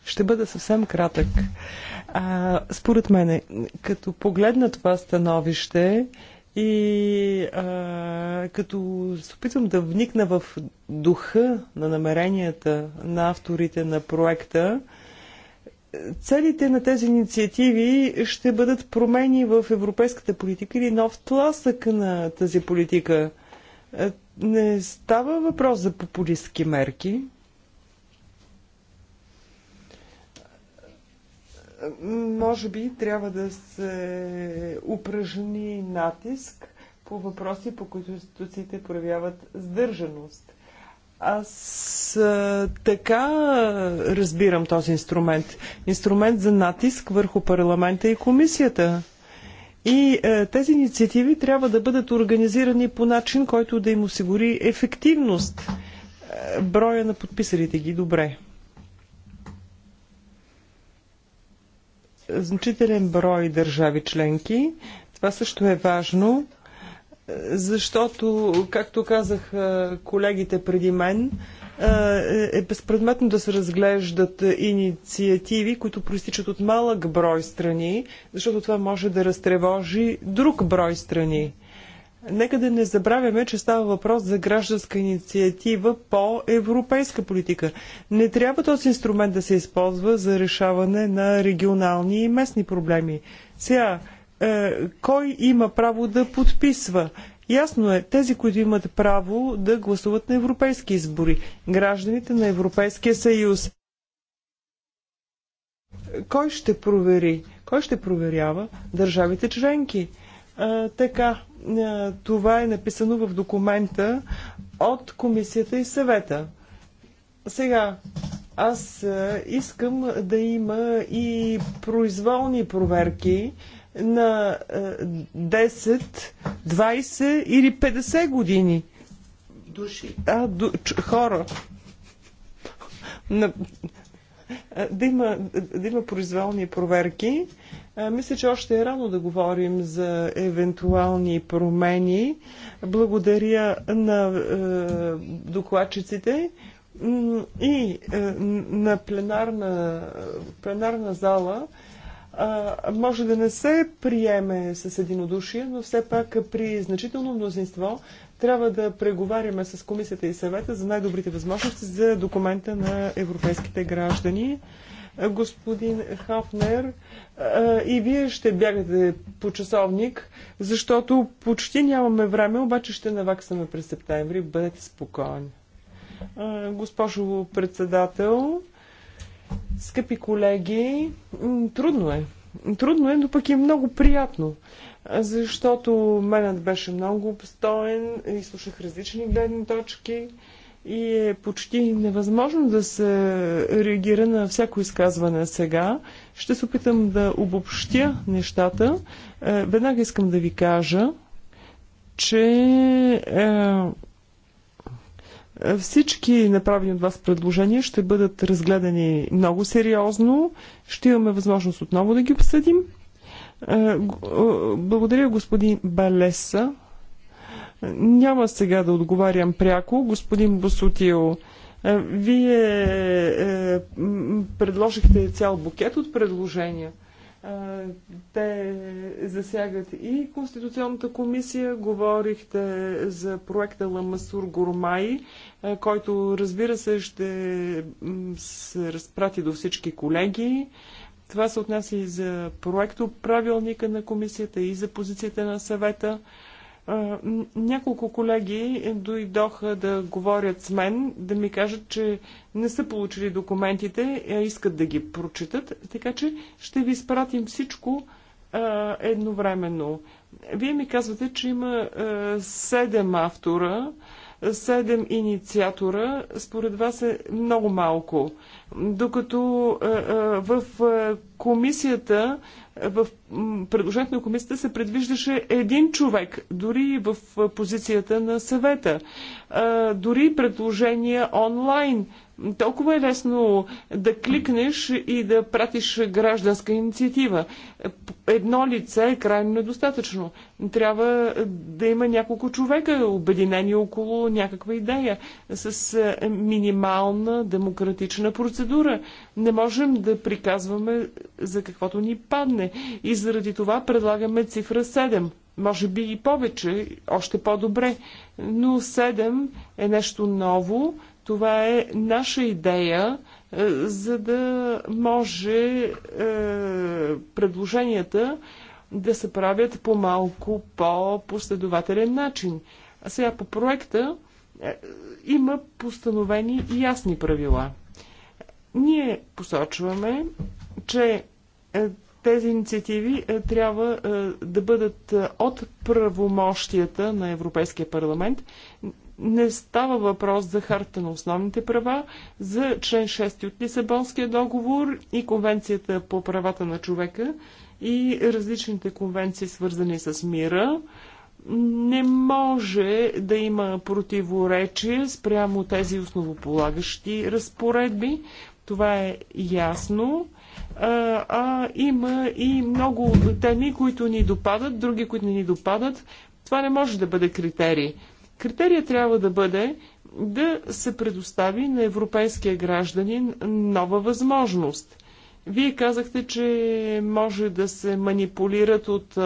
Ще бъда съвсем кратък. А, според мене, като погледна това становище и а, като се опитвам да вникна в духа на намеренията на авторите на проекта, а, целите на тези инициативи ще бъдат промени в европейската политика или нов тласък на тази политика. Е, не става въпрос за популистски мерки. Може би трябва да се упражни натиск по въпроси, по които институциите проявяват сдържаност. Аз а, така разбирам този инструмент. Инструмент за натиск върху парламента и комисията. И а, тези инициативи трябва да бъдат организирани по начин, който да им осигури ефективност. А, броя на подписалите ги добре. Значителен брой държави членки. Това също е важно защото, както казах колегите преди мен, е, е безпредметно да се разглеждат инициативи, които проистичат от малък брой страни, защото това може да разтревожи друг брой страни. Нека да не забравяме, че става въпрос за гражданска инициатива по европейска политика. Не трябва този инструмент да се използва за решаване на регионални и местни проблеми. Сега, е, кой има право да подписва. Ясно е, тези, които имат право да гласуват на европейски избори, гражданите на Европейския съюз. Кой ще провери? Кой ще проверява? Държавите членки. А, е, така, а, е, това е написано в документа от комисията и съвета. Сега, аз искам да има и произволни проверки, на 10, е, 20 или 50 години. Души. А, ду, ч, хора. На, е, да, има, да има произволни проверки. Е, мисля, че още е рано да говорим за евентуални промени. Благодаря на е, докладчиците и е, на пленарна, пленарна зала а, може да не се приеме с единодушие, но все пак при значително мнозинство трябва да преговаряме с комисията и съвета за най-добрите възможности за документа на европейските граждани. Господин Хафнер, и вие ще бягате по часовник, защото почти нямаме време, обаче ще наваксаме през септември. Бъдете спокойни. Госпожо председател, Скъпи колеги, трудно е. Трудно е, но пък е много приятно, защото менът беше много обстоен, изслушах различни гледни точки и е почти невъзможно да се реагира на всяко изказване сега. Ще се опитам да обобщя нещата. Е, веднага искам да ви кажа, че е, всички направени от вас предложения ще бъдат разгледани много сериозно. Ще имаме възможност отново да ги обсъдим. Е, е, благодаря господин Балеса. Няма сега да отговарям пряко. Господин Босутил, е, вие предложихте цял букет от предложения. Те засягат и Конституционната комисия. Говорихте за проекта Ламасур Гормай, който разбира се ще се разпрати до всички колеги. Това се отнася и за проекто правилника на комисията и за позицията на съвета. Няколко колеги дойдоха да говорят с мен, да ми кажат, че не са получили документите, а искат да ги прочитат, така че ще ви изпратим всичко едновременно. Вие ми казвате, че има седем автора, седем инициатора, според вас е много малко. Докато в комисията в предложението на комисията се предвиждаше един човек, дори в позицията на съвета. Дори предложения онлайн толкова е лесно да кликнеш и да пратиш гражданска инициатива. Едно лице е крайно недостатъчно. Трябва да има няколко човека, обединени около някаква идея, с е, минимална демократична процедура. Не можем да приказваме за каквото ни падне. И заради това предлагаме цифра 7 може би и повече, още по-добре. Но 7 е нещо ново, това е наша идея, е, за да може е, предложенията да се правят по малко по-последователен начин. А сега по проекта е, има постановени и ясни правила. Ние посочваме, че тези инициативи трябва да бъдат от правомощията на Европейския парламент не става въпрос за харта на основните права, за член 6 от Лисабонския договор и Конвенцията по правата на човека и различните конвенции, свързани с мира. Не може да има противоречие спрямо тези основополагащи разпоредби. Това е ясно. А, а има и много теми, които ни допадат, други, които не ни допадат. Това не може да бъде критерий. Критерия трябва да бъде да се предостави на европейския гражданин нова възможност. Вие казахте, че може да се манипулират от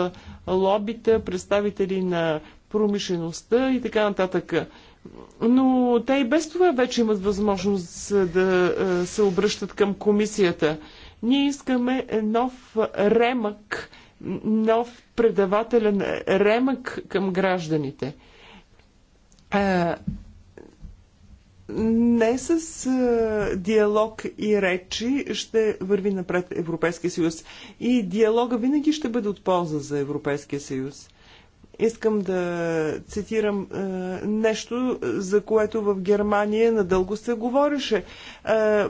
лобита, представители на промишлеността и така нататък. Но те и без това вече имат възможност да се обръщат към комисията. Ние искаме нов ремък, нов предавателен ремък към гражданите – а, не с а, диалог и речи ще върви напред Европейския съюз. И диалога винаги ще бъде от полза за Европейския съюз. Искам да цитирам е, нещо, за което в Германия надълго се говореше. Е,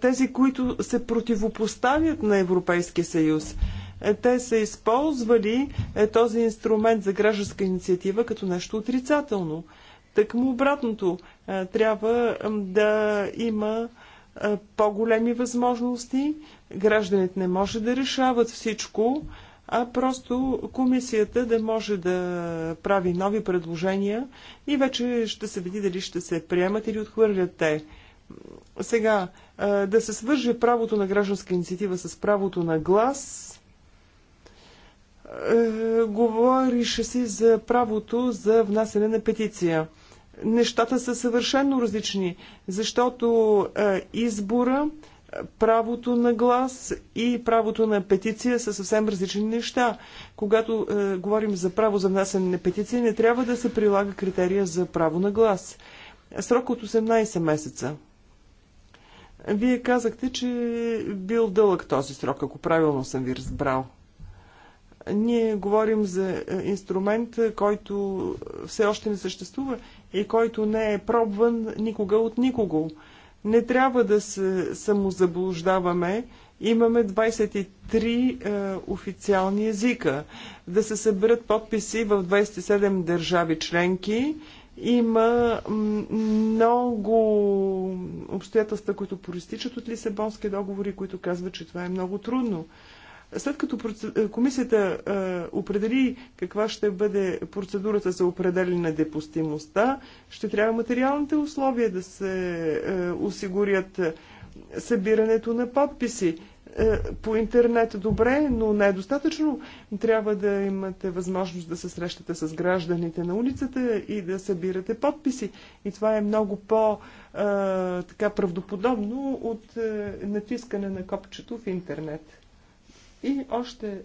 тези, които се противопоставят на Европейския съюз, е, те са използвали е, този инструмент за гражданска инициатива като нещо отрицателно. Е, Тъкмо обратното, трябва да има по-големи възможности. Гражданите не може да решават всичко, а просто комисията да може да прави нови предложения и вече ще се види дали ще се приемат или отхвърлят те. Сега, да се свърже правото на гражданска инициатива с правото на глас, говорише си за правото за внасяне на петиция нещата са съвършенно различни, защото е, избора, правото на глас и правото на петиция са съвсем различни неща. Когато а, е, говорим за право за внасяне на петиция, не трябва да се прилага критерия за право на глас. Срок от 18 месеца. Вие казахте, че бил дълъг този срок, ако правилно съм ви разбрал ние говорим за е, инструмент, който все още не съществува и който не е пробван никога от никого. Не трябва да се самозаблуждаваме. Имаме 23 е, официални езика. Да се съберат подписи в 27 държави членки. Има много обстоятелства, които проистичат от Лисабонския договор и които казват, че това е много трудно. След като е, комисията е, определи каква ще бъде процедурата за определене депустимостта, ще трябва материалните условия да се е, осигурят събирането на подписи. По интернет добре, но не е достатъчно. Трябва да имате възможност да се срещате с гражданите на улицата и да събирате подписи. И това е много по-правдоподобно от натискане на копчето в интернет. И още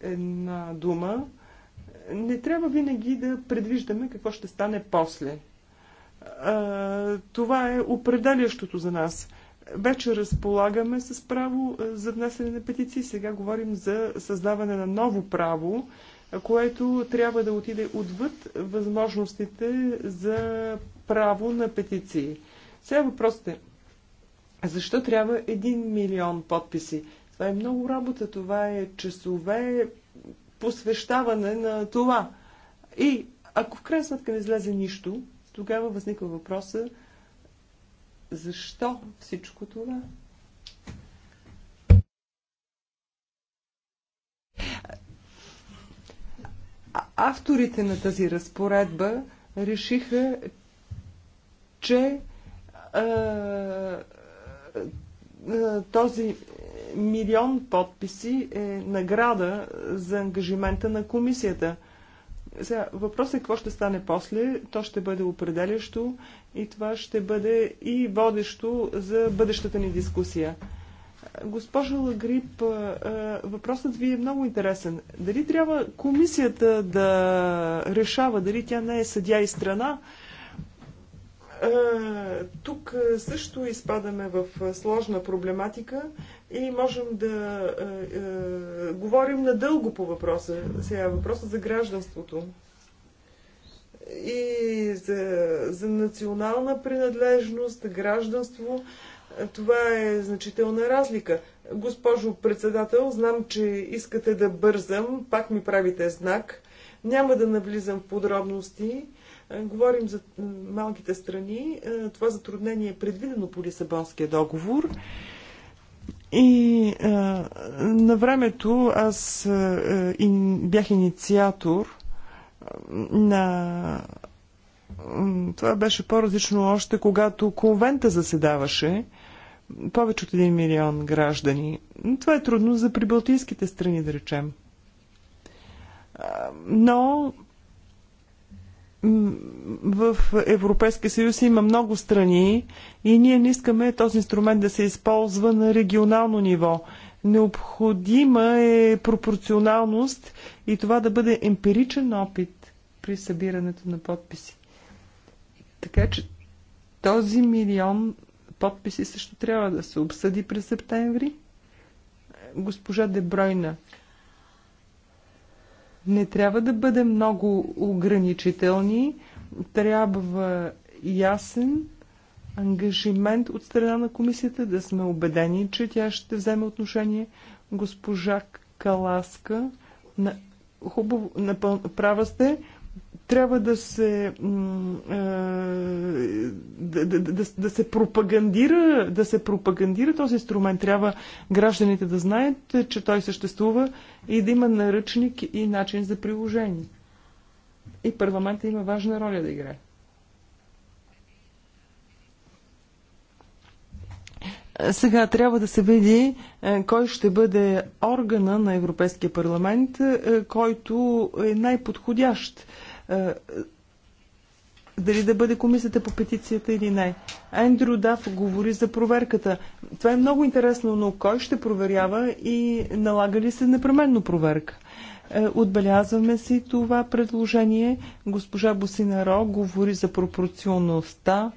една дума. Не трябва винаги да предвиждаме какво ще стане после. Това е определящото за нас. Вече разполагаме с право за внесене на петиции, сега говорим за създаване на ново право, което трябва да отиде отвъд възможностите за право на петиции. Сега въпросът е, защо трябва 1 милион подписи? Това е много работа, това е часове посвещаване на това. И ако в крайна сметка не излезе нищо, тогава възниква въпроса защо всичко това? авторите на тази разпоредба решиха, че а, а, този милион подписи е награда за ангажимента на комисията. Сега, въпросът е какво ще стане после. То ще бъде определящо и това ще бъде и водещо за бъдещата ни дискусия. Госпожо Лагрип, въпросът ви е много интересен. Дали трябва комисията да решава, дали тя не е съдя и страна? Тук също изпадаме в сложна проблематика и можем да е, е, говорим надълго по въпроса. Сега въпроса за гражданството и за, за национална принадлежност, гражданство. Е, това е значителна разлика. Госпожо председател, знам, че искате да бързам, пак ми правите знак. Няма да навлизам в подробности. Е, говорим за малките страни. Е, това затруднение е предвидено по Лисабонския договор. И а, на времето аз а, и, бях инициатор на. Това беше по-различно още когато конвента заседаваше повече от 1 милион граждани. Това е трудно за прибалтийските страни, да речем. Но в Европейския съюз има много страни и ние не искаме този инструмент да се използва на регионално ниво. Необходима е пропорционалност и това да бъде емпиричен опит при събирането на подписи. Така че този милион подписи също трябва да се обсъди през септември. Госпожа Дебройна, не трябва да бъдем много ограничителни. Трябва ясен ангажимент от страна на комисията, да сме убедени, че тя ще вземе отношение. Госпожа Каласка, на... хубаво, напъл... права сте, трябва да се, да, да, да, да се пропагандира, да се пропагандира този инструмент. Трябва гражданите да знаят, че той съществува и да има наръчник и начин за приложение. И парламента има важна роля да играе. Сега трябва да се види е, кой ще бъде органа на Европейския парламент, е, който е най-подходящ е, дали да бъде комисията по петицията или не. Ендрю Даф говори за проверката. Това е много интересно, но кой ще проверява и налага ли се непременно проверка? Е, отбелязваме си това предложение. Госпожа Босинаро говори за пропорционността.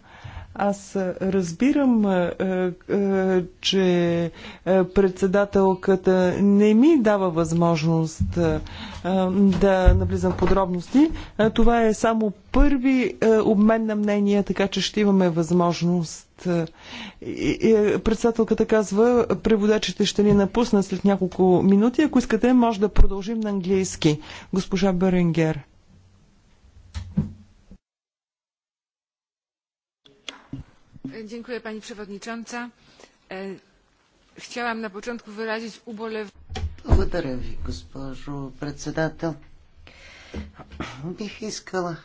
Аз разбирам, е, е, е, че председателката не ми дава възможност да навлизам в подробности. Това е само първи обмен на мнения, така че ще имаме възможност. Председателката казва, преводачите ще ни напуснат след няколко минути. Ако искате, може да продължим на английски. Госпожа Беренгер. Pani Przewodnicząca. E, chciałam na początku wyrazić ubolewanie. Благодаря Ви, госпожо председател. Бих искала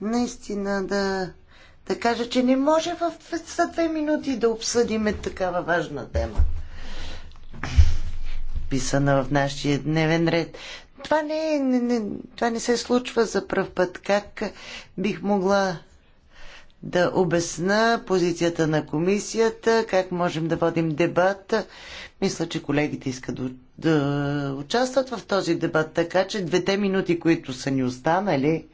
наистина да, да кажа, че не може в за две минути да обсъдиме такава важна тема. Писана в нашия дневен ред. Това не, е, не, не, това не се случва за пръв път. Как бих могла да обясна позицията на комисията, как можем да водим дебат. Мисля, че колегите искат да, да участват в този дебат, така че двете минути, които са ни останали,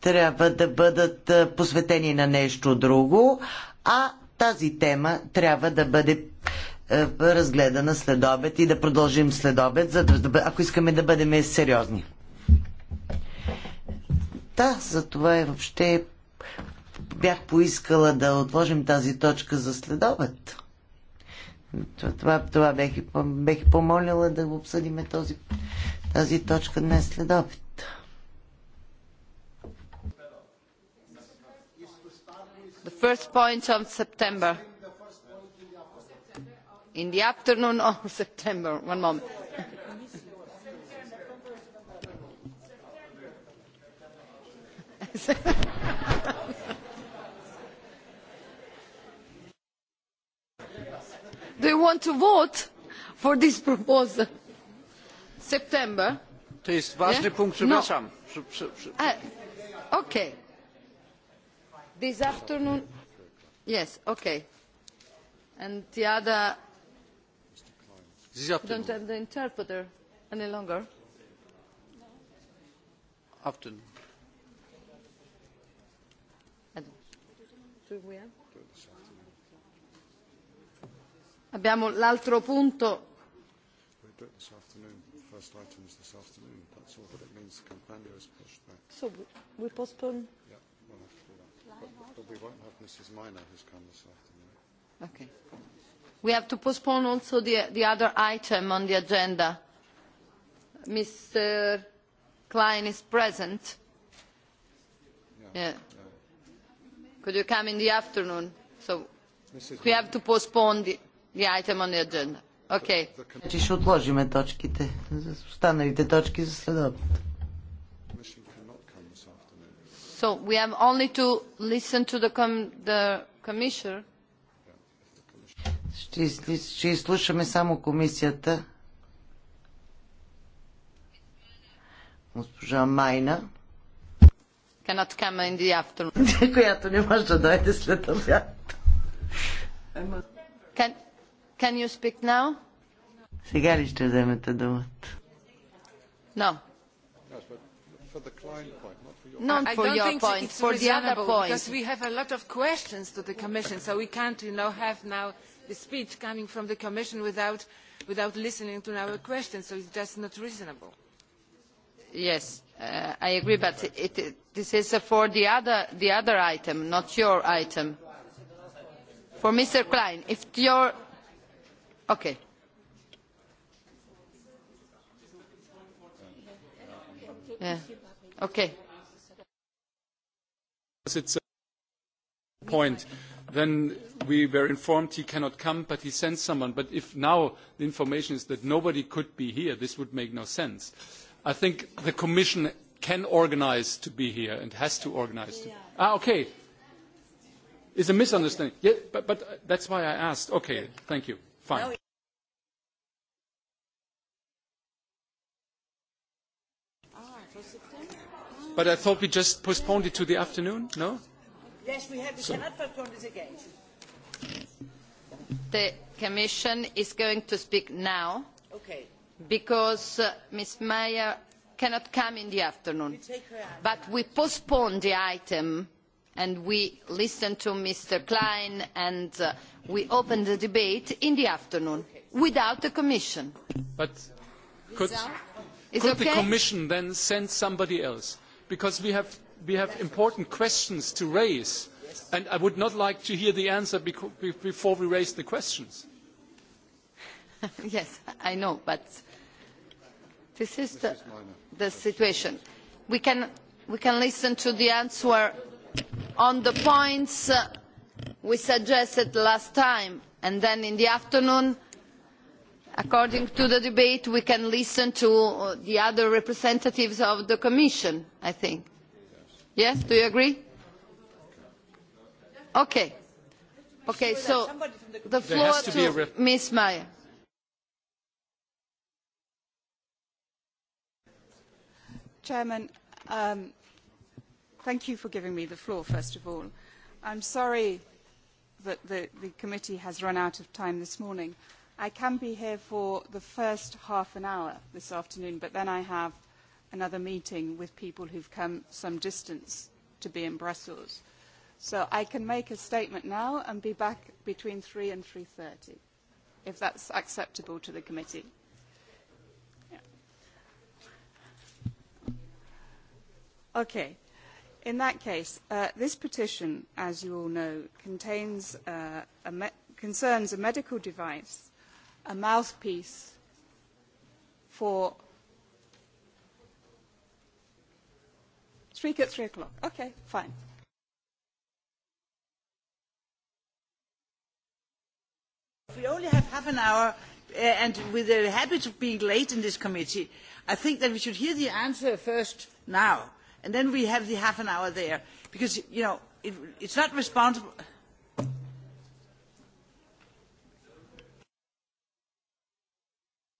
трябва да бъдат посветени на нещо друго, а тази тема трябва да бъде разгледана след обед и да продължим след обед, за да, ако искаме да бъдем сериозни. Да, за това е въобще бях поискала да отложим тази точка за следобед. Това, това бех, и, бех и помолила да обсъдиме този, тази точка днес следобед. the first point of september in the afternoon of september one moment. do you want to vote for this proposal? September? To jest ważny punkt, przepraszam. Okay. This afternoon? Yes, okay. And the other? This afternoon. Don't have the interpreter any longer? Afternoon Abbiamo l'altro punto. So we postpone. Yeah, we'll But, but we won't have Mrs. Minor who's come this afternoon. Okay. We have to postpone also the, the other item on the agenda. Mr. Klein is present. Yeah. yeah Could you come in the afternoon? So we have to postpone the, the item on the agenda. Okay. Значи ще отложиме точките, останалите точки за следобед. So we have only to listen to the, com the commissioner. Ще, ще изслушаме само комисията. Госпожа Майна която не може да дойде след обяд. Can, can you speak now? Сега ли ще вземете думата? No. Not for your point, for the other point. Because we have a lot of questions to the Commission, so we can't, you know, have now the speech coming from the Commission without, without listening to our questions, so it's just not reasonable. Yes I agree, but this is for the other item, not your item. For Mr. Klein, if your... Okay. Okay. It's a point. Then we were informed he cannot come, but he sent someone. But if now the information is that nobody could be here, this would make no sense I think the Commission can organise to be here and has to organise. To... Ah, okay. It's a misunderstanding. Yeah, but, but that's why I asked. Okay, thank you. Fine. But I thought we just postponed it to the afternoon, no? Yes, we have. We cannot postpone this again. The Commission is going to speak now. Okay because Ms. Meyer cannot come in the afternoon. But we postponed the item and we listened to Mr. Klein and we opened the debate in the afternoon without the Commission. But could, the Commission then send somebody else? Because we have, important questions to raise and I would not like to hear the answer before we raise the questions. yes, I know, but this is the, the situation. We can, we can listen to the answer on the points we suggested last time and then in the afternoon according to the debate we can listen to the other representatives of the commission i think yes do you agree okay okay so the floor to ms meyer Chairman, um, thank you for giving me the floor, first of all. I'm sorry that the, the committee has run out of time this morning. I can be here for the first half an hour this afternoon, but then I have another meeting with people who've come some distance to be in Brussels. So I can make a statement now and be back between three and three thirty, if that's acceptable to the committee. Okay. In that case, uh, this petition, as you all know, contains, uh, a me- concerns a medical device, a mouthpiece for. Speak at three o'clock. Okay, fine. If We only have half an hour, uh, and with the habit of being late in this committee, I think that we should hear the answer first now and then we have the half an hour there because you know it, it's not responsible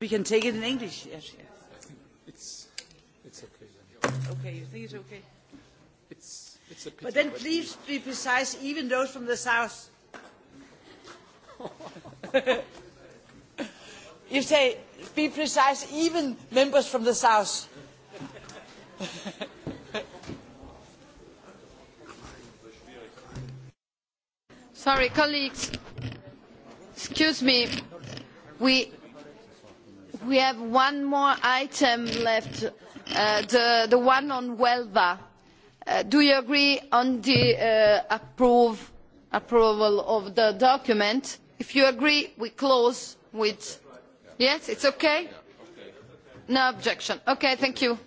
we can take it in english yes yes I think it's it's okay okay you think it's okay it's it's a pity, but then please be precise even those from the south you say be precise even members from the south Sorry, colleagues. Excuse me. We we have one more item left, uh, the the one on Huelva. Uh, do you agree on the uh, approve approval of the document? If you agree, we close with. Yes, it's okay. No objection. Okay, thank you.